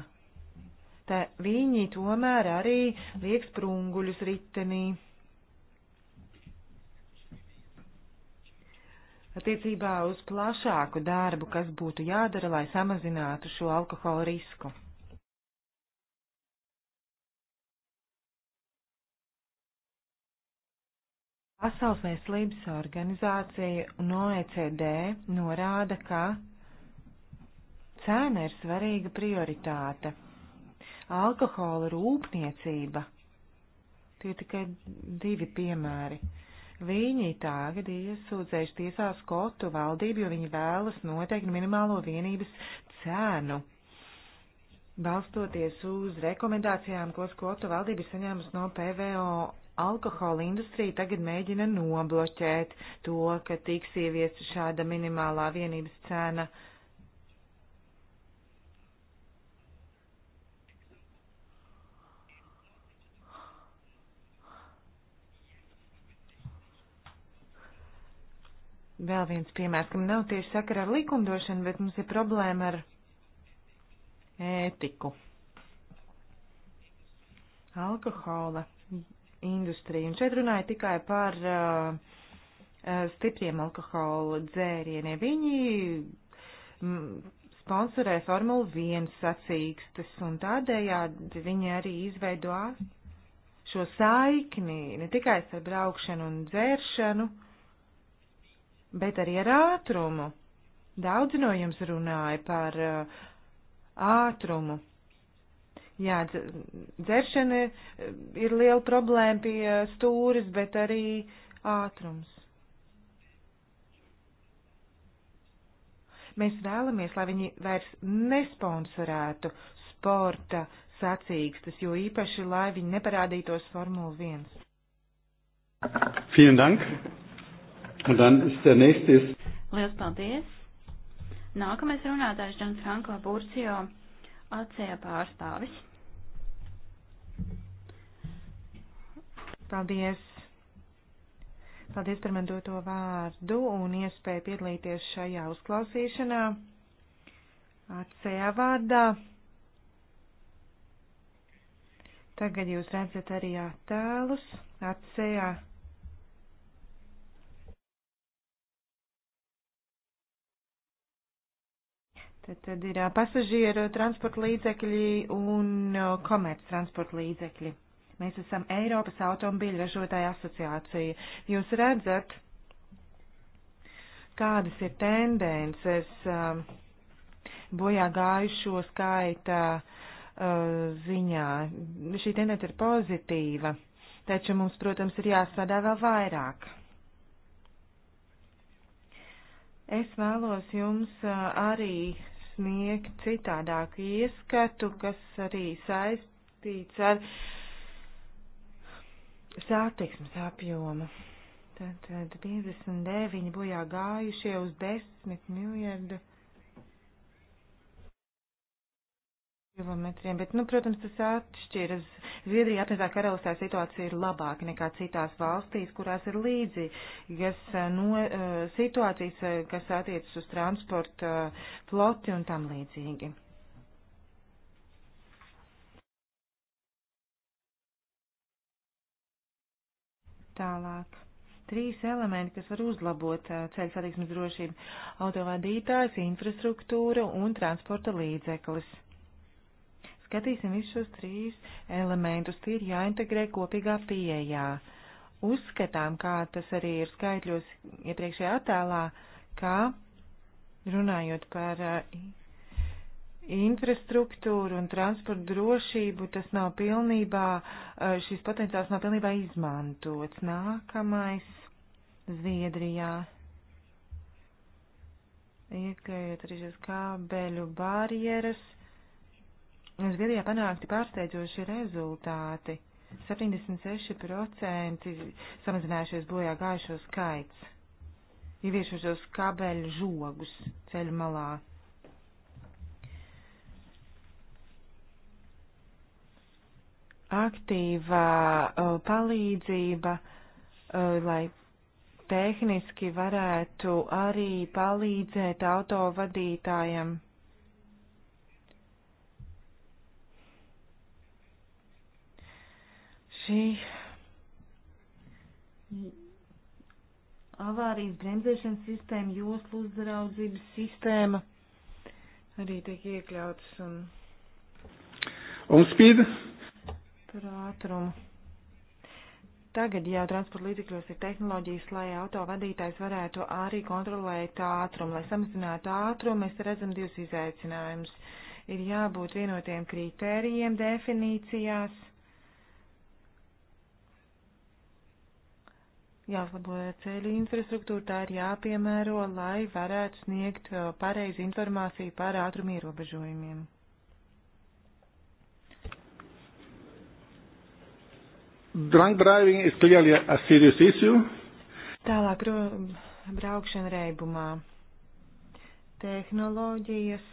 te viņi tomēr arī liek sprunguļus ritenī. Attiecībā uz plašāku darbu, kas būtu jādara, lai samazinātu šo alkohola risku. Pasaules veselības organizācija un OECD norāda, ka cēna ir svarīga prioritāte alkohola rūpniecība. Tie ir tikai divi piemēri. Viņi tagad iesūdzējuši tiesā Skotu valdību, jo viņi vēlas noteikt minimālo vienības cēnu. Balstoties uz rekomendācijām, ko Skotu valdība saņēmusi no PVO, alkohola industrija tagad mēģina nobloķēt to, ka tiks ieviesta šāda minimālā vienības cēna. Uh, Vēl viens piemērs, kam nav tieši sakara ar likumdošanu, bet mums ir problēma ar ētiku. Alkohola industrija. Un šeit runāja tikai par uh, uh stipriem alkohola dzērieniem. Viņi mm, sponsorē Formula 1 sacīkstes un tādējādi viņi arī izveido šo saikni ne tikai ar braukšanu un dzēršanu bet arī ar ātrumu. Daudz no jums runāja par uh, ātrumu. Jā, dzeršana uh, ir liela problēma pie stūris, bet arī ātrums. Mēs vēlamies, lai viņi vairs nesponsorētu sporta sacīkstas, jo īpaši, lai viņi neparādītos Formula 1. Vielen Dank. Un dann ist der nächste ist. Lielas paldies. Nākamais runātājs Džons Franko Burcio, ACA pārstāvis. Paldies. Paldies par man doto vārdu un iespēju piedalīties šajā uzklausīšanā. ACA vārdā. Tagad jūs redzat arī attēlus ACA Tad, tad ir pasažieru transporta līdzekļi un komerc transporta līdzekļi. Mēs esam Eiropas automobīļu ražotāja asociācija. Jūs redzat, kādas ir tendences bojā gājušo skaita ziņā. Šī tendence ir pozitīva, taču mums, protams, ir jāstrādā vēl vairāk. Es vēlos jums arī sniegt citādāku ieskatu, kas arī saistīts ar satiksmes apjomu. Tad, tad 59 bojā gājušie uz 10 miljardu kilometriem, bet, nu, protams, tas atšķiras. Zviedrijā, apmēram, karalistē situācija ir labāka nekā citās valstīs, kurās ir līdzīgas eh, no, eh, situācijas, eh, kas attiecas uz transporta floti un tam līdzīgi. Tālāk trīs elementi, kas var uzlabot ceļu satiksmes drošību - autovadītājs, infrastruktūra un transporta līdzeklis. Skatīsim visus šos trīs elementus, tie ir jāintegrē kopīgā pieejā. Uzskatām, kā tas arī ir skaitļos iepriekšējā attēlā, kā runājot par uh, infrastruktūru un transportu drošību, tas nav pilnībā, uh, šis potenciāls nav pilnībā izmantots. Nākamais Zviedrijā. Iekļaujot arī šīs kābeļu barjeras Zviedrijā panākti pārsteidzoši rezultāti. 76% samazinājušies bojā gājušo skaits, ieviešušos kabeļu žogus ceļu malā. Aktīvā palīdzība, lai tehniski varētu arī palīdzēt autovadītājiem šī avārijas bremzēšanas sistēma, joslu uzraudzības sistēma arī tiek iekļauts un. Un spīd? Par ātrumu. Tagad jau transporta līdzekļos ir tehnoloģijas, lai auto vadītājs varētu arī kontrolēt ātrumu. Lai samazinātu ātrumu, mēs redzam divus izaicinājumus. Ir jābūt vienotiem kritērijiem definīcijās jāuzlabo ceļu infrastruktūra, tā ir jāpiemēro, lai varētu sniegt uh, pareizi informāciju par ātrumu ierobežojumiem. Drunk driving is clearly a serious issue. Tālāk braukšana reibumā. Tehnoloģijas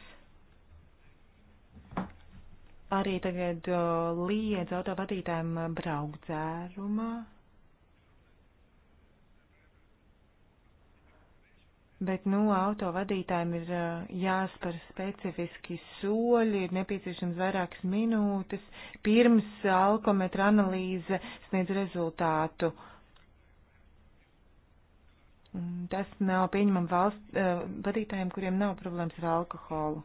arī tagad uh, liedz autovadītājiem braukt dzērumā Bet, nu, auto vadītājiem ir eh, jāspēr specifiski soļi, ir nepieciešams vairākas minūtes, pirms alkometra analīze sniedz rezultātu. Tas nav pieņemam valsts uh, vadītājiem, kuriem nav problēmas ar alkoholu.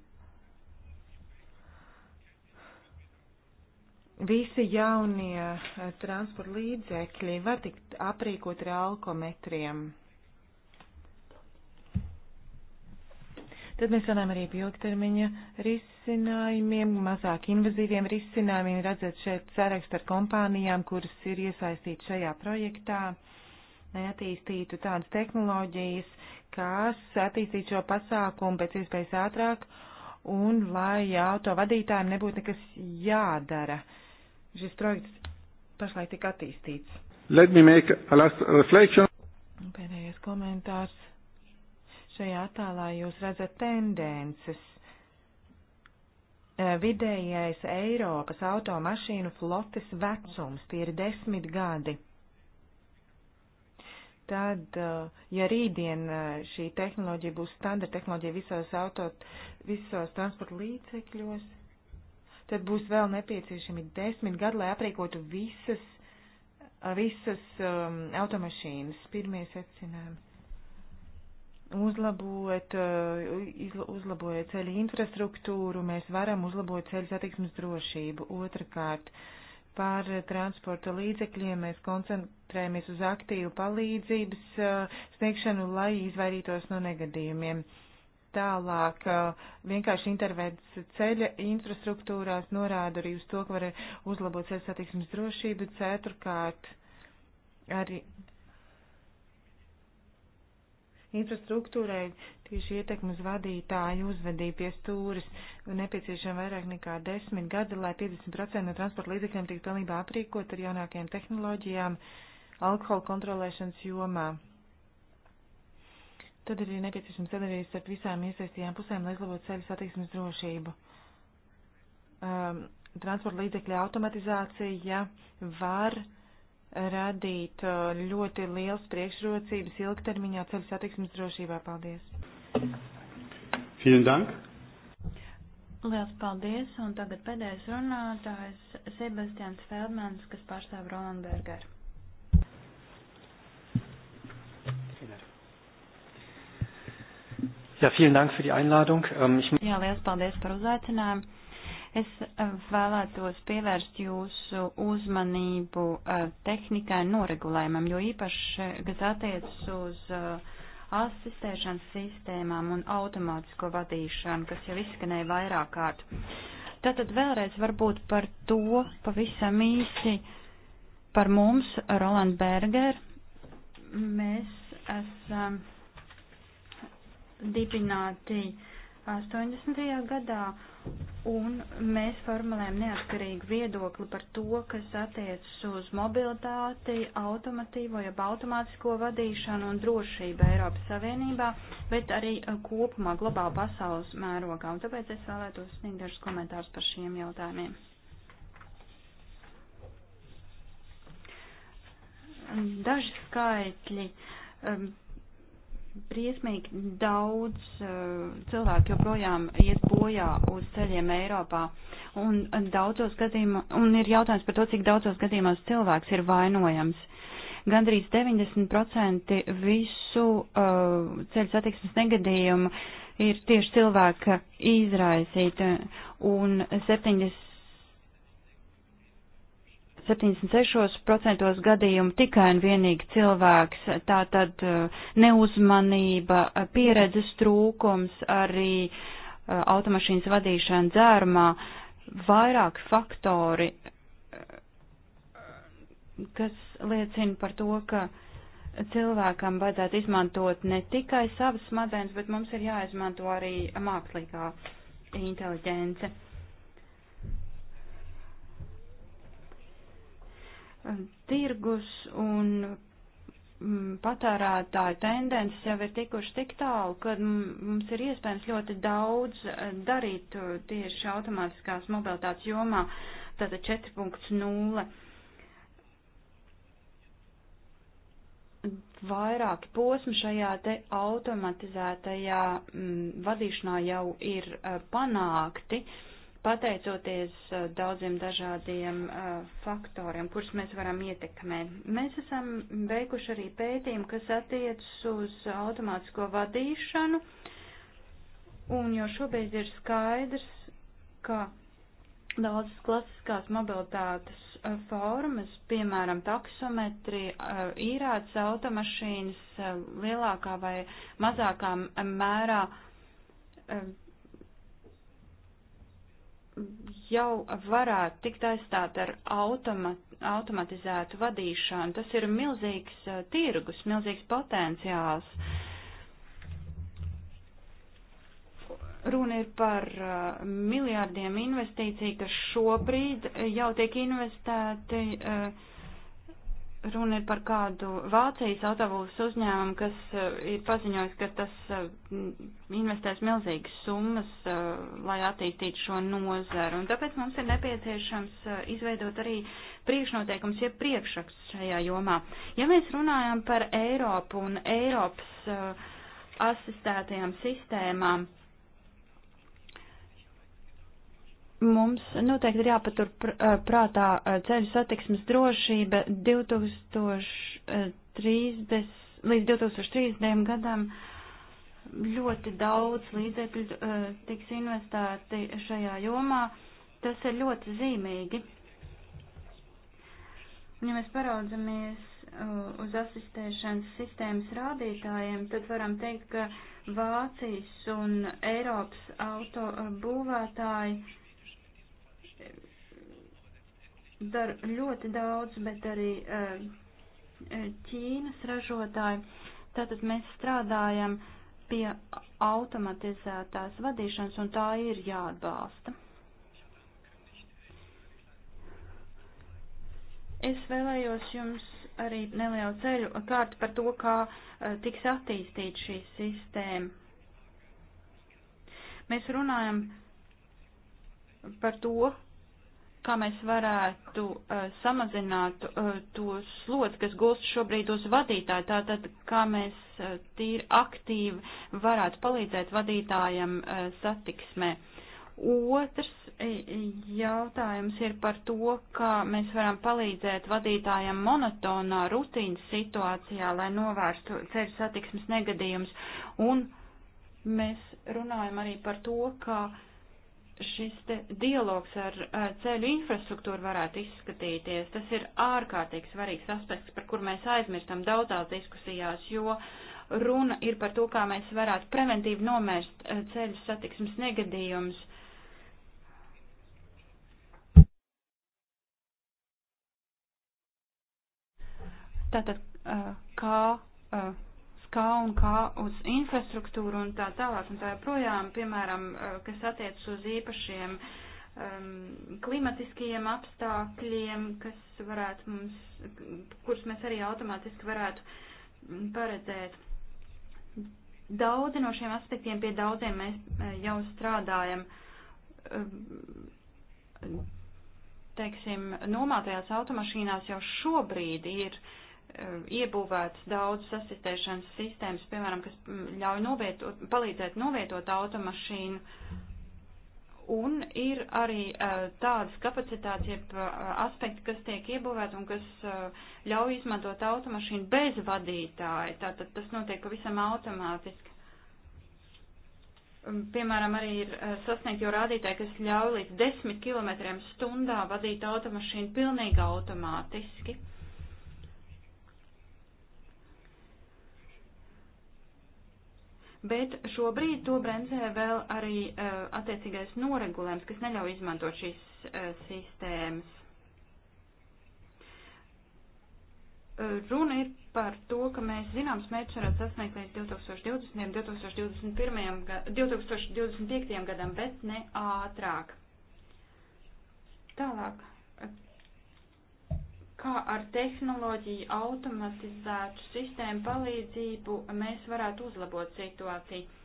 Visi jaunie eh, transporta līdzekļi var tikt aprīkot ar alkometriem. Tad mēs runājam arī par ilgtermiņa risinājumiem, mazāk invazīviem risinājumiem. Redzat šeit sarakstu ar kompānijām, kuras ir iesaistītas šajā projektā, lai attīstītu tādas tehnoloģijas, kas attīstītu šo pasākumu pēc iespējas ātrāk un lai auto vadītājiem nebūtu nekas jādara. Šis projekts pašlaik tik attīstīts. Let me make a last reflection. Pēdējais komentārs Šajā attēlā jūs redzat tendences. Eh, vidējais Eiropas automašīnu flotes vecums tie ir desmit gadi. Tad, eh, ja rītdien eh, šī tehnoloģija būs standarta tehnoloģija visos auto, visos transporta līdzekļos, tad būs vēl nepieciešami desmit gadi, lai aprīkotu visas, visas um, automašīnas. Pirmie secinājumi uzlabot, eh, uzlabojot ceļu infrastruktūru, mēs varam uzlabot ceļu satiksmes drošību. Otrakārt, par transporta līdzekļiem mēs koncentrējamies uz aktīvu palīdzības eh, sniegšanu, lai izvairītos no negadījumiem. Tālāk eh, vienkārši intervences ceļa infrastruktūrās norāda arī uz to, ka var uzlabot ceļu satiksmes drošību. Ceturkārt, arī infrastruktūrai tieši ietekmas vadītāju uzvedību pie stūris nepieciešama vairāk nekā desmit gadi, lai 50% no transporta līdzekļiem tiktu pilnībā aprīkot ar jaunākajām tehnoloģijām alkohola kontrolēšanas jomā. Tad arī nepieciešams sadarbības ar visām iesaistījām pusēm, lai uzlabotu ceļu satiksmes drošību. Um, transporta līdzekļa automatizācija var uh, radīt uh, ļoti liels priekšrocības ilgtermiņā ceļu satiksmes drošībā. Paldies! Vielen Dank! Liels paldies! Un tagad pēdējais runātājs Sebastians Feldmans, kas pārstāv Rolandbergeru. Ja, vielen Dank für die Einladung. Ähm, ich... Jā, liels paldies par uzaicinājumu. Es eh, vēlētos pievērst jūsu uzmanību eh, tehnikai noregulējumam, jo īpaši, kas attiecas uz eh, asistēšanas sistēmām un automātisko vadīšanu, kas jau izskanēja vairāk kārt. Tātad vēlreiz varbūt par to pavisam īsi par mums, Roland Berger. Mēs esam dibināti uh, 80. gadā, un mēs formulējam neatkarīgu viedokli par to, kas attiecas uz mobilitāti, automatīvo, jeb automātisko vadīšanu un drošību Eiropas Savienībā, bet arī uh, kopumā globāla pasaules mērogā, un tāpēc es vēlētos sniegt dažus komentārus par šiem jautājumiem. Daži skaitļi. Um, briesmīgi daudz uh, eh, cilvēku joprojām iet bojā uz ceļiem Eiropā. Un, eh, daudzos gadījumos, un ir jautājums par to, cik daudzos gadījumos cilvēks ir vainojams. Gandrīz 90% visu uh, ceļu satiksmes negadījumu ir tieši cilvēka izraisīta, un 70 76% gadījumu tikai un vienīgi cilvēks, tā tad eh, neuzmanība, eh, pieredzes trūkums, arī eh, automašīnas vadīšana dzērumā, vairāk faktori, kas liecina par to, ka cilvēkam vajadzētu izmantot ne tikai savas smadzenes, bet mums ir jāizmanto arī mākslīgā inteliģence. tirgus un mm, patērētāju tendences jau ir tikuši tik tālu, ka mums ir iespējams ļoti daudz eh, darīt eh, tieši automātiskās mobilitātes jomā, tātad 4.0. Vairāki posmi šajā te automatizētajā mm, vadīšanā jau ir eh, panākti. Uh, pateicoties daudziem dažādiem faktoriem, kurus mēs varam ietekmēt. Mēs esam veikuši arī pētījumu, kas attiecas uz automātisko vadīšanu, un jo šobrīd ir skaidrs, ka daudzas klasiskās mobilitātes formas, piemēram, taksometri, īrāts automašīnas lielākā vai mazākā mērā jau varētu tikt aizstāt ar automat, automatizētu vadīšanu. Tas ir milzīgs uh, tirgus, milzīgs potenciāls. Runa ir par uh, miljārdiem investīciju, kas šobrīd jau tiek investēti uh, runa ir par kādu Vācijas autobūvas uzņēmumu, kas eh, ir paziņojis, ka tas eh, investēs milzīgas summas, eh, lai attīstītu šo nozaru. Un tāpēc mums ir nepieciešams izveidot arī priekšnoteikums, jeb ja priekšraksts šajā jomā. Ja mēs runājam par Eiropu un Eiropas asistētajām sistēmām, Mums noteikti ir jāpatur prātā ceļu satiksmes drošība 2030 līdz 2030 gadam ļoti daudz līdzekļu uh, tiks investēti šajā jomā. Tas ir ļoti zīmīgi. Ja mēs paraudzamies uh, uz asistēšanas sistēmas rādītājiem, tad varam teikt, ka Vācijas un Eiropas auto būvētāji dara ļoti daudz, bet arī eh, eh, Ķīnas ražotāji. Tātad mēs strādājam pie automatizētās vadīšanas, un tā ir jāatbalsta. Es vēlējos jums arī nelielu ceļu kārtu par to, kā eh, tiks attīstīt šī sistēma. Mēs runājam par to, kā mēs varētu uh, samazināt uh, eh, to slodzi, kas gulst šobrīd uz vadītāju, tātad kā mēs uh, tīri aktīvi varētu palīdzēt vadītājam uh, satiksmē. Otrs jautājums ir par to, kā mēs varam palīdzēt vadītājam monotonā rutīnas situācijā, lai novērstu ceļu satiksmes negadījumus. Un mēs runājam arī par to, ka uh, šis dialogs ar ceļu infrastruktūru varētu izskatīties. Tas ir ārkārtīgi svarīgs aspekts, par kur mēs aizmirstam daudzās diskusijās, jo runa ir par to, kā mēs varētu preventīvi nomērst eh, ceļu satiksmes negadījumus. Tātad, eh, kā eh, kā un kā uz infrastruktūru un tā tālāk un tā joprojām, piemēram, eh, kas attiecas uz īpašiem um, ehm, klimatiskajiem apstākļiem, kas varētu mums, kurus mēs arī automātiski varētu mm, paredzēt. Daudzi no šiem aspektiem pie daudziem mēs eh, jau strādājam. Ehm, teiksim, nomātajās automašīnās jau šobrīd ir uh, Um, iebūvētas daudz sasistēšanas sistēmas, piemēram, kas mm, ļauj novietot, palīdzēt novietot automašīnu. Un ir arī uh, tādas kapacitātes, jeb uh, aspekti, kas tiek iebūvēti un kas uh, ļauj izmantot automašīnu bez vadītāja. Tātad tas notiek pavisam automātiski. Um, piemēram, arī ir sasniegt jau rādītāji, kas ļauj līdz 10 km stundā vadīt automašīnu pilnīgi automātiski. bet šobrīd to bremzē vēl arī uh, attiecīgais noregulējums, kas neļauj izmantot šīs uh, sistēmas. E, runa ir par to, ka mēs zināms mērķus varētu sasniegt līdz 2020. 2021. 2025. gadam, bet ne ātrāk. Tālāk kā ar tehnoloģiju automatizētu sistēmu palīdzību mēs varētu uzlabot situāciju.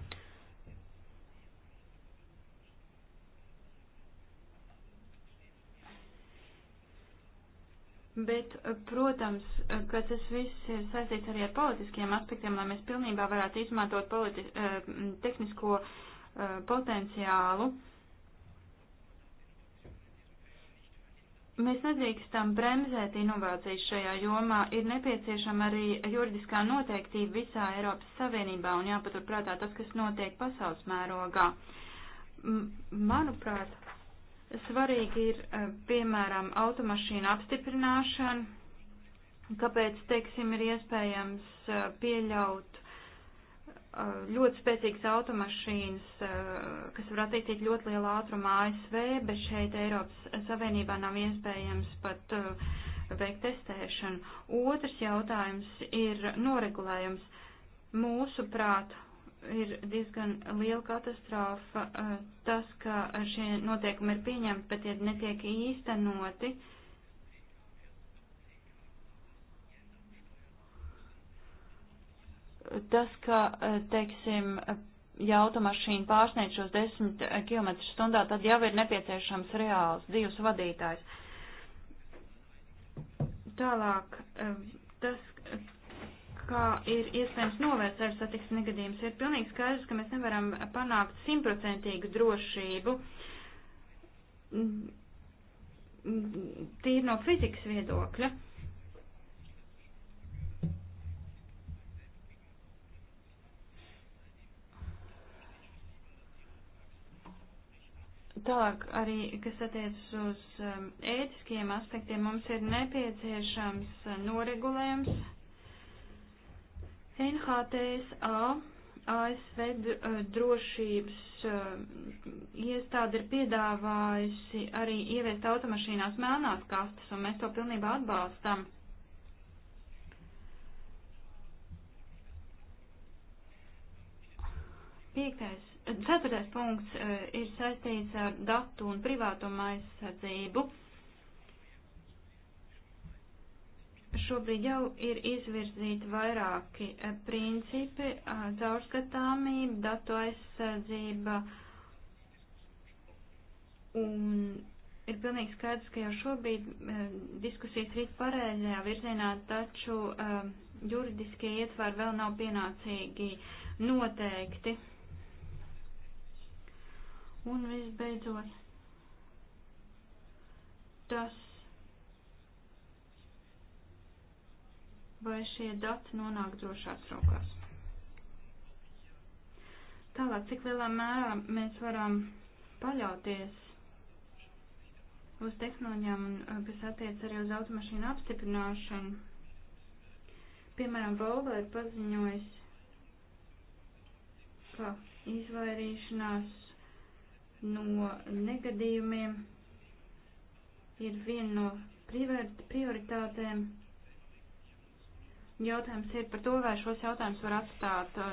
Bet, protams, ka tas viss ir saistīts arī ar politiskiem aspektiem, lai mēs pilnībā varētu izmantot politi eh, tehnisko eh, potenciālu. Uh, Mēs nedrīkstam bremzēt inovācijas šajā jomā, ir nepieciešama arī juridiskā noteiktība visā Eiropas Savienībā un jāpaturprātā tas, kas notiek pasaules mērogā. Manuprāt, svarīgi ir, e, piemēram, automašīnu apstiprināšana, kāpēc, teiksim, ir iespējams e, pieļaut Eh, ļoti spēcīgas automašīnas, eh, kas var attīstīt ļoti lielu ātrumu ASV, bet šeit Eiropas Savienībā nav iespējams pat eh, veikt testēšanu. Otrs jautājums ir noregulējums. Mūsuprāt, ir diezgan liela katastrofa tas, ka šie noteikumi ir pieņemti, bet tie netiek īstenoti. Uh, tas, ka, eh, teiksim, ja automašīna pārsniedz šos 10 eh, km stundā, tad jau ir nepieciešams reāls divs vadītājs. Tālāk, eh, tas, kā ir iespējams novērst ceļu satiksmes negadījumus, ir pilnīgi skaidrs, ka mēs nevaram panākt simtprocentīgu drošību mm, mm, tīri no fizikas viedokļa. Tālāk arī, kas attiecas uz um, ētiskiem aspektiem, mums ir nepieciešams uh, noregulējums. NHTSA ASV uh, drošības uh, iestāde ir piedāvājusi arī ieviest automašīnās melnās kastes, un mēs to pilnībā atbalstam. Piektais Ceturtais punkts eh, ir saistīts ar datu un privātuma aizsardzību. Šobrīd jau ir izvirzīti vairāki eh, principi eh, - caurskatāmība, datu aizsardzība, un ir pilnīgi skaidrs, ka jau šobrīd diskusijas rīt pareizajā virzienā, taču juridiskie ietvari vēl nav pienācīgi noteikti. Un visbeidzot, tas, vai šie dati nonāk drošās rokās. Tālāk, cik lielā mērā mēs varam paļauties uz tehnoloģijām, eh, kas attiec arī uz automašīnu apstiprināšanu. Piemēram, Volvo ir paziņojis, ka izvairīšanās no negadījumiem ir viena no prioritātēm. Jautājums ir par to, vai šos jautājumus var atstāt uh,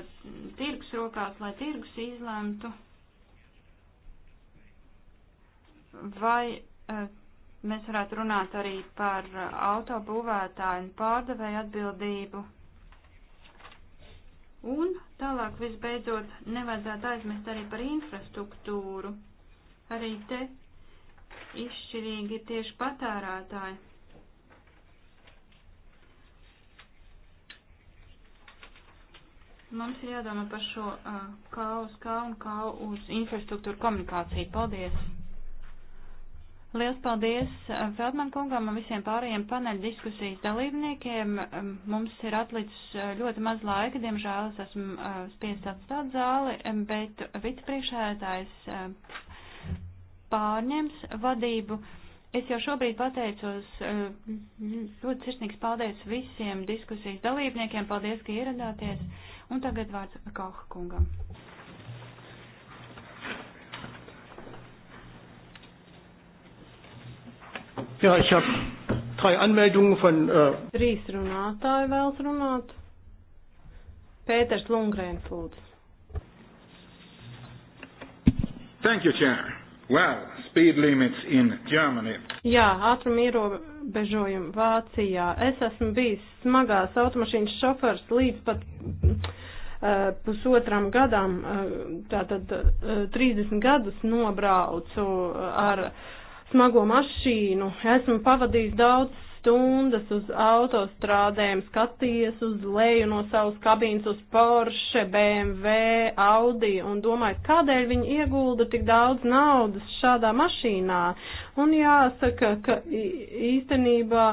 tirgus rokās, lai tirgus izlemtu, vai uh, mēs varētu runāt arī par uh, autobūvētāju un pārdevēju atbildību Un tālāk visbeidzot nevajadzētu aizmirst arī par infrastruktūru. Arī te izšķirīgi ir tieši patērētāji. Mums ir jādomā par šo uh, kā uz kā un kā uz infrastruktūru komunikāciju. Paldies! Liels paldies uh, Feldman kungam un visiem pārējiem paneļa diskusijas dalībniekiem. Um, mums ir atlicis uh, ļoti maz laika, diemžēl es esmu uh, spiests atstāt zāli, um, bet vicepriekšētājs pārņems vadību. Es jau šobrīd pateicos ļoti sirsnīgs paldies visiem diskusijas dalībniekiem, paldies, ka ieradāties, un tagad vārds Kalha kungam. Jā, es hab drei Anmeldungen von. Uh... Trīs runātāji vēlas runāt. Pēters Lungrēns lūdzu. Thank you, Chair. Well, speed limits in Germany. Jā, ātruma ierobežojumi Vācijā. Es esmu bijis smagās automašīnas šofers līdz pat pusotram gadam, tātad 30 gadus nobraucu ar smago mašīnu. Esmu pavadījis daudz stundas uz autostrādēm, skaties uz leju no savas kabīnes uz Porsche, BMW, Audi un domāju, kādēļ viņi iegulda tik daudz naudas šādā mašīnā. Un jāsaka, ka īstenībā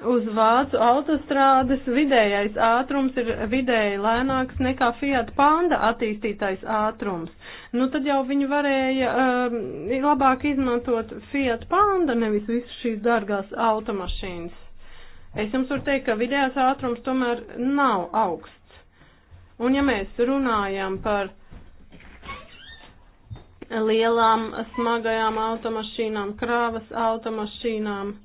Uz Vācu autostrādes vidējais ātrums ir vidēji lēnāks nekā Fiat Panda attīstītais ātrums. Nu tad jau viņi varēja um, labāk izmantot Fiat Panda, nevis visas šīs dārgās automašīnas. Es jums varu teikt, ka vidējais ātrums tomēr nav augsts. Un ja mēs runājam par lielām smagajām automašīnām, krāvas automašīnām,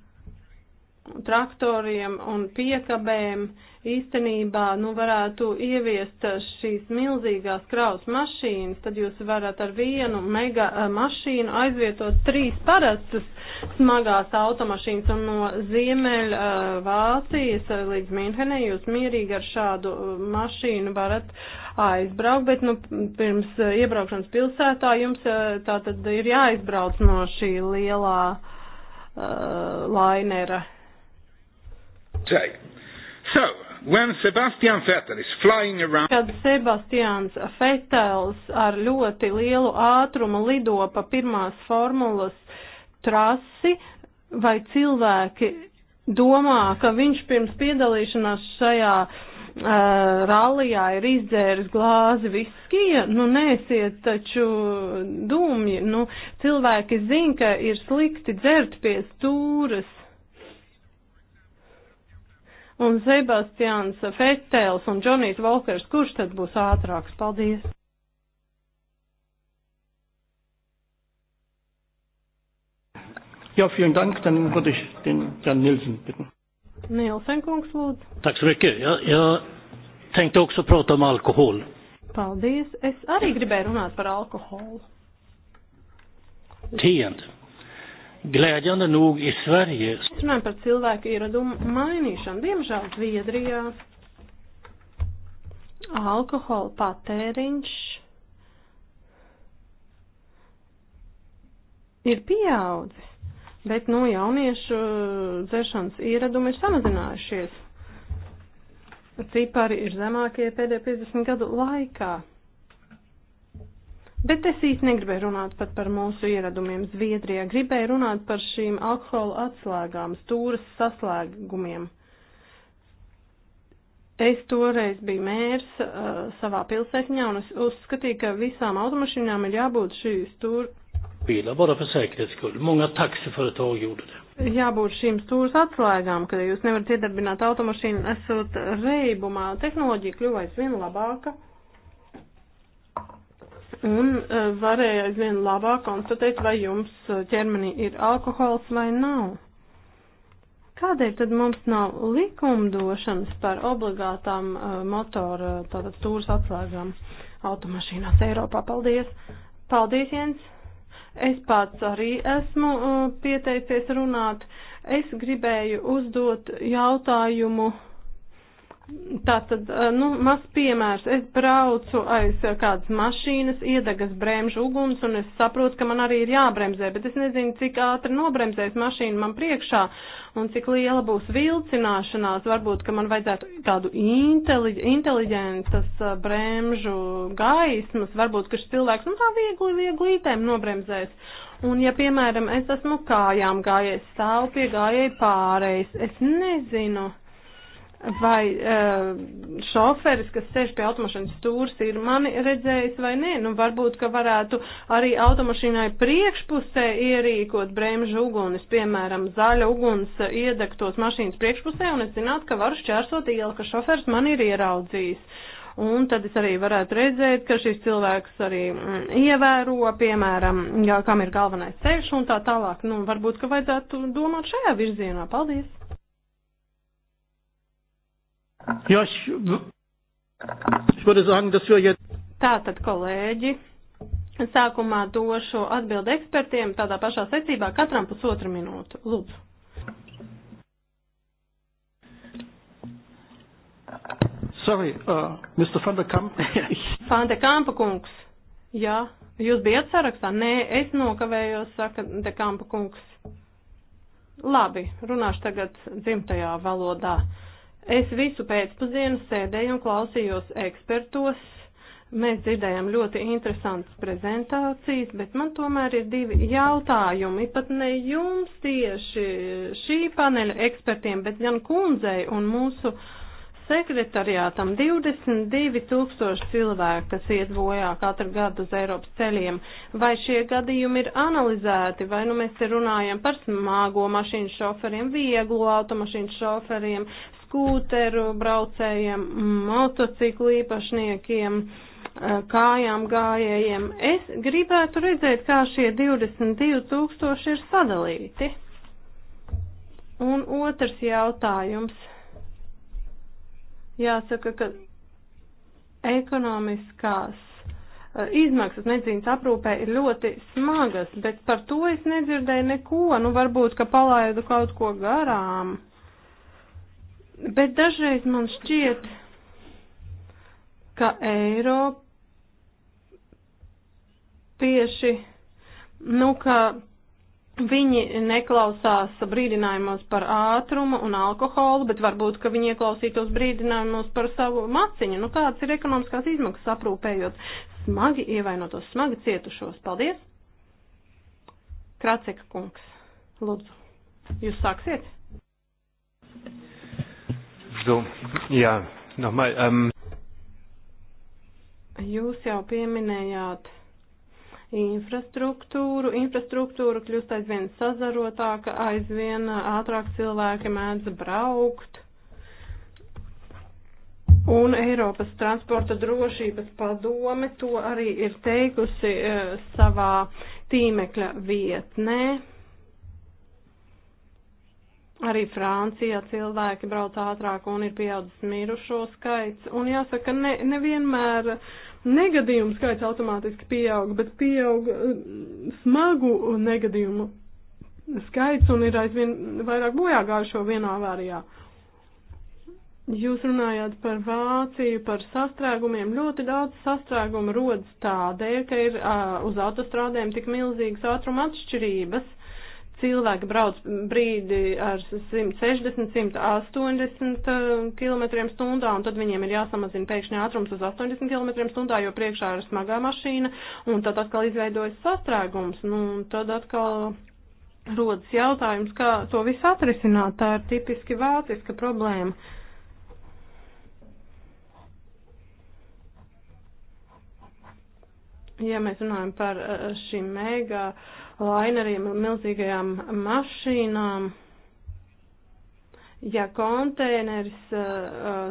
traktoriem un piekabēm īstenībā nu, varētu ieviest šīs milzīgās kraus mašīnas, tad jūs varat ar vienu mega eh, mašīnu aizvietot trīs parastas smagās automašīnas un no Ziemeļ eh, Vācijas līdz Minhenē jūs mierīgi ar šādu eh, mašīnu varat aizbraukt, bet nu, pirms iebraukšanas pilsētā jums tā tad ir jāizbrauc no šī lielā uh, lainera take. So, when Sebastian Vettel is flying around. Kad Sebastians Vettels ar ļoti lielu ātrumu lido pa pirmās formulas trasi, vai cilvēki domā, ka viņš pirms piedalīšanās šajā uh, eh, rallijā ir izdzēris glāzi viskija, nu nēsiet taču dūmji, nu cilvēki zin, ka ir slikti dzert pie stūras un Sebastians Fetels un Džonijs Volkers, kurš tad būs ātrāks? Paldies! Ja, vielen Dank. Dann würde ich den Herrn Nielsen bitten. Nielsen, kungs, lūdzu. Tack så mycket. Jag, jag tänkte också prata om alkohol. Paldies. Es arī gribēju runāt par alkoholu. Tiend. Glädjande nog i Sverige. Runājot par cilvēku ieradumu mainīšanu, diemžēl Zviedrijā alkohola patēriņš ir pieaudzis, bet no nu, jauniešu dzeršanas ieradumi ir samazinājušies. Cipari ir zemākie pēdējo 50 gadu laikā. Bet es īsti negribēju runāt pat par mūsu ieradumiem Zviedrijā. Gribēju runāt par šīm alkohola atslēgām, stūras saslēgumiem. Es toreiz biju mērs uh, savā pilsētņā un es uzskatīju, ka visām automašīnām ir jābūt šī stūra. Bilar bara för säkerhets skull. Många taxiföretag gjorde det. Jābūt šīm stūras atslēgām, ka jūs nevarat iedarbināt automašīnu, esot reibumā. Tehnoloģija kļuva aizvien labāka un e, varēja aizvien labāk konstatēt, vai jums e, ķermenī ir alkohols vai nav. Kādēļ tad mums nav likumdošanas par obligātām e, motora tātad stūras atslēgām automašīnās Eiropā? Paldies! Paldies, Jens! Es pats arī esmu pieteicies runāt. Es gribēju uzdot jautājumu Tātad, eh, nu, maz piemērs, es braucu aiz eh, kādas mašīnas, iedegas bremžu uguns, un es saprotu, ka man arī ir jābremzē, bet es nezinu, cik ātri nobremzēs mašīna man priekšā, un cik liela būs vilcināšanās, varbūt, ka man vajadzētu tādu inteli inteliģentas eh, bremžu gaismas, varbūt, ka šis cilvēks, nu, tā viegli, viegli ītēm nobremzēs. Un, ja, piemēram, es esmu kājām gājējis, stāvu pie gājēju pārējais, es nezinu vai uh, šoferis, kas sēž pie automašīnas stūrs, ir mani redzējis vai nē. Nu, varbūt, ka varētu arī automašīnai priekšpusē ierīkot bremžu ugunis, piemēram, zaļa uguns iedegtos mašīnas priekšpusē, un es zinātu, ka varu šķērsot ielu, ka šoferis mani ir ieraudzījis. Un tad es arī varētu redzēt, ka šis cilvēks arī mm, ievēro, piemēram, jā, kam ir galvenais ceļš un tā tālāk. Nu, varbūt, ka vajadzētu domāt šajā virzienā. Paldies! Jo, es varu sagen, dass wir jetzt. Tātad, kolēģi, sākumā došu atbildi ekspertiem tādā pašā secībā, katram pusotru minūtu. Lūdzu. Sorry, uh, Mr. Van der Kamp. Van der Kampa kungs. Jā, jūs bijat sarakstā? Nē, es nokavējos, saka de Kampa kungs. Labi, runāšu tagad dzimtajā valodā. Uh, Es visu pēcpazienu sēdēju un klausījos ekspertos. Mēs dzirdējām ļoti interesantas prezentācijas, bet man tomēr ir divi jautājumi, pat ne jums tieši šī paneļa ekspertiem, bet gan kundzei un mūsu sekretariātam 22 tūkstoši cilvēku, kas iet bojā katru gadu uz Eiropas ceļiem. Vai šie gadījumi ir analizēti, vai nu mēs te runājam par smago mašīnu šoferiem, vieglo automašīnu šoferiem, skūteru braucējiem, motociklu īpašniekiem, eh, kājām gājējiem. Es gribētu redzēt, kā šie 22 tūkstoši ir sadalīti. Un otrs jautājums. Jāsaka, ka ekonomiskās eh, izmaksas medicīnas aprūpē ir ļoti smagas, bet par to es nedzirdēju neko. Nu, varbūt, ka palaidu kaut ko garām. Bet dažreiz man šķiet, ka Eiropieši, nu, ka viņi neklausās brīdinājumos par ātrumu un alkoholu, bet varbūt, ka viņi ieklausītos brīdinājumos par savu maciņu. Nu, kāds ir ekonomiskās izmaksas aprūpējot smagi ievainotos, smagi cietušos? Paldies! Kraceka kungs, lūdzu, jūs sāksiet! So, jā, nochmal. Um... Jūs jau pieminējāt infrastruktūru. Infrastruktūra kļūst aizvien sazarotāka, aizvien ātrāk cilvēki mēdz braukt. Un Eiropas transporta drošības padome to arī ir teikusi eh, savā tīmekļa vietnē. Arī Francijā cilvēki brauc ātrāk un ir pieaudzis mirušo skaits. Un jāsaka, ne, nevienmēr negadījumu skaits automātiski pieaug, bet pieaug mm, smagu negadījumu skaits un ir aizvien vairāk bojā gājušo vienā avārijā. Jūs runājāt par Vāciju, par sastrēgumiem. Ļoti daudz sastrēgumu rodas tādēļ, ka ir uh, uz autostrādēm tik milzīgas ātruma atšķirības cilvēki brauc brīdi ar 160, 180 km stundā, un tad viņiem ir jāsamazina pēkšņi ātrums uz 80 km stundā, jo priekšā ir smagā mašīna, un tad atkal izveidojas sastrēgums, nu, tad atkal rodas jautājums, kā to visu atrisināt, tā ir tipiski vāciska problēma. Ja mēs runājam par eh, šīm mega uh, laineriem, milzīgajām mašīnām. Ja konteineris uh,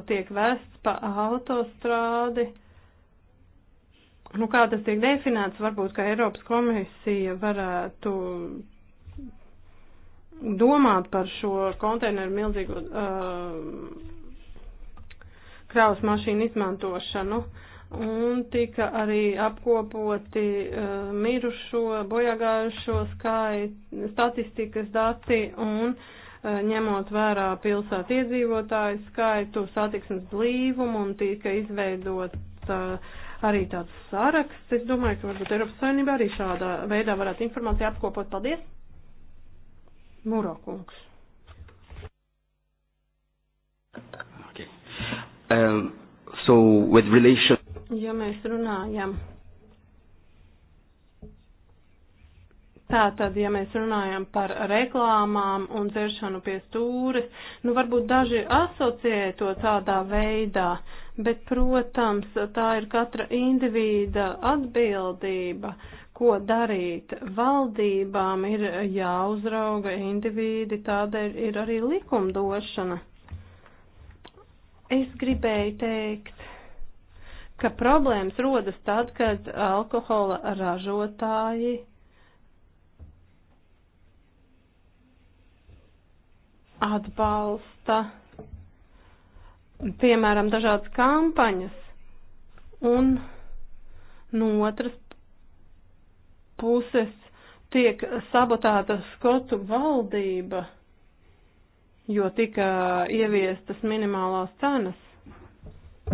tiek vests pa autostrādi, nu kā tas tiek definēts, varbūt, ka Eiropas komisija varētu domāt par šo konteineru milzīgu uh, eh, kraus mašīnu izmantošanu. Uh, un tika arī apkopoti uh, mirušo, bojāgājušo skait, statistikas dati un uh, ņemot vērā pilsētu iedzīvotāju skaitu, satiksmes blīvumu un tika izveidot uh, arī tāds saraksts. Es domāju, ka varbūt Eiropas Savienība arī šādā veidā varētu informāciju apkopot. Paldies! Murokungs. Okay. Um, so with relation ja mēs runājam. Tātad, ja mēs runājam par reklāmām un dzeršanu pie stūres, nu varbūt daži asociē to tādā veidā, bet, protams, tā ir katra indivīda atbildība, ko darīt. Valdībām ir jāuzrauga indivīdi, tādēļ ir arī likumdošana. Es gribēju teikt, ka problēmas rodas tad, kad alkohola ražotāji atbalsta, piemēram, dažādas kampaņas, un no otras puses tiek sabotēta Skotu valdība, jo tika ieviestas minimālās cenas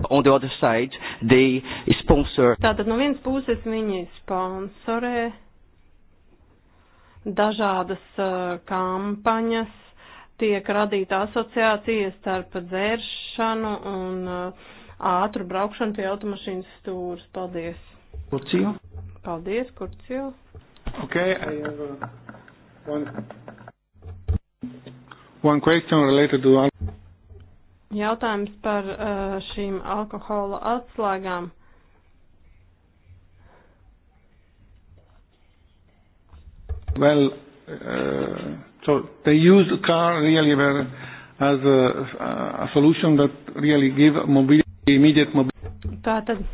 on the other side, they sponsor. Tātad no vienas puses viņi sponsorē dažādas uh, kampaņas, tiek radīta asociācija starp dzēršanu un uh, ātru braukšanu pie automašīnas stūras. Paldies. Kurcijo? Paldies, Kurcijo. Ok, I have uh, one, one question related to... Jautājums par uh, šīm alkohola atslēgām. Well, uh, so they use the car really where, as a, a solution that really give mobility, immediate mobility. Tātad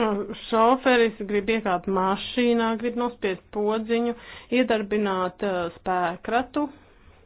uh, šoferis grib iekāpt mašīnā, grib nospiest podziņu, iedarbināt uh, spēkratu,